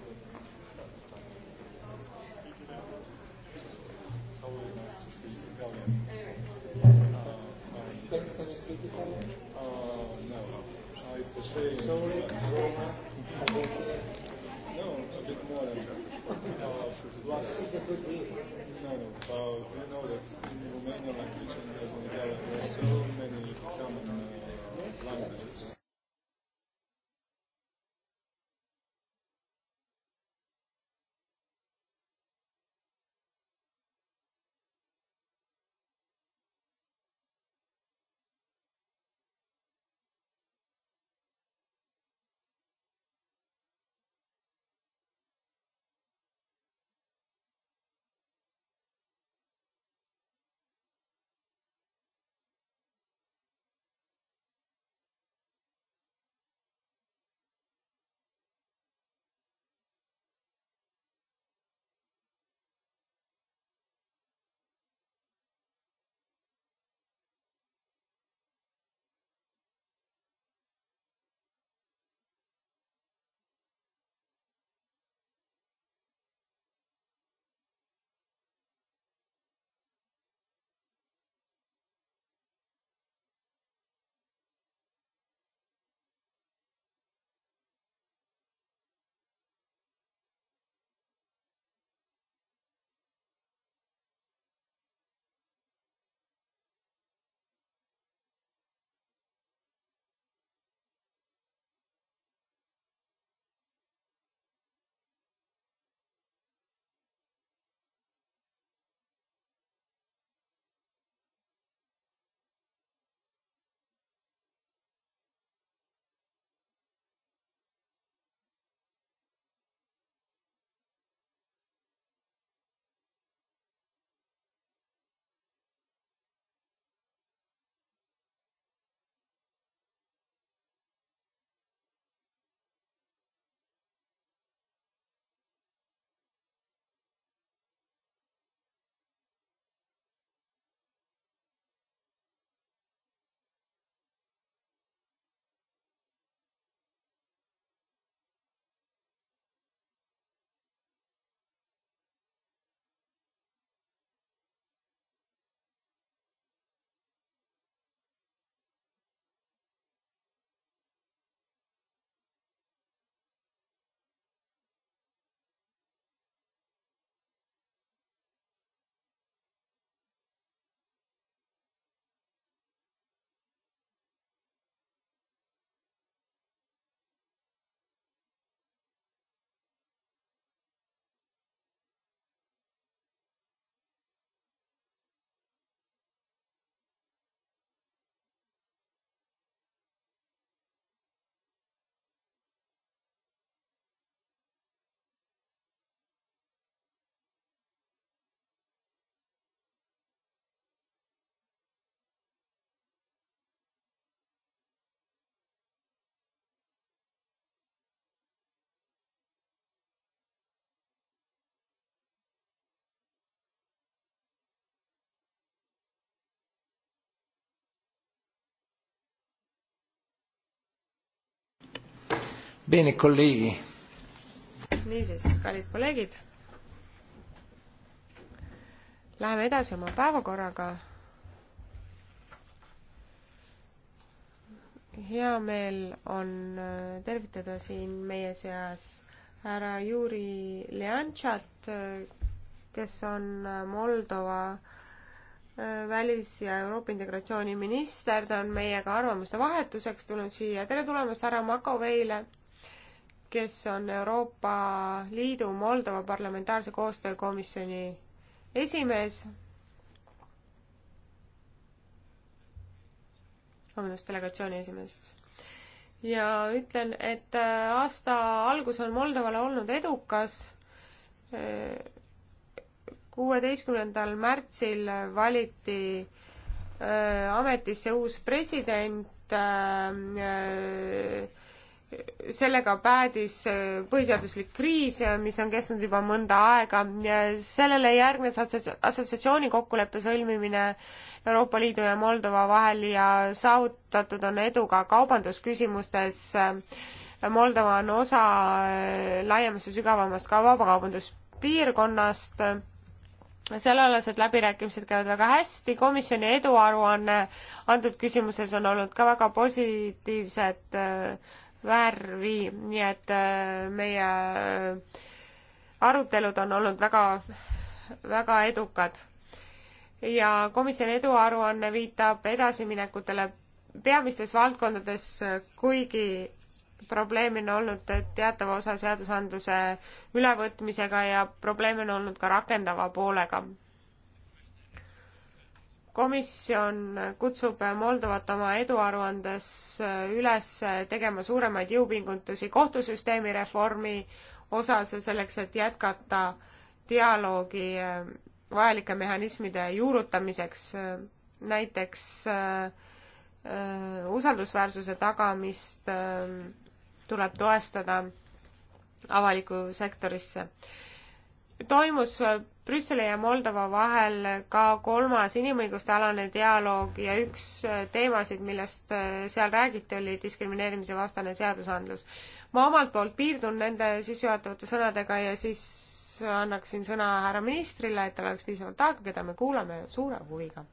S3: Bene, kolleegi.
S1: niisiis, kallid kolleegid. Läheme edasi oma päevakorraga. hea meel on äh, tervitada siin meie seas härra Juri Leantšat, äh, kes on äh, Moldova välis- ja Euroopa integratsiooniminister, ta on meiega arvamuste vahetuseks tulnud siia, tere tulemast härra Makoveile! kes on Euroopa Liidu Moldova parlamentaarse koostöökomisjoni esimees. vabandust, delegatsiooni esimees ja ütlen, et äh, aasta algus on Moldovale olnud edukas. kuueteistkümnendal märtsil valiti äh, ametisse uus president. Äh, sellega päädis äh, põhiseaduslik kriis, äh, mis on kestnud juba mõnda aega. sellele järgnes assotsiatsiooni kokkuleppe sõlmimine Euroopa Liidu ja Moldova vahel ja saavutatud on edu ka kaubandusküsimustes. Äh, Moldova on osa laiemast ja sügavamast ka vabakaubanduspiirkonnast sellealased läbirääkimised käivad väga hästi, komisjoni eduaruanne antud küsimuses on olnud ka väga positiivsed äh, värvi, nii et äh, meie äh, arutelud on olnud väga, väga edukad. ja komisjoni eduaruanne viitab edasiminekutele peamistes valdkondades, kuigi probleem on olnud teatava osa seadusandluse ülevõtmisega ja probleem on olnud ka rakendava poolega komisjon kutsub Moldovat oma eduaruandes üles tegema suuremaid jõupingutusi kohtusüsteemi reformi osas ja selleks, et jätkata dialoogi äh, vajalike mehhanismide juurutamiseks, äh, näiteks äh, usaldusväärsuse tagamist tuleb toestada avalikku sektorisse. toimus Brüsseli ja Moldova vahel ka kolmas inimõiguste alane dialoog ja üks äh, teemasid, millest äh, seal räägiti, oli diskrimineerimise vastane seadusandlus. ma omalt poolt piirdun nende sissejuhatavate sõnadega ja siis annaksin sõna härra ministrile, et tal oleks piisavalt aega, keda me kuulame suure huviga.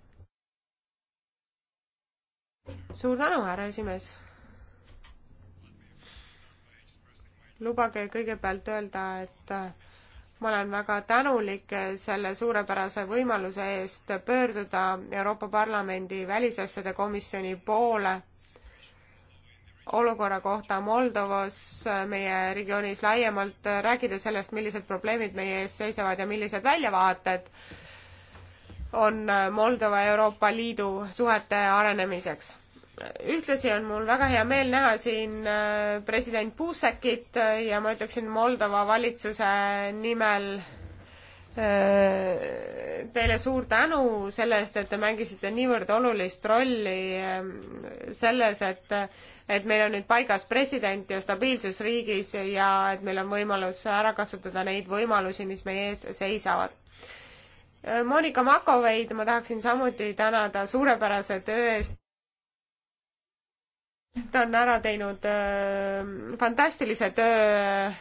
S1: suur tänu, härra esimees. lubage kõigepealt öelda, et äh, ma olen väga tänulik selle suurepärase võimaluse eest pöörduda Euroopa Parlamendi välisasjade komisjoni poole olukorra kohta Moldovas, meie regioonis laiemalt, rääkida sellest, millised probleemid meie ees seisavad ja millised väljavaated on Moldova Euroopa Liidu suhete arenemiseks ühtlasi on mul väga hea meel näha siin äh, president Puusekit äh, ja ma ütleksin Moldova valitsuse nimel äh, teile suur tänu selle eest, et te mängisite niivõrd olulist rolli ähm, selles, et, et meil on nüüd paigas president ja stabiilsus riigis ja et meil on võimalus ära kasutada neid võimalusi, mis meie ees seisavad. Monika Makoveid ma tahaksin samuti tänada suurepärase töö eest ta on ära teinud äh, fantastilise töö äh,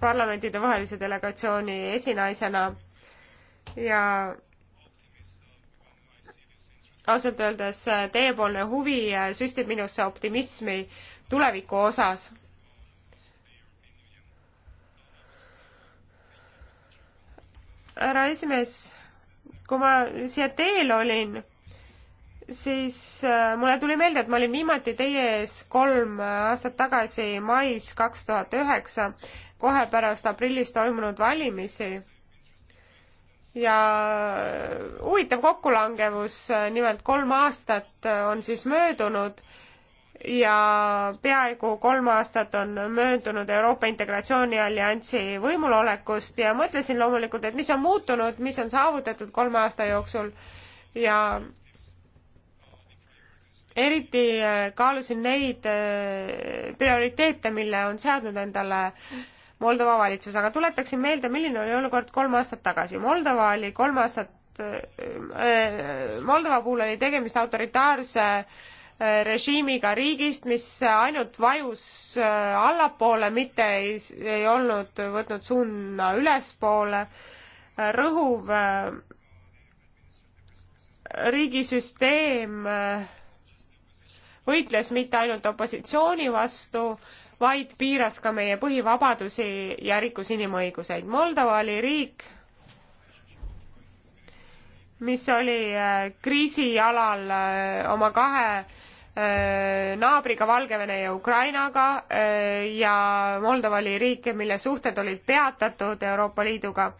S1: parlamentidevahelise delegatsiooni esinaisena ja ausalt öeldes äh, teiepoolne huvi äh, süstib minusse optimismi tuleviku osas. härra esimees, kui ma siia teel olin siis äh, mulle tuli meelde, et ma olin viimati teie ees kolm äh, aastat tagasi, mais kaks tuhat üheksa, kohe pärast aprillis toimunud valimisi. ja äh, huvitav kokkulangevus, nimelt kolm aastat on siis möödunud ja peaaegu kolm aastat on möödunud Euroopa Integratsioonialliansi võimulolekust ja mõtlesin loomulikult, et mis on muutunud, mis on saavutatud kolme aasta jooksul ja eriti äh, kaalusin neid äh, prioriteete, mille on seadnud endale Moldova valitsus, aga tuletaksin meelde, milline oli olukord kolm aastat tagasi. Moldova oli kolm aastat, äh, Moldova puhul oli tegemist autoritaarse režiimiga riigist, mis ainult vajus allapoole, mitte ei, ei olnud võtnud suuna ülespoole. rõhuv riigisüsteem äh, võitles mitte ainult opositsiooni vastu, vaid piiras ka meie põhivabadusi ja rikkus inimõiguseid. Moldova oli riik, mis oli äh, kriisi jalal äh, oma kahe äh, naabriga Valgevene ja Ukrainaga ja Moldova oli riik, mille suhted olid peatatud Euroopa Liiduga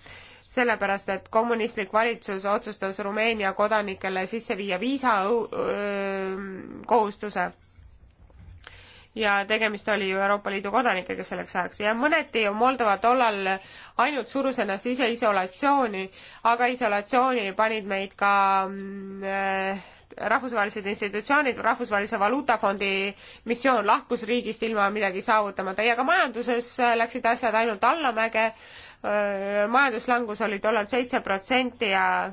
S1: sellepärast et kommunistlik valitsus otsustas Rumeenia kodanikele sisse viia viisakohustuse ja tegemist oli ju Euroopa Liidu kodanikega, kes selleks ajaks ja mõneti ju Moldova tollal ainult surus ennast ise isolatsiooni, aga isolatsiooni panid meid ka äh, rahvusvahelised institutsioonid, Rahvusvahelise Valuutafondi missioon lahkus riigist ilma midagi saavutamata ja ka majanduses läksid asjad ainult allamäge äh,, majanduslangus oli tollal seitse protsenti ja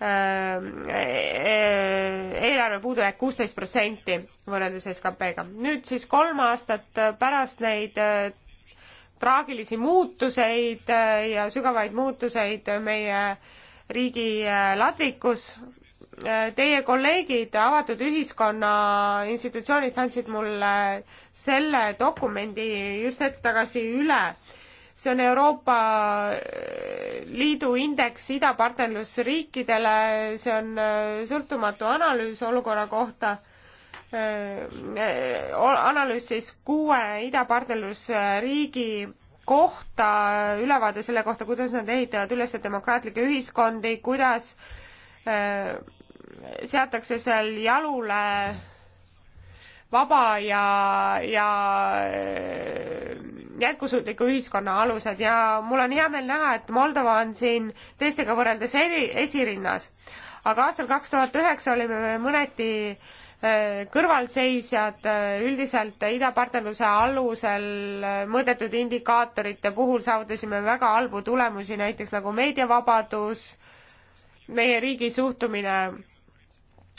S1: e-, e-, eelarve puudujääk kuusteist protsenti võrreldes SKP-ga. nüüd siis kolm aastat pärast neid traagilisi muutuseid ja sügavaid muutuseid meie riigi ladvikus teie kolleegid Avatud Ühiskonna institutsioonist andsid mulle selle dokumendi just hetk tagasi üle see on Euroopa äh, Liidu indeks idapartnerlusriikidele, see on äh, sõltumatu analüüs olukorra kohta, äh, analüüs siis kuue idapartnerlusriigi kohta, ülevaade selle kohta, kuidas nad ehitavad üles demokraatlikke ühiskondi, kuidas seatakse seal jalule vaba ja, ja äh, jätkusuutliku ühiskonna alused ja mul on hea meel näha, et Moldova on siin teistega võrreldes eri, esirinnas. aga aastal kaks tuhat üheksa olime me mõneti äh, kõrvalseisjad äh, üldiselt idapartnerluse alusel mõõdetud indikaatorite puhul saavutasime väga halbu tulemusi, näiteks nagu meediavabadus, meie riigi suhtumine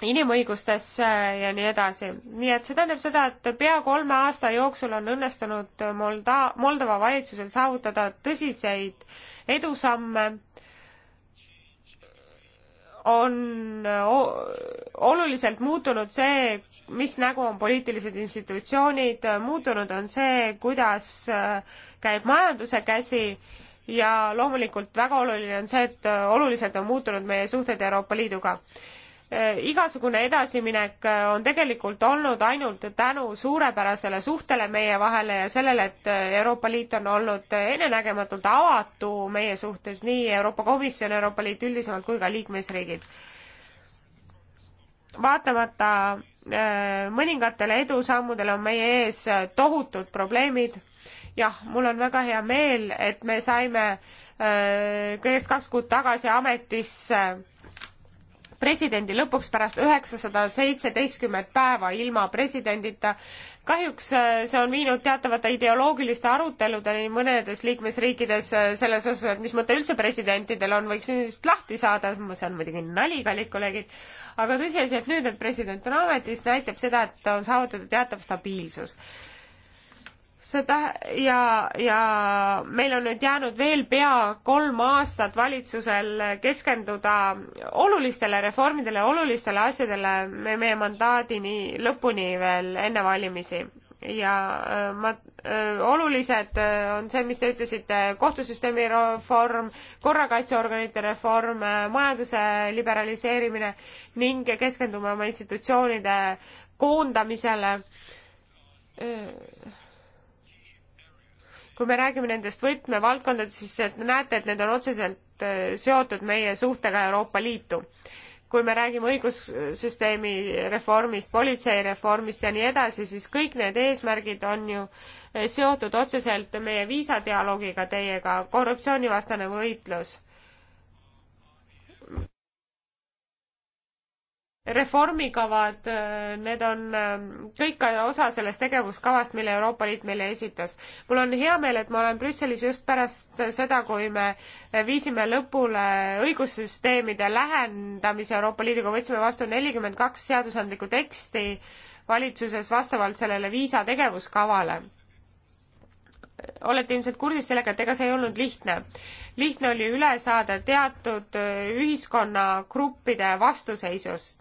S1: inimõigustesse äh, ja nii edasi. nii et see tähendab seda, et pea kolme aasta jooksul on õnnestunud Molda-, Moldova valitsusel saavutada tõsiseid edusamme, on äh, oluliselt muutunud see, mis nägu on poliitilised institutsioonid, muutunud on see, kuidas äh, käib majanduse käsi ja loomulikult väga oluline on see, et oluliselt on muutunud meie suhted Euroopa Liiduga Eh, igasugune edasiminek eh, on tegelikult olnud ainult tänu suurepärasele suhtele meie vahele ja sellele, et eh, Euroopa Liit on olnud ennenägematult avatu meie suhtes, nii Euroopa Komisjon, Euroopa Liit üldisemalt kui ka liikmesriigid. vaatamata mõningatele edusammudele on meie ees tohutud probleemid. jah, mul on väga hea meel, et me saime kõigest kaks kuud tagasi ametisse presidendi lõpuks pärast üheksasada seitseteistkümmet päeva ilma presidendita. kahjuks äh, see on viinud teatavate ideoloogiliste aruteludeni mõnedes liikmesriikides äh, selles osas, et mis mõte üldse presidentidel on, võiks nendest lahti saada, see on muidugi nali, kallid kolleegid, aga tõsiasi, et nüüd, et president on ametis, näitab seda, et on saavutatud teatav stabiilsus see tä- ja, ja meil on nüüd jäänud veel pea kolm aastat valitsusel keskenduda olulistele reformidele, olulistele asjadele me, meie mandaadini lõpuni veel enne valimisi ja äh, ma, äh, olulised äh, on see, mis te ütlesite, kohtusüsteemi reform, korrakaitseorganite reform, majanduse liberaliseerimine ning keskendume oma institutsioonide koondamisele kui me räägime nendest võtmevaldkondadest, siis te näete, et need on otseselt äh, seotud meie suhtega Euroopa Liitu. kui me räägime õigussüsteemi reformist, politseireformist ja nii edasi, siis kõik need eesmärgid on ju äh, seotud otseselt meie viisadialoogiga teiega, korruptsioonivastane võitlus reformikavad, need on ähm, kõik osa sellest tegevuskavast, mille Euroopa Liit meile esitas. mul on hea meel, et ma olen Brüsselis just pärast seda, kui me viisime lõpule õigussüsteemide lähendamise Euroopa Liiduga, võtsime vastu nelikümmend kaks seadusandlikku teksti valitsuses vastavalt sellele viisa tegevuskavale olete ilmselt kursis sellega, et ega see ei olnud lihtne. lihtne oli üle saada teatud ühiskonnagruppide vastuseisust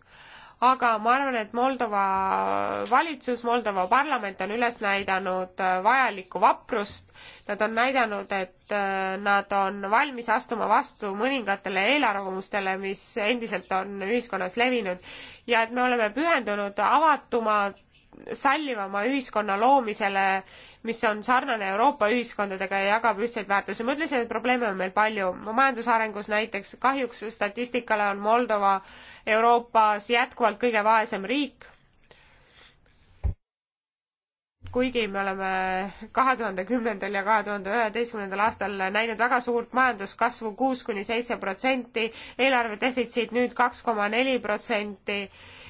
S1: aga ma arvan, et Moldova valitsus, Moldova parlament on üles näidanud äh, vajalikku vaprust. Nad on näidanud, et äh, nad on valmis astuma vastu mõningatele eelarvamustele, mis endiselt on ühiskonnas levinud ja et me oleme pühendunud avatumad sallivama ühiskonna loomisele, mis on sarnane Euroopa ühiskondadega ja jagab ühtseid väärtusi. ma ütlesin, et probleeme on meil palju. majandusarengus näiteks kahjuks statistikale on Moldova Euroopas jätkuvalt kõige vaesem riik. kuigi me oleme kahe tuhande kümnendal ja kahe tuhande üheteistkümnendal aastal näinud väga suurt majanduskasvu, kuus kuni seitse protsenti, eelarve defitsiit nüüd kaks koma neli protsenti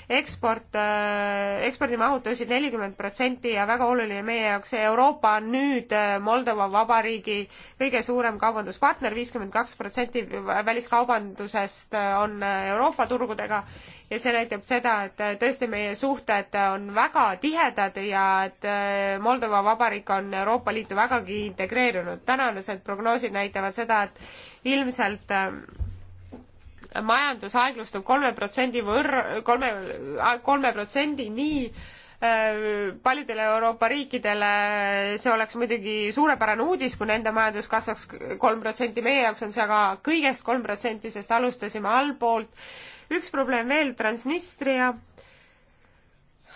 S1: eksport, äh, ekspordimahud tõusid nelikümmend protsenti ja väga oluline meie jaoks, Euroopa on nüüd äh, Moldova Vabariigi kõige suurem kaubanduspartner, viiskümmend kaks protsenti väliskaubandusest äh, on Euroopa turgudega ja see näitab seda, et tõesti meie suhted on väga tihedad ja et Moldova Vabariik on Euroopa Liitu vägagi integreerunud. tänased prognoosid näitavad seda, et ilmselt majandus aeglustub kolme protsendi võrra, kolme, kolme protsendini äh, paljudele Euroopa riikidele see oleks muidugi suurepärane uudis, kui nende majandus kasvaks kolm protsenti, meie jaoks on see aga kõigest kolm protsenti, sest alustasime allpoolt. üks probleem veel, Transnistria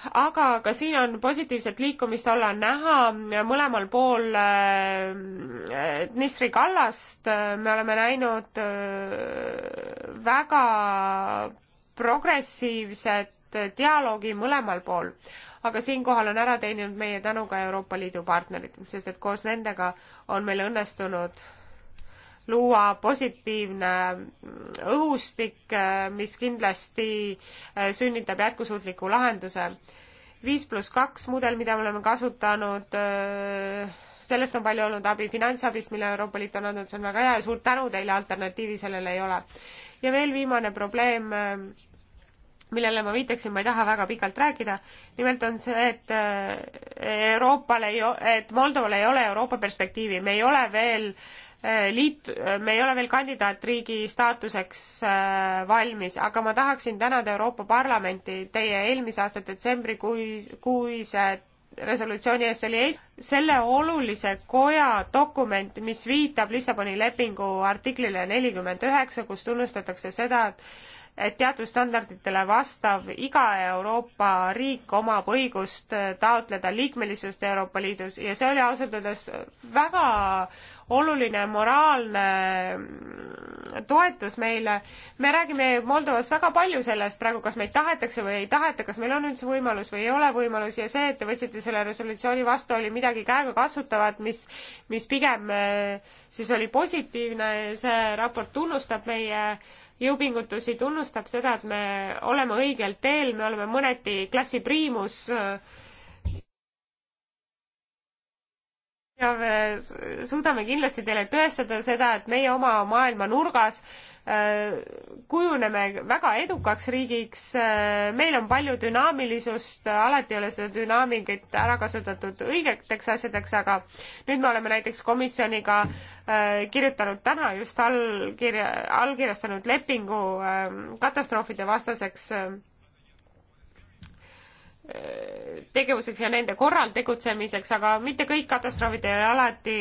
S1: aga ka siin on positiivset liikumist olla näha mõlemal pool Dnistri äh, kallast. Äh, me oleme näinud äh, väga progressiivset dialoogi mõlemal pool, aga siinkohal on ära teeninud meie tänu ka Euroopa Liidu partnerid, sest et koos nendega on meil õnnestunud luua positiivne õhustik, mis kindlasti äh, sünnitab jätkusuutliku lahenduse. viis pluss kaks mudel, mida me oleme kasutanud, äh, sellest on palju olnud abi finantsabist, mille Euroopa Liit on andnud, see on väga hea ja suur tänu teile, alternatiivi sellele ei ole. ja veel viimane probleem äh, millele ma viitaksin, ma ei taha väga pikalt rääkida, nimelt on see, et Euroopal ei, et Moldoval ei ole Euroopa perspektiivi, me ei ole veel äh, Eh, liit, eh, me ei ole veel kandidaatriigi staatuseks eh, valmis, aga ma tahaksin tänada Euroopa Parlamenti teie eelmise aasta detsembrikuise resolutsiooni ees, see oli selle olulise koja dokument, mis viitab Lissaboni lepingu artiklile nelikümmend üheksa, kus tunnustatakse seda, et et teatud standarditele vastav iga Euroopa riik omab õigust taotleda liikmelisust Euroopa Liidus ja see oli ausalt öeldes väga oluline moraalne toetus meile. me räägime Moldovas väga palju sellest praegu, kas meid tahetakse või ei taheta, kas meil on üldse võimalus või ei ole võimalus ja see, et te võtsite selle resolutsiooni vastu, oli midagi käegakatsutavat, mis, mis pigem eh, siis oli positiivne, see raport tunnustab meie jõupingutusi, tunnustab seda, et me oleme õigel teel, me oleme mõneti klassi priimus äh, eh, ja me suudame kindlasti teile tõestada seda, et meie oma maailma nurgas äh, kujuneme väga edukaks riigiks, äh, meil on palju dünaamilisust, alati ei ole seda dünaamikat ära kasutatud õigeteks asjadeks, aga nüüd me oleme näiteks komisjoniga äh, kirjutanud täna just allkirja, allkirjastanud lepingu katastroofide vastaseks tegevuseks ja nende korral tegutsemiseks, aga mitte kõik katastroofid ei ole alati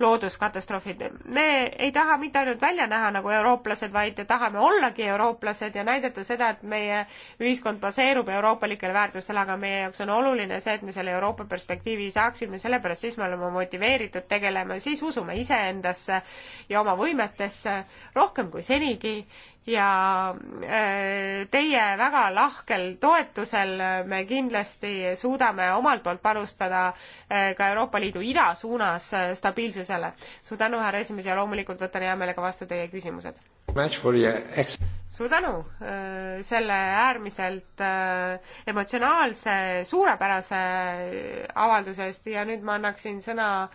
S1: looduskatastroofid. me ei taha mitte ainult välja näha nagu eurooplased, vaid tahame ollagi eurooplased ja näidata seda, et meie ühiskond baseerub euroopalikel väärtustel, aga meie jaoks on oluline see, et me selle Euroopa perspektiivi saaksime, sellepärast siis me oleme motiveeritud tegelema, siis usume iseendasse ja oma võimetesse rohkem kui senigi ja äh, teie väga lahkel toetusel me kindlasti suudame omalt poolt panustada äh, ka Euroopa Liidu ida suunas äh, stabiilsusele. suur tänu, härra esimees, ja loomulikult võtan hea meelega vastu teie küsimused. suur tänu selle äärmiselt emotsionaalse, suurepärase avalduse eest ja nüüd ma annaksin sõna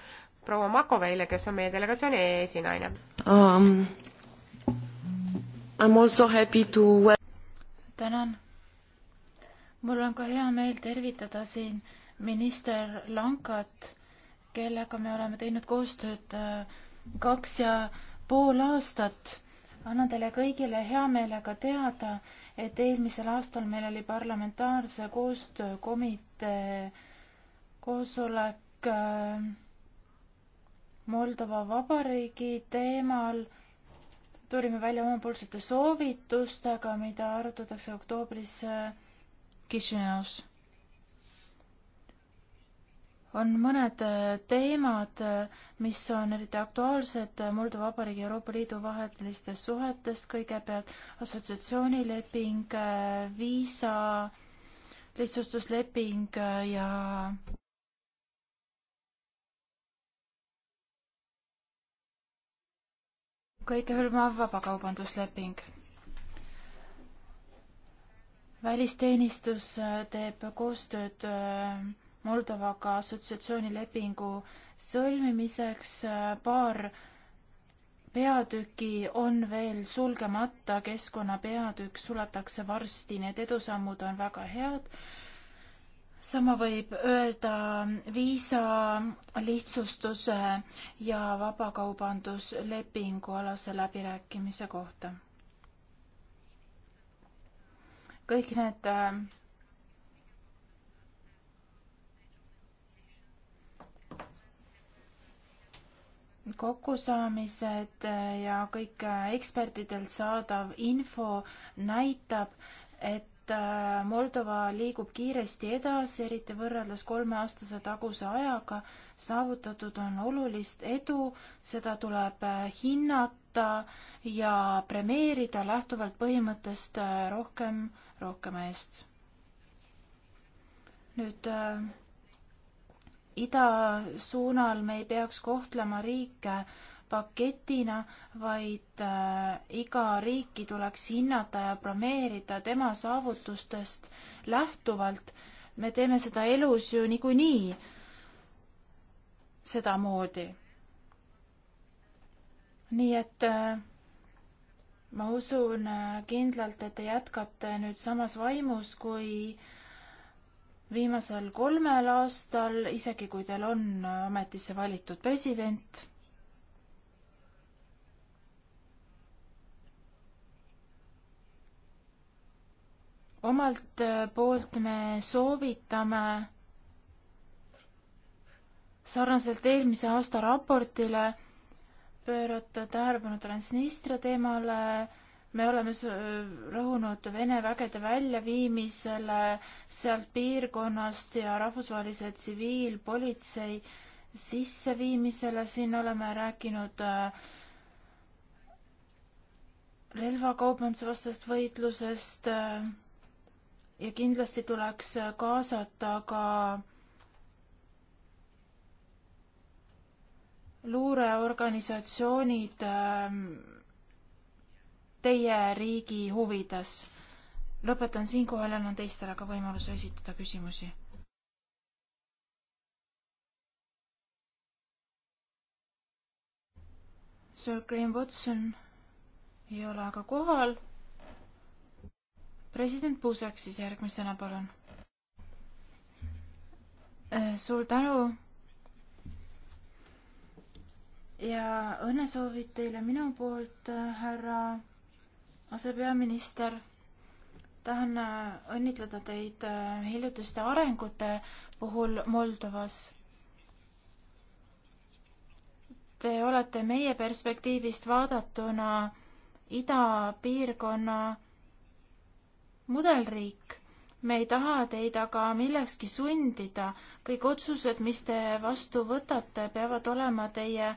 S1: proua Makoveile, kes on meie delegatsiooni
S2: esinaine um I'm also happy to tänan. mul on ka hea meel tervitada siin minister Lankat, kellega me oleme teinud koostööd äh, kaks ja pool aastat. annan teile kõigile hea meelega teada, et eelmisel aastal meil oli parlamentaarse koostöökomitee koosolek äh, Moldova Vabariigi teemal tulime välja omapoolsete soovitustega, mida arutatakse oktoobris äh, Kišineus. on mõned äh, teemad, äh, mis on eriti aktuaalsed Moldova Vabariigi ja Euroopa Liidu vahelistes suhetes, kõigepealt assotsiatsioonileping, viisa, lihtsustusleping ja kõikehõlmav vabakaubandusleping. välisteenistus äh, teeb koostööd äh, Moldovaga assotsiatsioonilepingu sõlmimiseks. Äh, paar peatüki on veel sulgemata, keskkonna peatükk suletakse varsti, need edusammud on väga head sama võib öelda viisa lihtsustuse ja vabakaubanduslepingu alase läbirääkimise kohta. kõik need äh, kokkusaamised ja kõik äh, ekspertidelt saadav info näitab, et et äh, Moldova liigub kiiresti edasi, eriti võrreldes kolmeaastase taguse ajaga. saavutatud on olulist edu, seda tuleb äh, hinnata ja premeerida lähtuvalt põhimõttest äh, rohkem rohkema eest. nüüd äh, ida suunal me ei peaks kohtlema riike äh, paketina, vaid äh, iga riiki tuleks hinnata ja bromeerida tema saavutustest lähtuvalt. me teeme seda elus ju niikuinii sedamoodi. nii et äh, ma usun äh, kindlalt, et te jätkate nüüd samas vaimus kui viimasel kolmel aastal, isegi kui teil on ametisse valitud president. omalt äh, poolt me soovitame sarnaselt eelmise aasta raportile pöörata tähelepanu Transnistria teemale, me oleme rõhunud Vene vägede väljaviimisele sealt piirkonnast ja rahvusvahelise tsiviilpolitsei sisseviimisele, siin oleme rääkinud äh, relvakaubanduse vastasest võitlusest äh, ja kindlasti tuleks kaasata ka luureorganisatsioonid ähm, teie riigi huvides. lõpetan siinkohal ja annan teistele ka võimaluse esitada küsimusi Sir Graham Watson ei ole aga kohal president Puusak siis järgmisena, palun. Äh, suur tänu. ja õnnesoovid teile minu poolt, äh, härra asepeaminister. tahan äh, õnnitleda teid hiljutiste arengute puhul Moldovas te olete meie perspektiivist vaadatuna idapiirkonna mudelriik. me ei taha teid aga millekski sundida. kõik otsused, mis te vastu võtate, peavad olema teie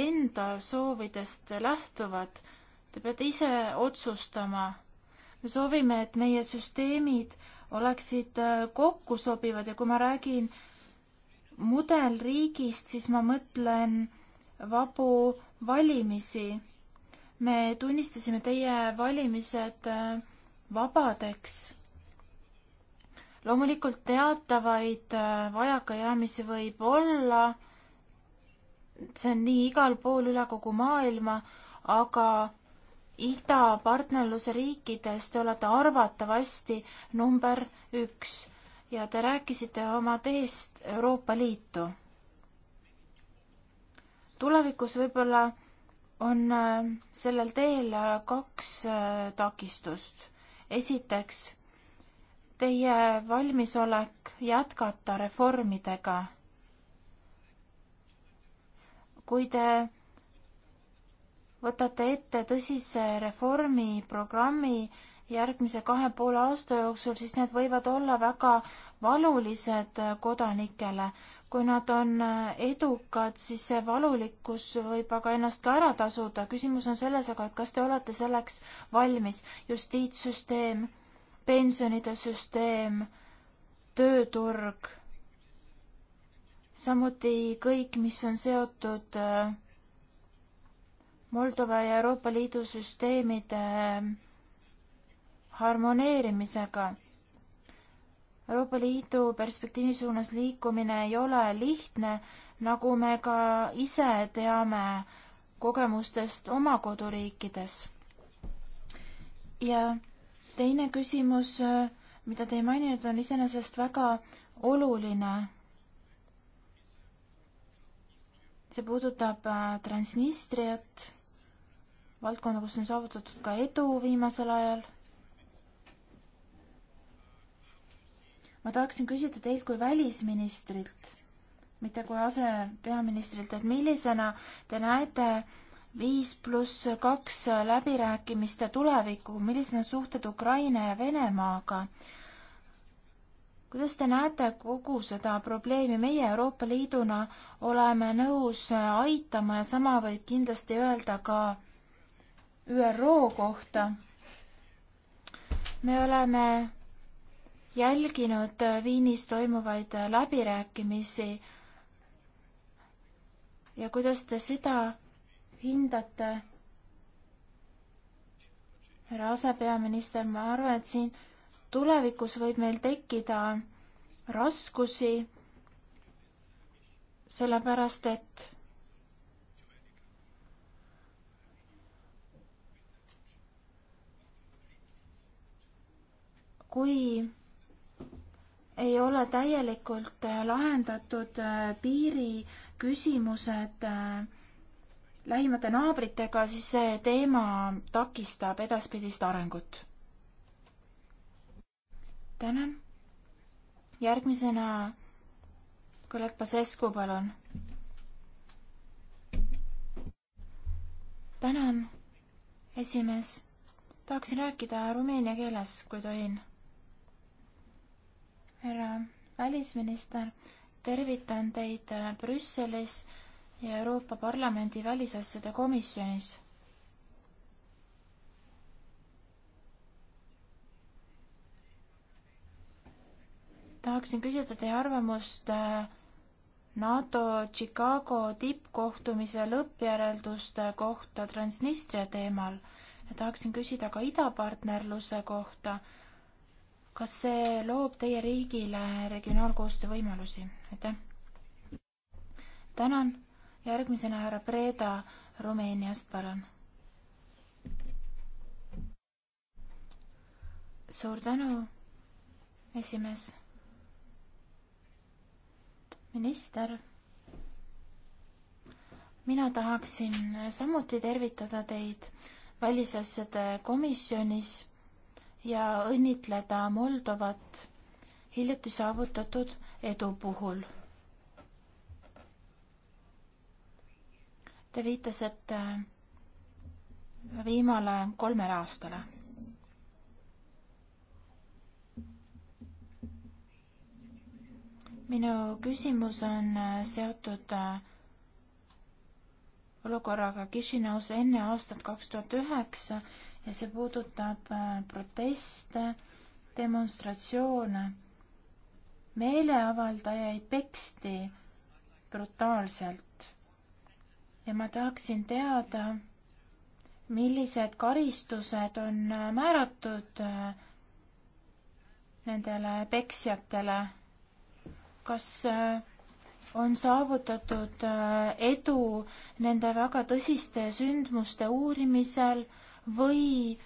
S2: enda soovidest lähtuvad. Te peate ise otsustama. me soovime, et meie süsteemid oleksid äh, kokku sobivad ja kui ma räägin mudelriigist, siis ma mõtlen vabu valimisi. me tunnistasime teie valimised äh, vabadeks. loomulikult teatavaid äh, vajakajäämisi võib olla, see on nii igal pool üle kogu maailma, aga idapartnerluse riikides te olete arvatavasti number üks ja te rääkisite oma teest Euroopa Liitu. tulevikus võib-olla on äh, sellel teel äh, kaks takistust esiteks, teie valmisolek jätkata reformidega. kui te võtate ette tõsise reformiprogrammi, järgmise kahe poole aasta jooksul, siis need võivad olla väga valulised kodanikele. kui nad on edukad, siis see valulikkus võib aga ennast ka ära tasuda. küsimus on selles aga, et kas te olete selleks valmis. justiitssüsteem, pensionide süsteem, tööturg, samuti kõik, mis on seotud äh, Moldova ja Euroopa Liidu süsteemide harmoneerimisega. Euroopa Liidu perspektiivi suunas liikumine ei ole lihtne, nagu me ka ise teame kogemustest oma koduriikides. ja teine küsimus, mida te ei maininud, on iseenesest väga oluline. see puudutab äh, Transnistriat, valdkonda, kus on saavutatud ka edu viimasel ajal ma tahaksin küsida teilt kui välisministrilt, mitte kui asepeaministrilt, et millisena te näete viis pluss kaks läbirääkimiste tulevikku, millised on suhted Ukraina ja Venemaaga? kuidas te näete kogu seda probleemi, meie Euroopa Liiduna oleme nõus aitama ja sama võib kindlasti öelda ka ÜRO kohta. me oleme jälginud äh, Viinis toimuvaid äh, läbirääkimisi ja kuidas te seda hindate? härra asepeaminister, ma arvan, et siin tulevikus võib meil tekkida raskusi, sellepärast et kui ei ole täielikult äh, lahendatud äh, piiriküsimused äh, lähimate naabritega, siis see teema takistab edaspidist arengut. tänan. järgmisena kolleeg Pasescu, palun. tänan, esimees. tahaksin rääkida rumeenia keeles, kui tohin härra välisminister, tervitan teid äh, Brüsselis ja Euroopa Parlamendi välisasjade komisjonis. tahaksin küsida teie arvamust äh, NATO Chicago tippkohtumise lõppjärelduste kohta Transnistria teemal ja tahaksin küsida ka idapartnerluse kohta kas see loob teie riigile regionaalkoostöö võimalusi? aitäh! tänan, järgmisena härra Breda Rumeeniast, palun. suur tänu, esimees. minister, mina tahaksin samuti tervitada teid välisasjade komisjonis ja õnnitleda Moldovat hiljuti saavutatud edu puhul. Te viitasite viimale kolmele aastale. minu küsimus on seotud olukorraga Kišinõus enne aastat kaks tuhat üheksa ja see puudutab äh, proteste, demonstratsioone. meeleavaldajaid peksti brutaalselt. ja ma tahaksin teada, millised karistused on äh, määratud äh, nendele peksjatele. kas on saavutatud edu nende väga tõsiste sündmuste uurimisel või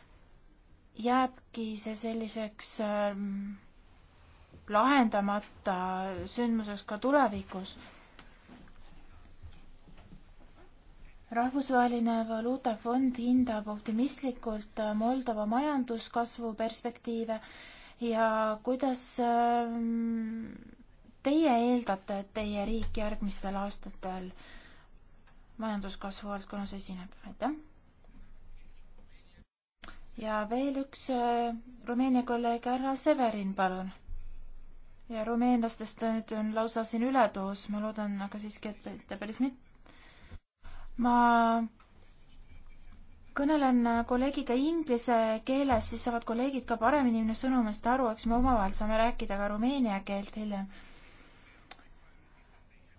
S2: jääbki see selliseks ähm, lahendamata sündmuseks ka tulevikus? rahvusvaheline valuutafond hindab optimistlikult äh, Moldova majanduskasvu perspektiive ja kuidas ähm, teie eeldate, et teie riik järgmistel aastatel majanduskasvu valdkonnas esineb, aitäh! ja veel üks äh, Rumeenia kolleeg, härra Severin, palun. ja rumeenlastest nüüd on lausa siin üledoos, ma loodan aga siiski, et te päris mit-. ma kõnelen äh, kolleegiga inglise keeles, siis saavad kolleegid ka paremini minu sõnumist aru, eks me omavahel saame rääkida ka rumeenia keelt hiljem.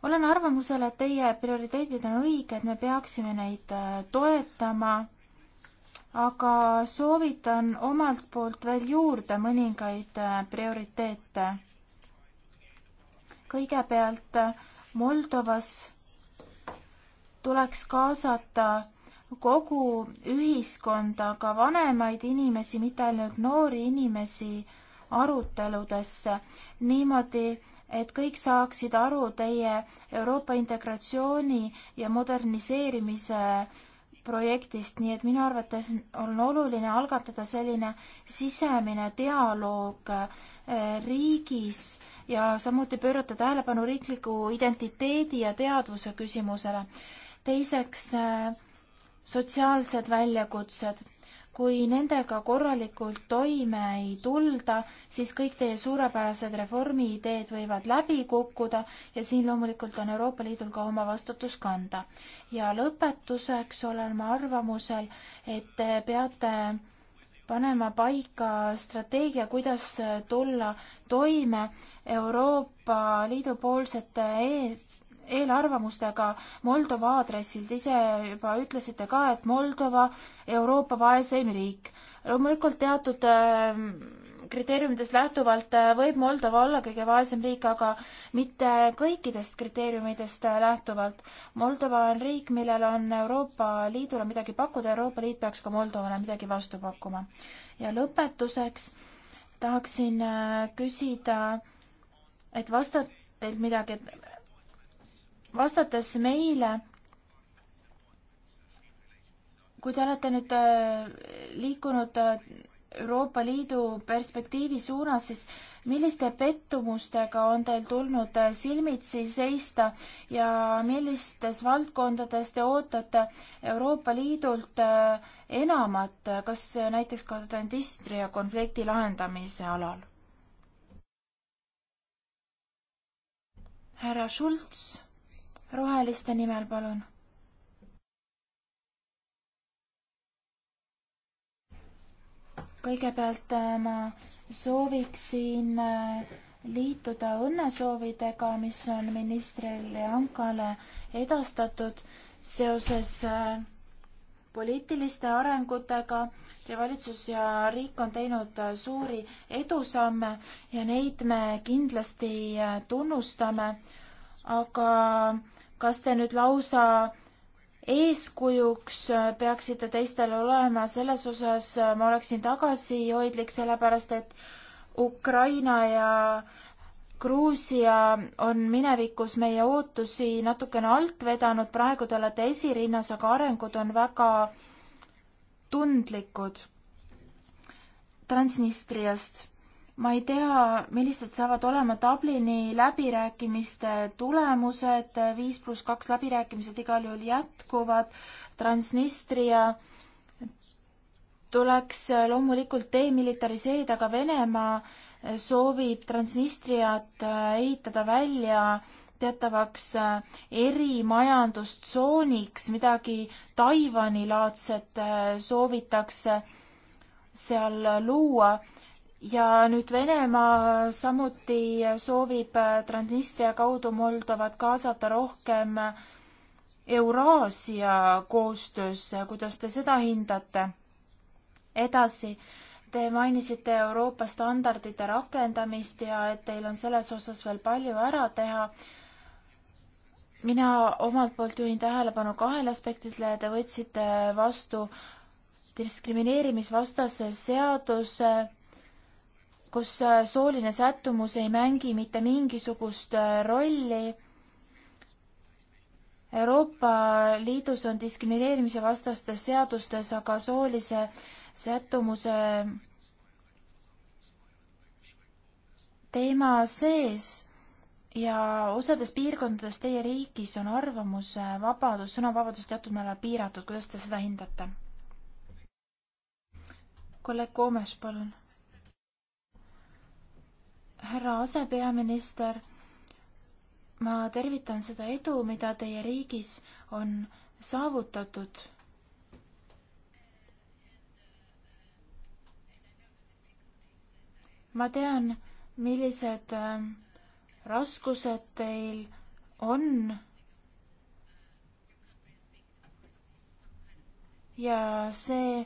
S2: olen arvamusel, et teie prioriteedid on õiged, me peaksime neid äh, toetama aga soovitan omalt poolt veel juurde mõningaid äh, prioriteete. kõigepealt äh, Moldovas tuleks kaasata kogu ühiskonda, ka vanemaid inimesi, mitte ainult noori inimesi aruteludesse, niimoodi, et kõik saaksid aru teie Euroopa integratsiooni ja moderniseerimise projektist, nii et minu arvates on oluline algatada selline sisemine dialoog äh, riigis ja samuti pöörata tähelepanu riikliku identiteedi ja teadvuse küsimusele. teiseks, äh, sotsiaalsed väljakutsed kui nendega korralikult toime ei tulda, siis kõik teie suurepärased reformiideed võivad läbi kukkuda ja siin loomulikult on Euroopa Liidul ka oma vastutus kanda. ja lõpetuseks olen ma arvamusel, et te peate panema paika strateegia, kuidas tulla toime Euroopa Liidu poolsete eest eelarvamustega Moldova aadressil. Te ise juba ütlesite ka, et Moldova Euroopa vaeseim riik. loomulikult teatud ähm, kriteeriumidest lähtuvalt äh, võib Moldova olla kõige vaesem riik, aga mitte kõikidest kriteeriumidest äh, lähtuvalt. Moldova on riik, millel on Euroopa Liidule midagi pakkuda, Euroopa Liit peaks ka Moldovale midagi vastu pakkuma. ja lõpetuseks tahaksin äh, küsida, et vasta teilt midagi, et vastates meile, kui te olete nüüd äh, liikunud äh, Euroopa Liidu perspektiivi suunas, siis milliste pettumustega on teil tulnud äh, silmitsi seista ja millistes valdkondades te ootate Euroopa Liidult enamat, kas näiteks ka dentistria konflikti lahendamise alal? härra Schultz roheliste nimel, palun. kõigepealt äh, ma sooviksin äh, liituda õnnesoovidega, mis on ministril Jankale edastatud seoses äh, poliitiliste arengutega. Teie valitsus ja riik on teinud suuri edusamme ja neid me kindlasti tunnustame aga kas te nüüd lausa eeskujuks peaksite teistele olema, selles osas ma oleksin tagasihoidlik, sellepärast et Ukraina ja Gruusia on minevikus meie ootusi natukene alt vedanud, praegu te olete esirinnas, aga arengud on väga tundlikud. Transnistriast ma ei tea, millised saavad olema Dublini läbirääkimiste tulemused, viis pluss kaks läbirääkimised igal juhul jätkuvad, Transnistria tuleks loomulikult demilitariseerida, aga Venemaa soovib Transnistriat ehitada välja teatavaks erimajandustsooniks, midagi Taiwan'i laadset soovitakse seal luua ja nüüd Venemaa samuti soovib Transnistria kaudu Moldovat kaasata rohkem Euraasia koostöösse, kuidas te seda hindate? edasi, te mainisite Euroopa standardite rakendamist ja et teil on selles osas veel palju ära teha. mina omalt poolt juhin tähelepanu kahele aspektile, te võtsite vastu diskrimineerimisvastase seaduse kus äh, sooline sättumus ei mängi mitte mingisugust äh, rolli. Euroopa Liidus on diskrimineerimise vastastes seadustes aga soolise sättumuse teema sees ja osades piirkondades teie riigis on arvamusvabadus, äh, sõnavabadus teatud määral piiratud, kuidas te seda hindate? kolleeg Koomes, palun härra asepeaminister, ma tervitan seda edu, mida teie riigis on saavutatud. ma tean, millised äh, raskused teil on ja see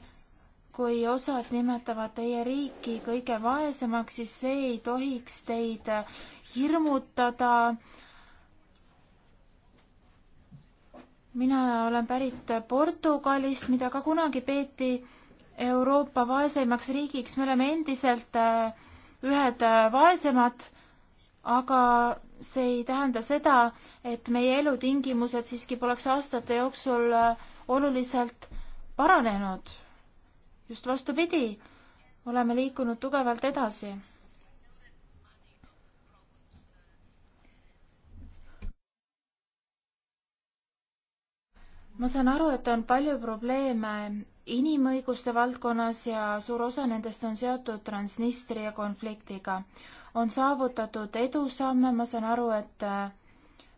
S2: kui osad nimetavad teie riiki kõige vaesemaks, siis see ei tohiks teid hirmutada. mina olen pärit Portugalist, mida ka kunagi peeti Euroopa vaeseimaks riigiks, me oleme endiselt äh, ühed äh, vaesemad, aga see ei tähenda seda, et meie elutingimused siiski poleks aastate jooksul äh, oluliselt paranenud just vastupidi, oleme liikunud tugevalt edasi. ma saan aru, et on palju probleeme inimõiguste valdkonnas ja suur osa nendest on seotud Transnistria konfliktiga. on saavutatud edusamme, ma saan aru, et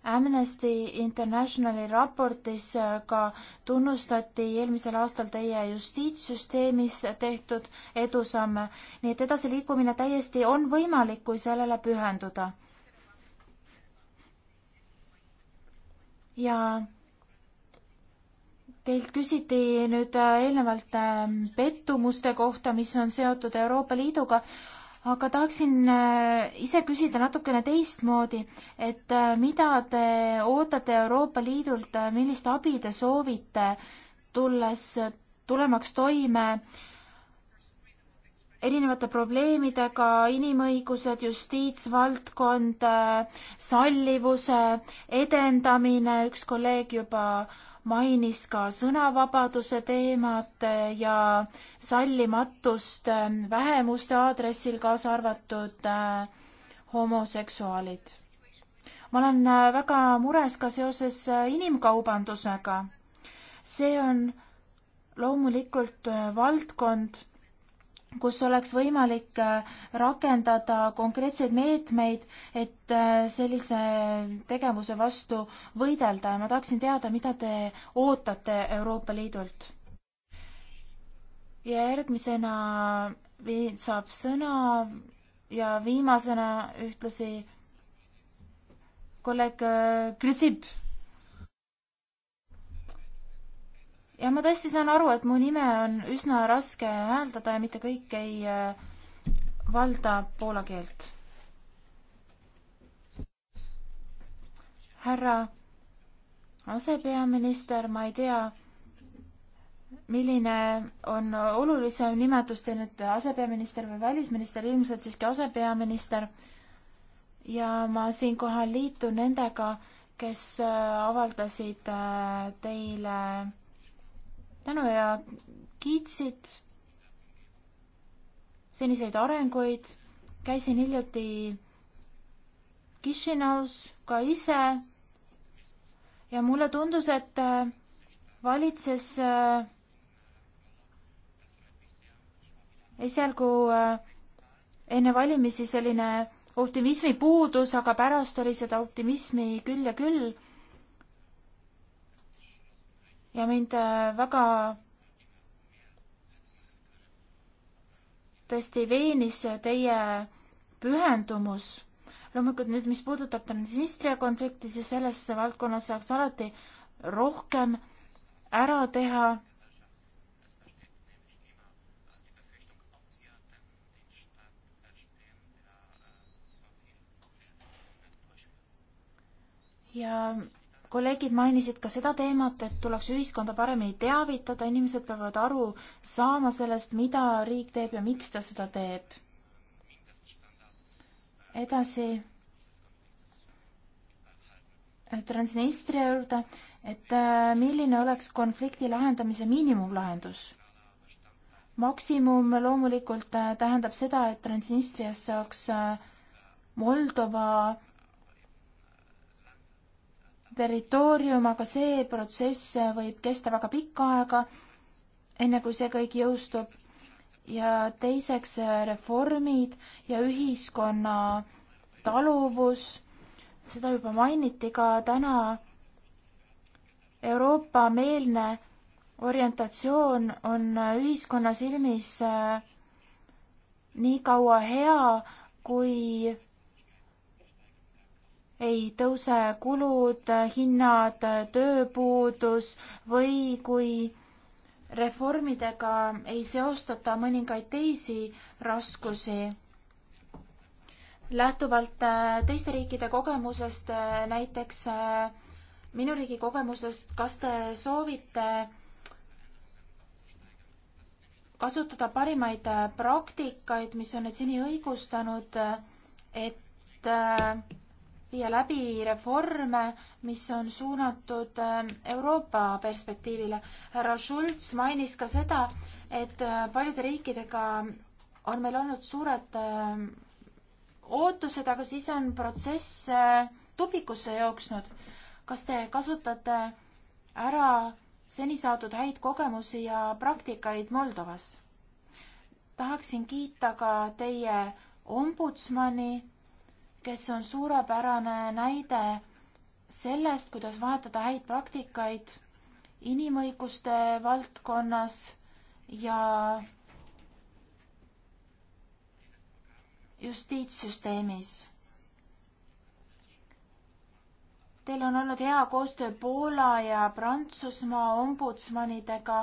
S2: Amnesty Internationali raportis äh, ka tunnustati eelmisel aastal teie justiitssüsteemis tehtud edusamme, nii et edasiliikumine täiesti on võimalik, kui sellele pühenduda. ja teilt küsiti nüüd äh, eelnevalt äh, pettumuste kohta, mis on seotud Euroopa Liiduga, aga tahaksin äh, ise küsida natukene teistmoodi, et äh, mida te ootate Euroopa Liidult, äh, millist abi te soovite, tulles, tulemaks toime erinevate probleemidega, inimõigused, justiitsvaldkond, sallivuse edendamine, üks kolleeg juba mainis ka sõnavabaduse teemat ja sallimatust ähm, vähemuste aadressil, kaasa arvatud äh, homoseksuaalid. ma olen äh, väga mures ka seoses äh, inimkaubandusega. see on loomulikult valdkond kus oleks võimalik äh, rakendada konkreetseid meetmeid, et äh, sellise tegevuse vastu võidelda ja ma tahaksin teada, mida te ootate Euroopa Liidult? ja järgmisena saab sõna ja viimasena ühtlasi kolleeg äh, Grisib ja ma tõesti saan aru, et mu nime on üsna raske hääldada ja mitte kõik ei äh, valda poola keelt. härra asepeaminister, ma ei tea, milline on olulisem nimetus teil nüüd asepeaminister või välisminister, ilmselt siiski asepeaminister. ja ma siinkohal liitun nendega, kes äh, avaldasid äh, teile tänu ja kiitsid seniseid arenguid. käisin hiljuti Kišinaus ka ise ja mulle tundus, et äh, valitses äh, esialgu äh, enne valimisi selline optimismi puudus, aga pärast oli seda optimismi küll ja küll ja mind äh, väga tõesti veenis teie pühendumus. loomulikult nüüd, mis puudutab Transnistria konflikti, siis selles valdkonnas saaks alati rohkem ära teha. ja kolleegid mainisid ka seda teemat, et tuleks ühiskonda paremini teavitada, inimesed peavad aru saama sellest, mida riik teeb ja miks ta seda teeb. edasi äh, Transnistria juurde, et äh, milline oleks konflikti lahendamise miinimumlahendus? maksimum loomulikult äh, tähendab seda, et Transnistrias saaks Moldova territoorium, aga see protsess võib kesta väga pikka aega, enne kui see kõik jõustub. ja teiseks reformid ja ühiskonna taluvus, seda juba mainiti ka täna. Euroopa-meelne orientatsioon on ühiskonna silmis äh, nii kaua hea, kui ei tõuse kulud, hinnad, tööpuudus või kui reformidega ei seostata mõningaid teisi raskusi. lähtuvalt äh, teiste riikide kogemusest, äh, näiteks äh, minu riigi kogemusest, kas te soovite kasutada parimaid praktikaid, mis on need seni õigustanud, et viia läbi reforme, mis on suunatud äh, Euroopa perspektiivile. härra Schulz mainis ka seda, et äh, paljude riikidega on meil olnud suured äh, ootused, aga siis on protsess tupikusse jooksnud. kas te kasutate ära seni saadud häid kogemusi ja praktikaid Moldovas? tahaksin kiita ka teie ombudsmani kes on suurepärane näide sellest, kuidas vahetada häid praktikaid inimõiguste valdkonnas ja justiitssüsteemis. Teil on olnud hea koostöö Poola ja Prantsusmaa ombudsmanidega.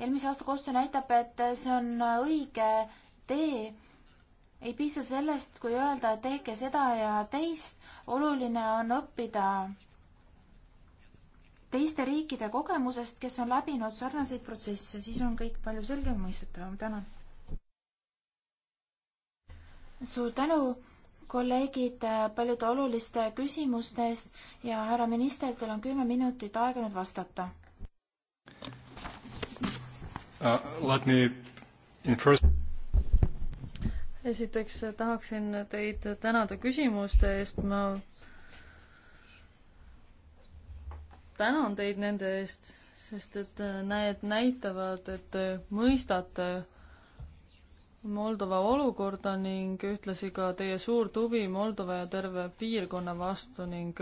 S2: eelmise aasta koostöö näitab, et see on õige tee ei piisa sellest, kui öelda, et tehke seda ja teist, oluline on õppida teiste riikide kogemusest, kes on läbinud sarnaseid protsesse, siis on kõik palju selgem mõistetavam. tänan. suur tänu, kolleegid, paljude oluliste küsimuste eest ja härra minister, teil on kümme minutit aega nüüd vastata uh,. Let me in first esiteks
S3: tahaksin teid tänada küsimuste eest, ma tänan teid nende eest, sest et need näitavad, et te mõistate Moldova olukorda ning ühtlasi ka teie suurt huvi Moldova ja terve piirkonna vastu ning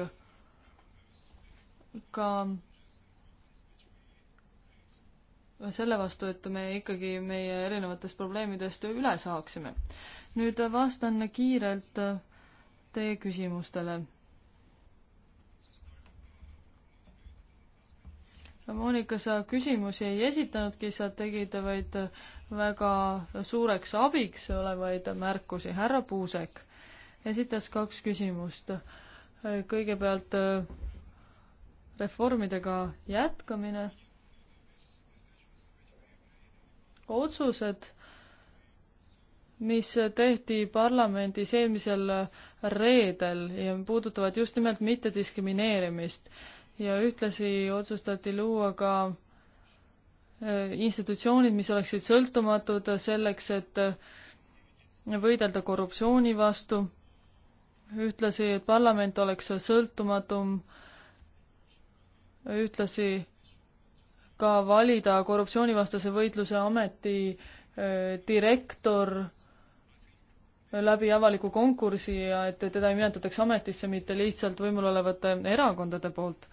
S3: ka selle vastu, et me ikkagi meie erinevatest probleemidest üle saaksime. nüüd vastan kiirelt teie küsimustele. Monika, sa küsimusi ei esitanudki, sa tegid vaid väga suureks abiks olevaid märkusi. härra Puusek esitas kaks küsimust. kõigepealt äh, reformidega jätkamine otsused, mis tehti parlamendis eelmisel reedel ja puudutavad just nimelt mittediskrimineerimist. ja ühtlasi otsustati luua ka äh, institutsioonid, mis oleksid sõltumatud selleks, et äh, võidelda korruptsiooni vastu, ühtlasi, et parlament oleks sõltumatum, ühtlasi ka valida korruptsioonivastase võitluse ameti äh, direktor läbi avaliku konkursi ja et teda nimetatakse ametisse mitte lihtsalt võimul olevate erakondade poolt.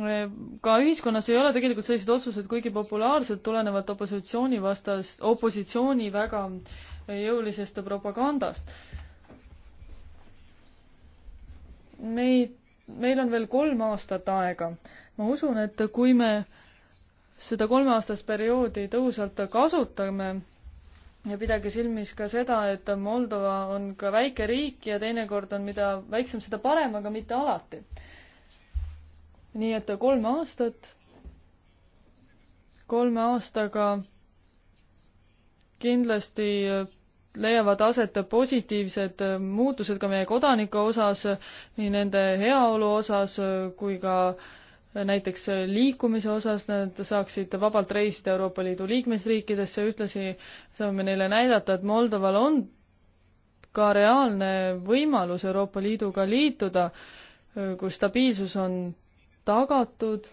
S3: Äh, ka ühiskonnas ei ole tegelikult sellised otsused kuigi populaarsed, tulenevad opositsiooni vastast, opositsiooni väga jõulisest propagandast meid, meil on veel kolm aastat aega. ma usun, et kui me seda kolmeaastast perioodi tõhusalt kasutame ja pidage silmis ka seda, et Moldova on ka väike riik ja teinekord on, mida väiksem, seda parem, aga mitte alati. nii et kolm aastat, kolme aastaga kindlasti leiavad aset positiivsed äh, muutused ka meie kodanike osas, nii nende heaolu osas äh, kui ka äh, näiteks liikumise osas, nad saaksid vabalt reisida Euroopa Liidu liikmesriikidesse, ühtlasi saame neile näidata, et Moldoval on ka reaalne võimalus Euroopa Liiduga liituda, kus stabiilsus on tagatud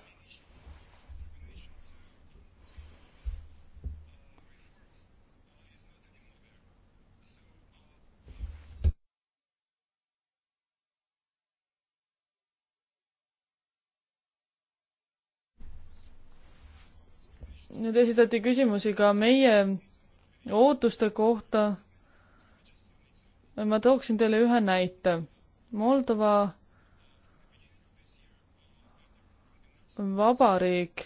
S3: nüüd esitati küsimusi ka meie ootuste kohta. ma tooksin teile ühe näite. Moldova vabariik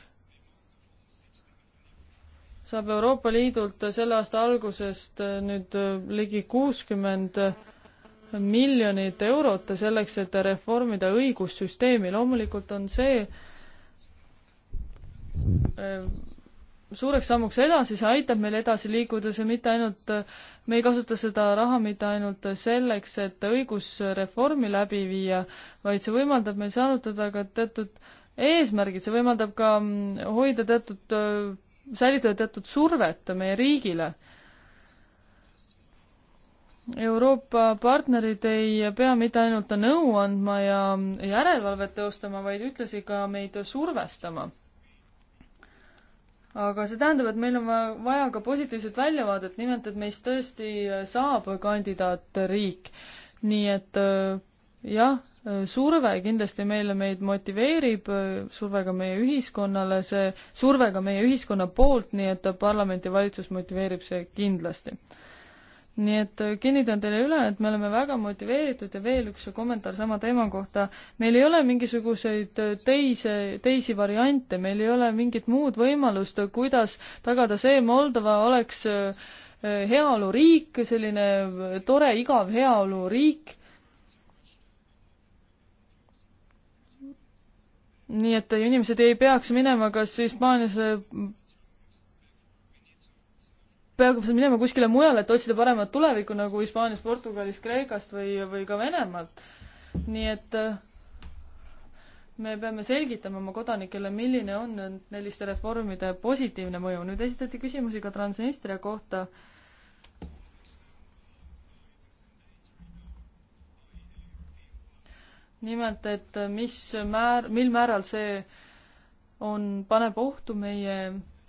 S3: saab Euroopa Liidult selle aasta algusest nüüd ligi kuuskümmend miljonit eurot selleks, et reformida õigussüsteemi. loomulikult on see suureks sammuks edasi, see aitab meil edasi liikuda, see mitte ainult, me ei kasuta seda raha mitte ainult selleks, et õigusreformi läbi viia, vaid see võimaldab meil saavutada ka teatud eesmärgid, see võimaldab ka mm, hoida teatud, säilitada teatud survet meie riigile. Euroopa partnerid ei pea mitte ainult nõu andma ja järelevalvet teostama, vaid ühtlasi ka meid survestama aga see tähendab, et meil on vaja ka positiivset väljavaadet, nimelt et meist tõesti äh, saab kandidaatriik. nii et äh, jah, äh, surve kindlasti meile, meid motiveerib, surve ka meie ühiskonnale, see surve ka meie ühiskonna poolt, nii et parlament ja valitsus motiveerib see kindlasti nii et äh, kinnitan teile üle, et me oleme väga motiveeritud ja veel üks kommentaar sama teema kohta. meil ei ole mingisuguseid äh, teise, teisi variante, meil ei ole mingit muud võimalust, äh, kuidas tagada see, Moldova oleks heaoluriik, selline tore igav heaoluriik. nii et inimesed ei peaks minema kas Hispaaniasse peaaegu minema kuskile mujale, et otsida paremat tulevikku nagu Hispaaniast, Portugalist, Kreekast või, või ka Venemaalt. nii et äh, me peame selgitama oma kodanikele, milline on selliste reformide positiivne mõju. nüüd esitati küsimusi ka Transnistria kohta. nimelt, et mis määr, mil määral see on, paneb ohtu meie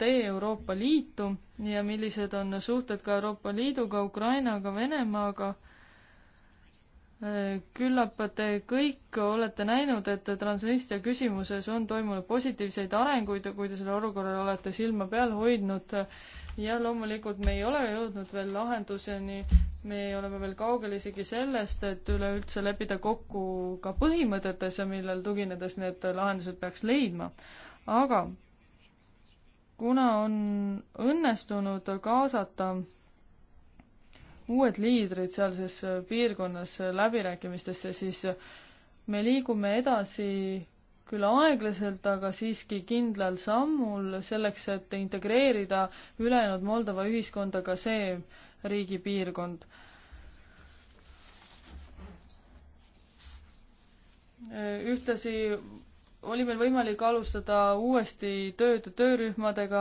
S3: tee Euroopa Liitu ja millised on suhted ka Euroopa Liiduga, Ukrainaga, Venemaaga. küllap te kõik olete näinud, et Transnistria küsimuses on toimunud positiivseid arenguid, kui te sellel olukorral olete silma peal hoidnud. ja loomulikult me ei ole jõudnud veel lahenduseni, me oleme veel kaugel isegi sellest, et üleüldse leppida kokku ka põhimõtetes ja millel tuginedes need lahendused peaks leidma. aga kuna on õnnestunud kaasata uued liidrid sealses piirkonnas läbirääkimistesse, siis me liigume edasi küll aeglaselt, aga siiski kindlal sammul selleks, et integreerida ülejäänud Moldova ühiskonda ka see riigipiirkond. ühtlasi oli meil võimalik alustada uuesti tööd töörühmadega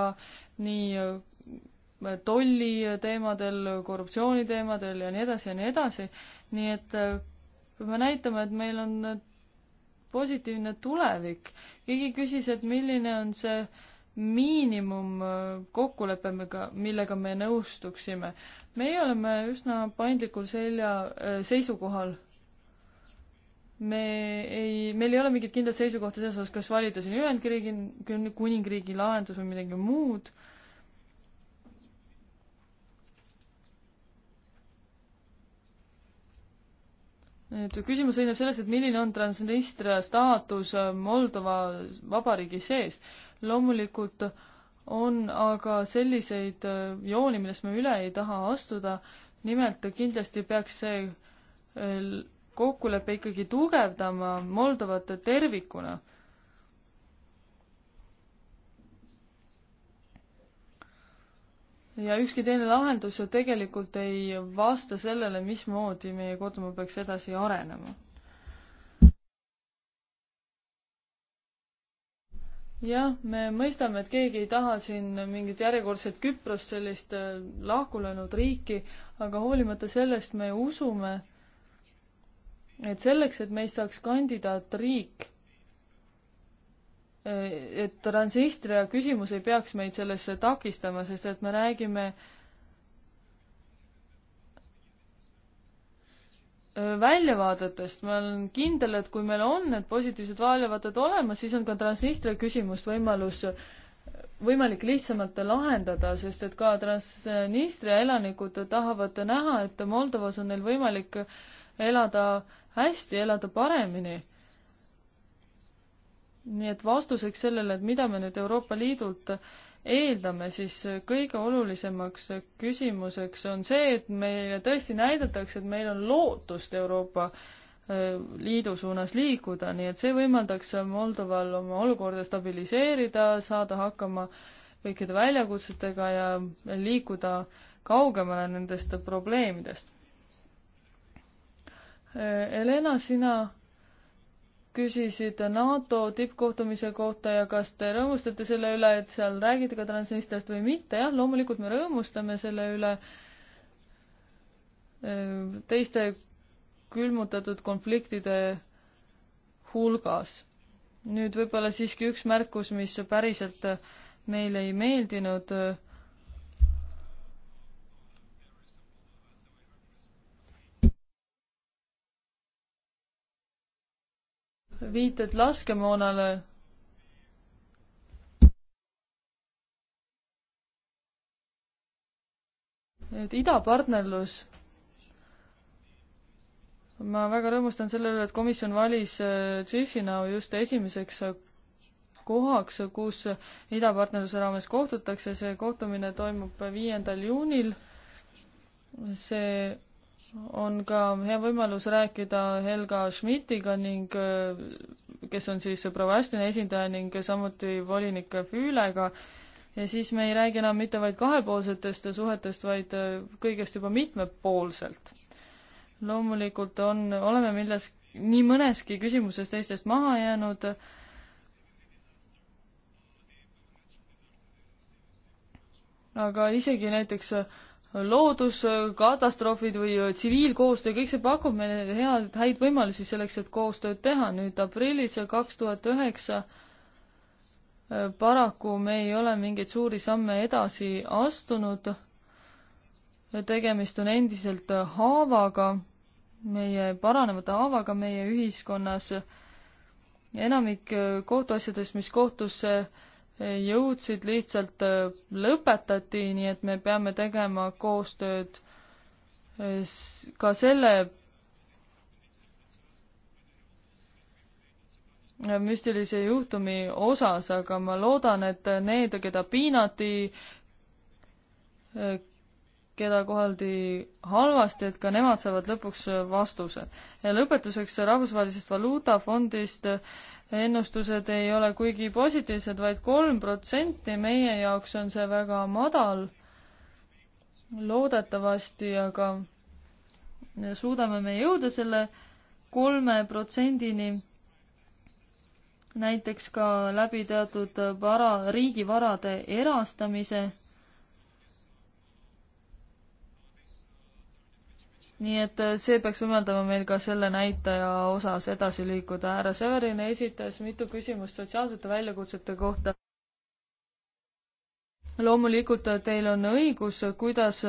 S3: nii äh, tolli teemadel, korruptsiooni teemadel ja nii edasi ja nii edasi. nii et äh, me näitame, et meil on äh, positiivne tulevik. keegi küsis, et milline on see miinimum kokkulepe, millega me nõustuksime. meie oleme üsna paindlikul selja, seisukohal me ei, meil ei ole mingit kindlat seisukohta selles osas, kas valida siin Ühendkuningriigi, kuningriigi lahendus või midagi muud et küsimus seisneb selles, et milline on Transnistria staatus Moldova vabariigi sees. loomulikult on aga selliseid jooni, millest me üle ei taha astuda, nimelt kindlasti peaks see kokkulepe ikkagi tugevdama Moldovat tervikuna. ja ükski teine lahendus ju tegelikult ei vasta sellele, mismoodi meie kodumaa peaks edasi arenema jah, me mõistame, et keegi ei taha siin mingit järjekordset Küprost, sellist äh, lahkulöönud riiki, aga hoolimata sellest me usume, et selleks, et meist saaks kandidaatriik, eh, et transnistria küsimus ei peaks meid sellesse takistama, sest et me räägime eh, väljavaadetest, ma olen kindel, et kui meil on need positiivsed väljavaated olemas, siis on ka transnistria küsimust võimalus, võimalik lihtsamalt lahendada, sest et ka transnistria elanikud tahavad näha, et Moldovas on neil võimalik elada äh, hästi, elada paremini. nii et vastuseks sellele, et mida me nüüd Euroopa Liidult eeldame, siis kõige olulisemaks küsimuseks on see, et meile tõesti näidatakse, et meil on lootust Euroopa Liidu suunas liikuda, nii et see võimaldaks Moldoval oma olukorda stabiliseerida, saada hakkama kõikide väljakutsetega ja liikuda kaugemale nendest probleemidest Helena, äh, sina küsisid NATO tippkohtumise kohta ja kas te rõõmustate selle üle, et seal räägiti ka transnistriast või mitte, jah, loomulikult me rõõmustame selle üle. Äh, teiste külmutatud konfliktide hulgas. nüüd võib-olla siiski üks märkus, mis päriselt meile ei meeldinud viited laskemoonale nüüd idapartnerlus, ma väga rõõmustan selle üle, et komisjon valis Tšišinau äh, just esimeseks äh, kohaks, kus idapartnerluse raames kohtutakse, see kohtumine toimub viiendal juunil, see on ka hea võimalus rääkida Helga Schmidtiga ning äh, kes on siis proua Ashtoni esindaja ning samuti volinik Füülega. ja siis me ei räägi enam mitte vaid kahepoolsetest suhetest, vaid äh, kõigest juba mitmepoolselt. loomulikult on, oleme milles, nii mõneski küsimuses teistest maha jäänud aga isegi näiteks äh, looduskatastroofid või tsiviilkoostöö, kõik see pakub meile head, häid võimalusi selleks, et koostööd teha. nüüd aprillis kaks tuhat üheksa äh, paraku me ei ole mingeid suuri samme edasi astunud. tegemist on endiselt haavaga, meie paranevate haavaga meie ühiskonnas. enamik kohtuasjadest, mis kohtusse jõudsid, lihtsalt äh, lõpetati, nii et me peame tegema koostööd äh, ka selle äh, müstilise juhtumi osas, aga ma loodan, et need, keda piinati, keda kohaldi halvasti, et ka nemad saavad lõpuks vastuse. ja lõpetuseks Rahvusvahelisest Valuutafondist ennustused ei ole kuigi positiivsed vaid, vaid kolm protsenti, meie jaoks on see väga madal. loodetavasti aga suudame me jõuda selle kolme protsendini, näiteks ka läbi teatud vara, riigivarade erastamise nii et äh, see peaks võimaldama meil ka selle näitaja osas edasi liikuda. härra Severin esitas mitu küsimust sotsiaalsete väljakutsete kohta. loomulikult äh, teil on õigus, kuidas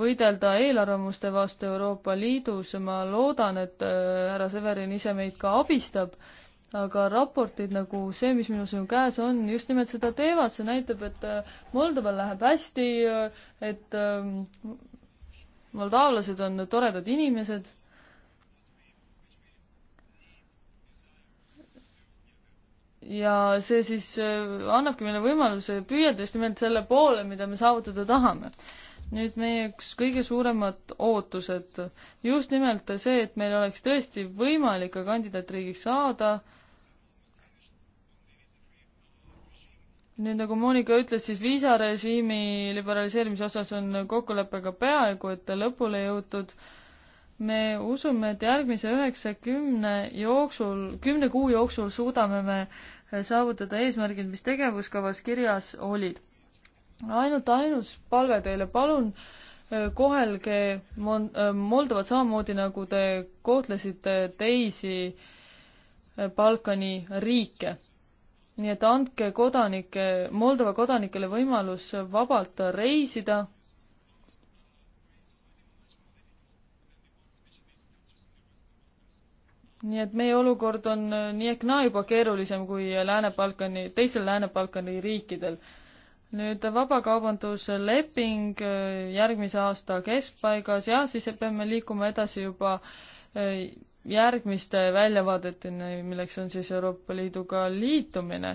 S3: võidelda eelarvamuste vastu Euroopa Liidus, ma loodan, et äh, härra Severin ise meid ka abistab, aga raportid nagu see, mis minu sinu käes on, just nimelt seda teeval, see näitab, et Moldoval läheb hästi, et ähm, moldaavlased on toredad inimesed. ja see siis äh, annabki meile võimaluse püüelda just nimelt selle poole, mida me saavutada tahame. nüüd meie üks kõige suuremad ootused, just nimelt see, et meil oleks tõesti võimalik ka kandidaatriigiks saada nüüd nagu Monika ütles, siis viisarežiimi liberaliseerimise osas on kokkuleppega peaaegu et lõpule jõutud. me usume, et järgmise üheksakümne jooksul, kümne kuu jooksul suudame me saavutada eesmärgid, mis tegevuskavas kirjas olid. ainult ainus palve teile, palun eh, kohelge Mon-, eh, Moldovat samamoodi, nagu te kohtlesite teisi eh, Balkani riike nii et andke kodanike, Moldova kodanikele võimalus vabalt reisida. nii et meie olukord on nii ehk naa juba keerulisem kui Lääne-Balkani, teistel Lääne-Balkani riikidel. nüüd vabakaubandusleping järgmise aasta keskpaigas ja siis peame liikuma edasi juba äh, järgmiste väljavaadeteni, milleks on siis Euroopa Liiduga liitumine.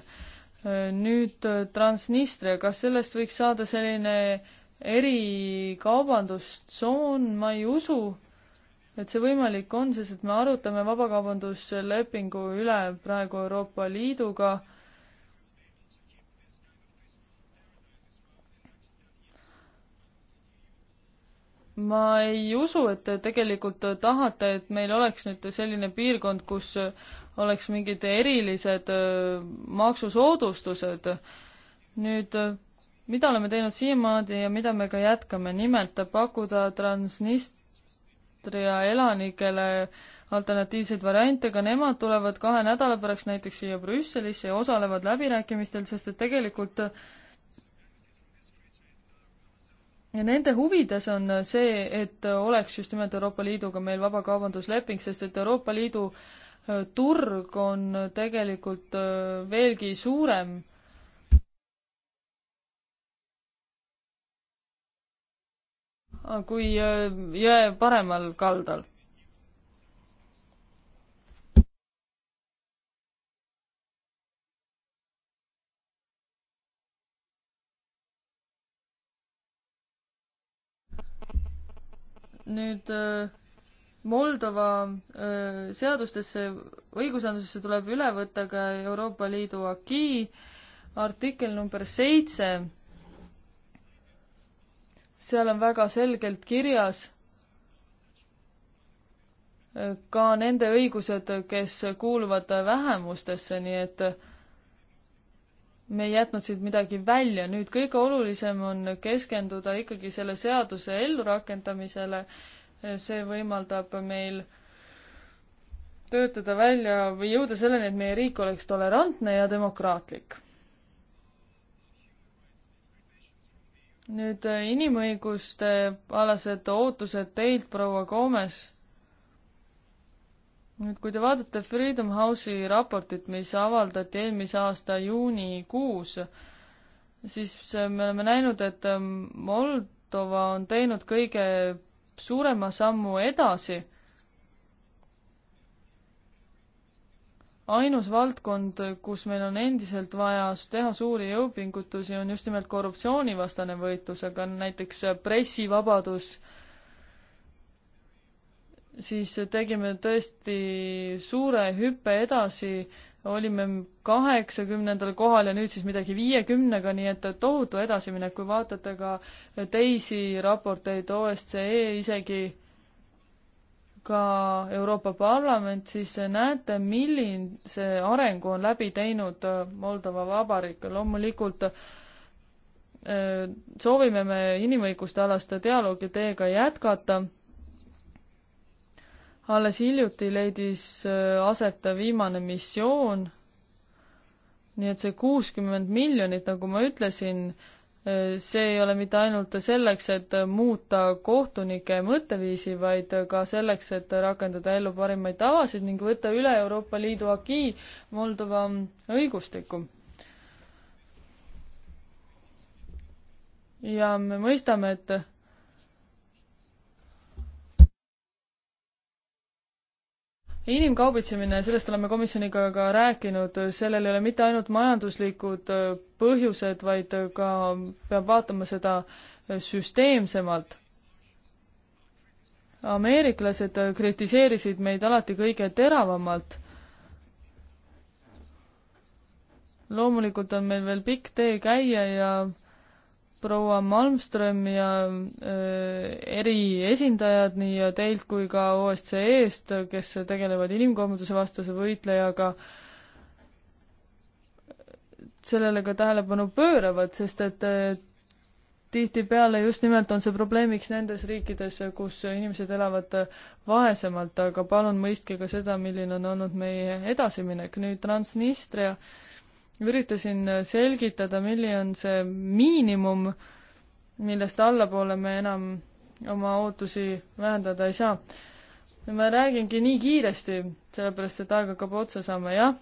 S3: nüüd äh, Transnistria, kas sellest võiks saada selline erikaubandustsoon, ma ei usu, et see võimalik on, sest et me arutame vabakaubanduslepingu üle praegu Euroopa Liiduga ma ei usu, et te tegelikult tahate, et meil oleks nüüd selline piirkond, kus oleks mingid erilised äh, maksusoodustused. nüüd äh, mida oleme teinud siiamaani ja mida me ka jätkame, nimelt pakkuda Transnistria elanikele alternatiivseid variante, ka nemad tulevad kahe nädala pärast näiteks siia Brüsselisse ja osalevad läbirääkimistel, sest et tegelikult äh, ja nende huvides on äh, see, et äh, oleks just nimelt Euroopa Liiduga meil vabakaubandusleping, sest et Euroopa Liidu äh, turg on tegelikult veelgi suurem kui jõe paremal kaldal. nüüd äh, Moldova äh, seadustesse, õigusandlusesse tuleb üle võtta ka Euroopa Liidu aki artikkel number seitse. seal on väga selgelt kirjas äh, ka nende õigused, kes kuuluvad vähemustesse, nii et äh, me ei jätnud siit midagi välja, nüüd kõige olulisem on keskenduda ikkagi selle seaduse ellurakendamisele, see võimaldab meil töötada välja või jõuda selleni, et meie riik oleks tolerantne ja demokraatlik. nüüd inimõiguste alased ootused teilt, proua Gomes nüüd, kui te vaatate Freedom House'i raportit, mis avaldati eelmise aasta juunikuus, siis me oleme näinud, et ähm, Moldova on teinud kõige suurema sammu edasi. ainus valdkond, kus meil on endiselt vaja teha suuri jõupingutusi, on just nimelt korruptsioonivastane võitlus, aga näiteks pressivabadus äh, siis tegime tõesti suure hüppe edasi, olime kaheksakümnendal kohal ja nüüd siis midagi viiekümnega, nii et tohutu edasiminek, kui vaatate ka teisi raporteid, OSCE isegi ka Euroopa Parlament, siis näete, millise arengu on läbi teinud Moldova Vabariik. loomulikult äh, soovime me inimõiguste alast dialoogi teiega jätkata alles hiljuti leidis äh, aset viimane missioon, nii et see kuuskümmend miljonit, nagu ma ütlesin, äh, see ei ole mitte ainult selleks, et äh, muuta kohtunike mõtteviisi, vaid ka selleks, et rakendada ellu parimaid tavasid ning võtta üle Euroopa Liidu agi Moldova õigustikku. ja me mõistame, et inimkaubitsemine, sellest oleme komisjoniga ka rääkinud, sellel ei ole mitte ainult majanduslikud äh, põhjused, vaid ka peab vaatama seda äh, süsteemsemalt. ameeriklased äh, kritiseerisid meid alati kõige teravamalt. loomulikult on meil veel pikk tee käia ja proua Malmström ja äh, eriesindajad nii teilt kui ka OSCE-st, kes tegelevad inimkaubanduse vastase võitlejaga, sellele ka tähelepanu pööravad, sest et äh, tihtipeale just nimelt on see probleemiks nendes riikides, kus inimesed elavad vaesemalt, aga palun mõistke ka seda, milline on olnud meie edasiminek. nüüd Transnistria äh, üritasin selgitada, milline on see miinimum, millest allapoole me enam oma ootusi vähendada ei saa. ja ma räägingi nii kiiresti, sellepärast et aeg hakkab otsa saama, jah,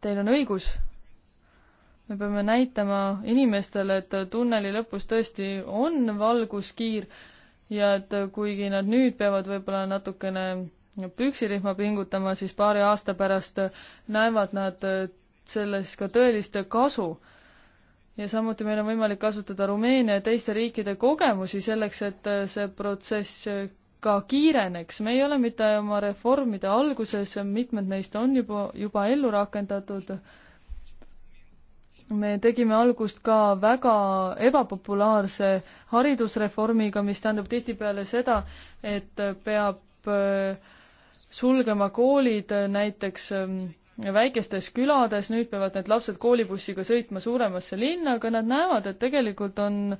S3: teil on õigus, me peame näitama inimestele, et tunneli lõpus tõesti on valguskiir ja et kuigi nad nüüd peavad võib-olla natukene püksirihma pingutama, siis paari aasta pärast näevad nad sellest ka tõelist kasu. ja samuti meil on võimalik kasutada Rumeenia ja teiste riikide kogemusi selleks, et äh, see protsess äh, ka kiireneks, me ei ole mitte oma reformide alguses, mitmed neist on juba, juba ellu rakendatud, me tegime algust ka väga ebapopulaarse haridusreformiga, mis tähendab tihtipeale seda, et peab äh, sulgema koolid näiteks ähm, väikestes külades, nüüd peavad need lapsed koolibussiga sõitma suuremasse linna, aga nad näevad, et tegelikult on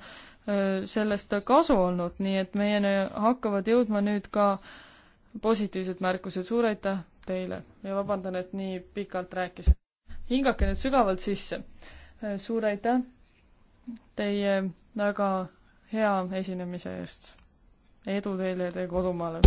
S3: sellest kasu olnud, nii et meieni hakkavad jõudma nüüd ka positiivsed märkused, suur aitäh teile ja vabandan, et nii pikalt rääkisin. hingake nüüd sügavalt sisse. suur aitäh teie väga hea esinemise eest. edu teile ja teie kodumaale!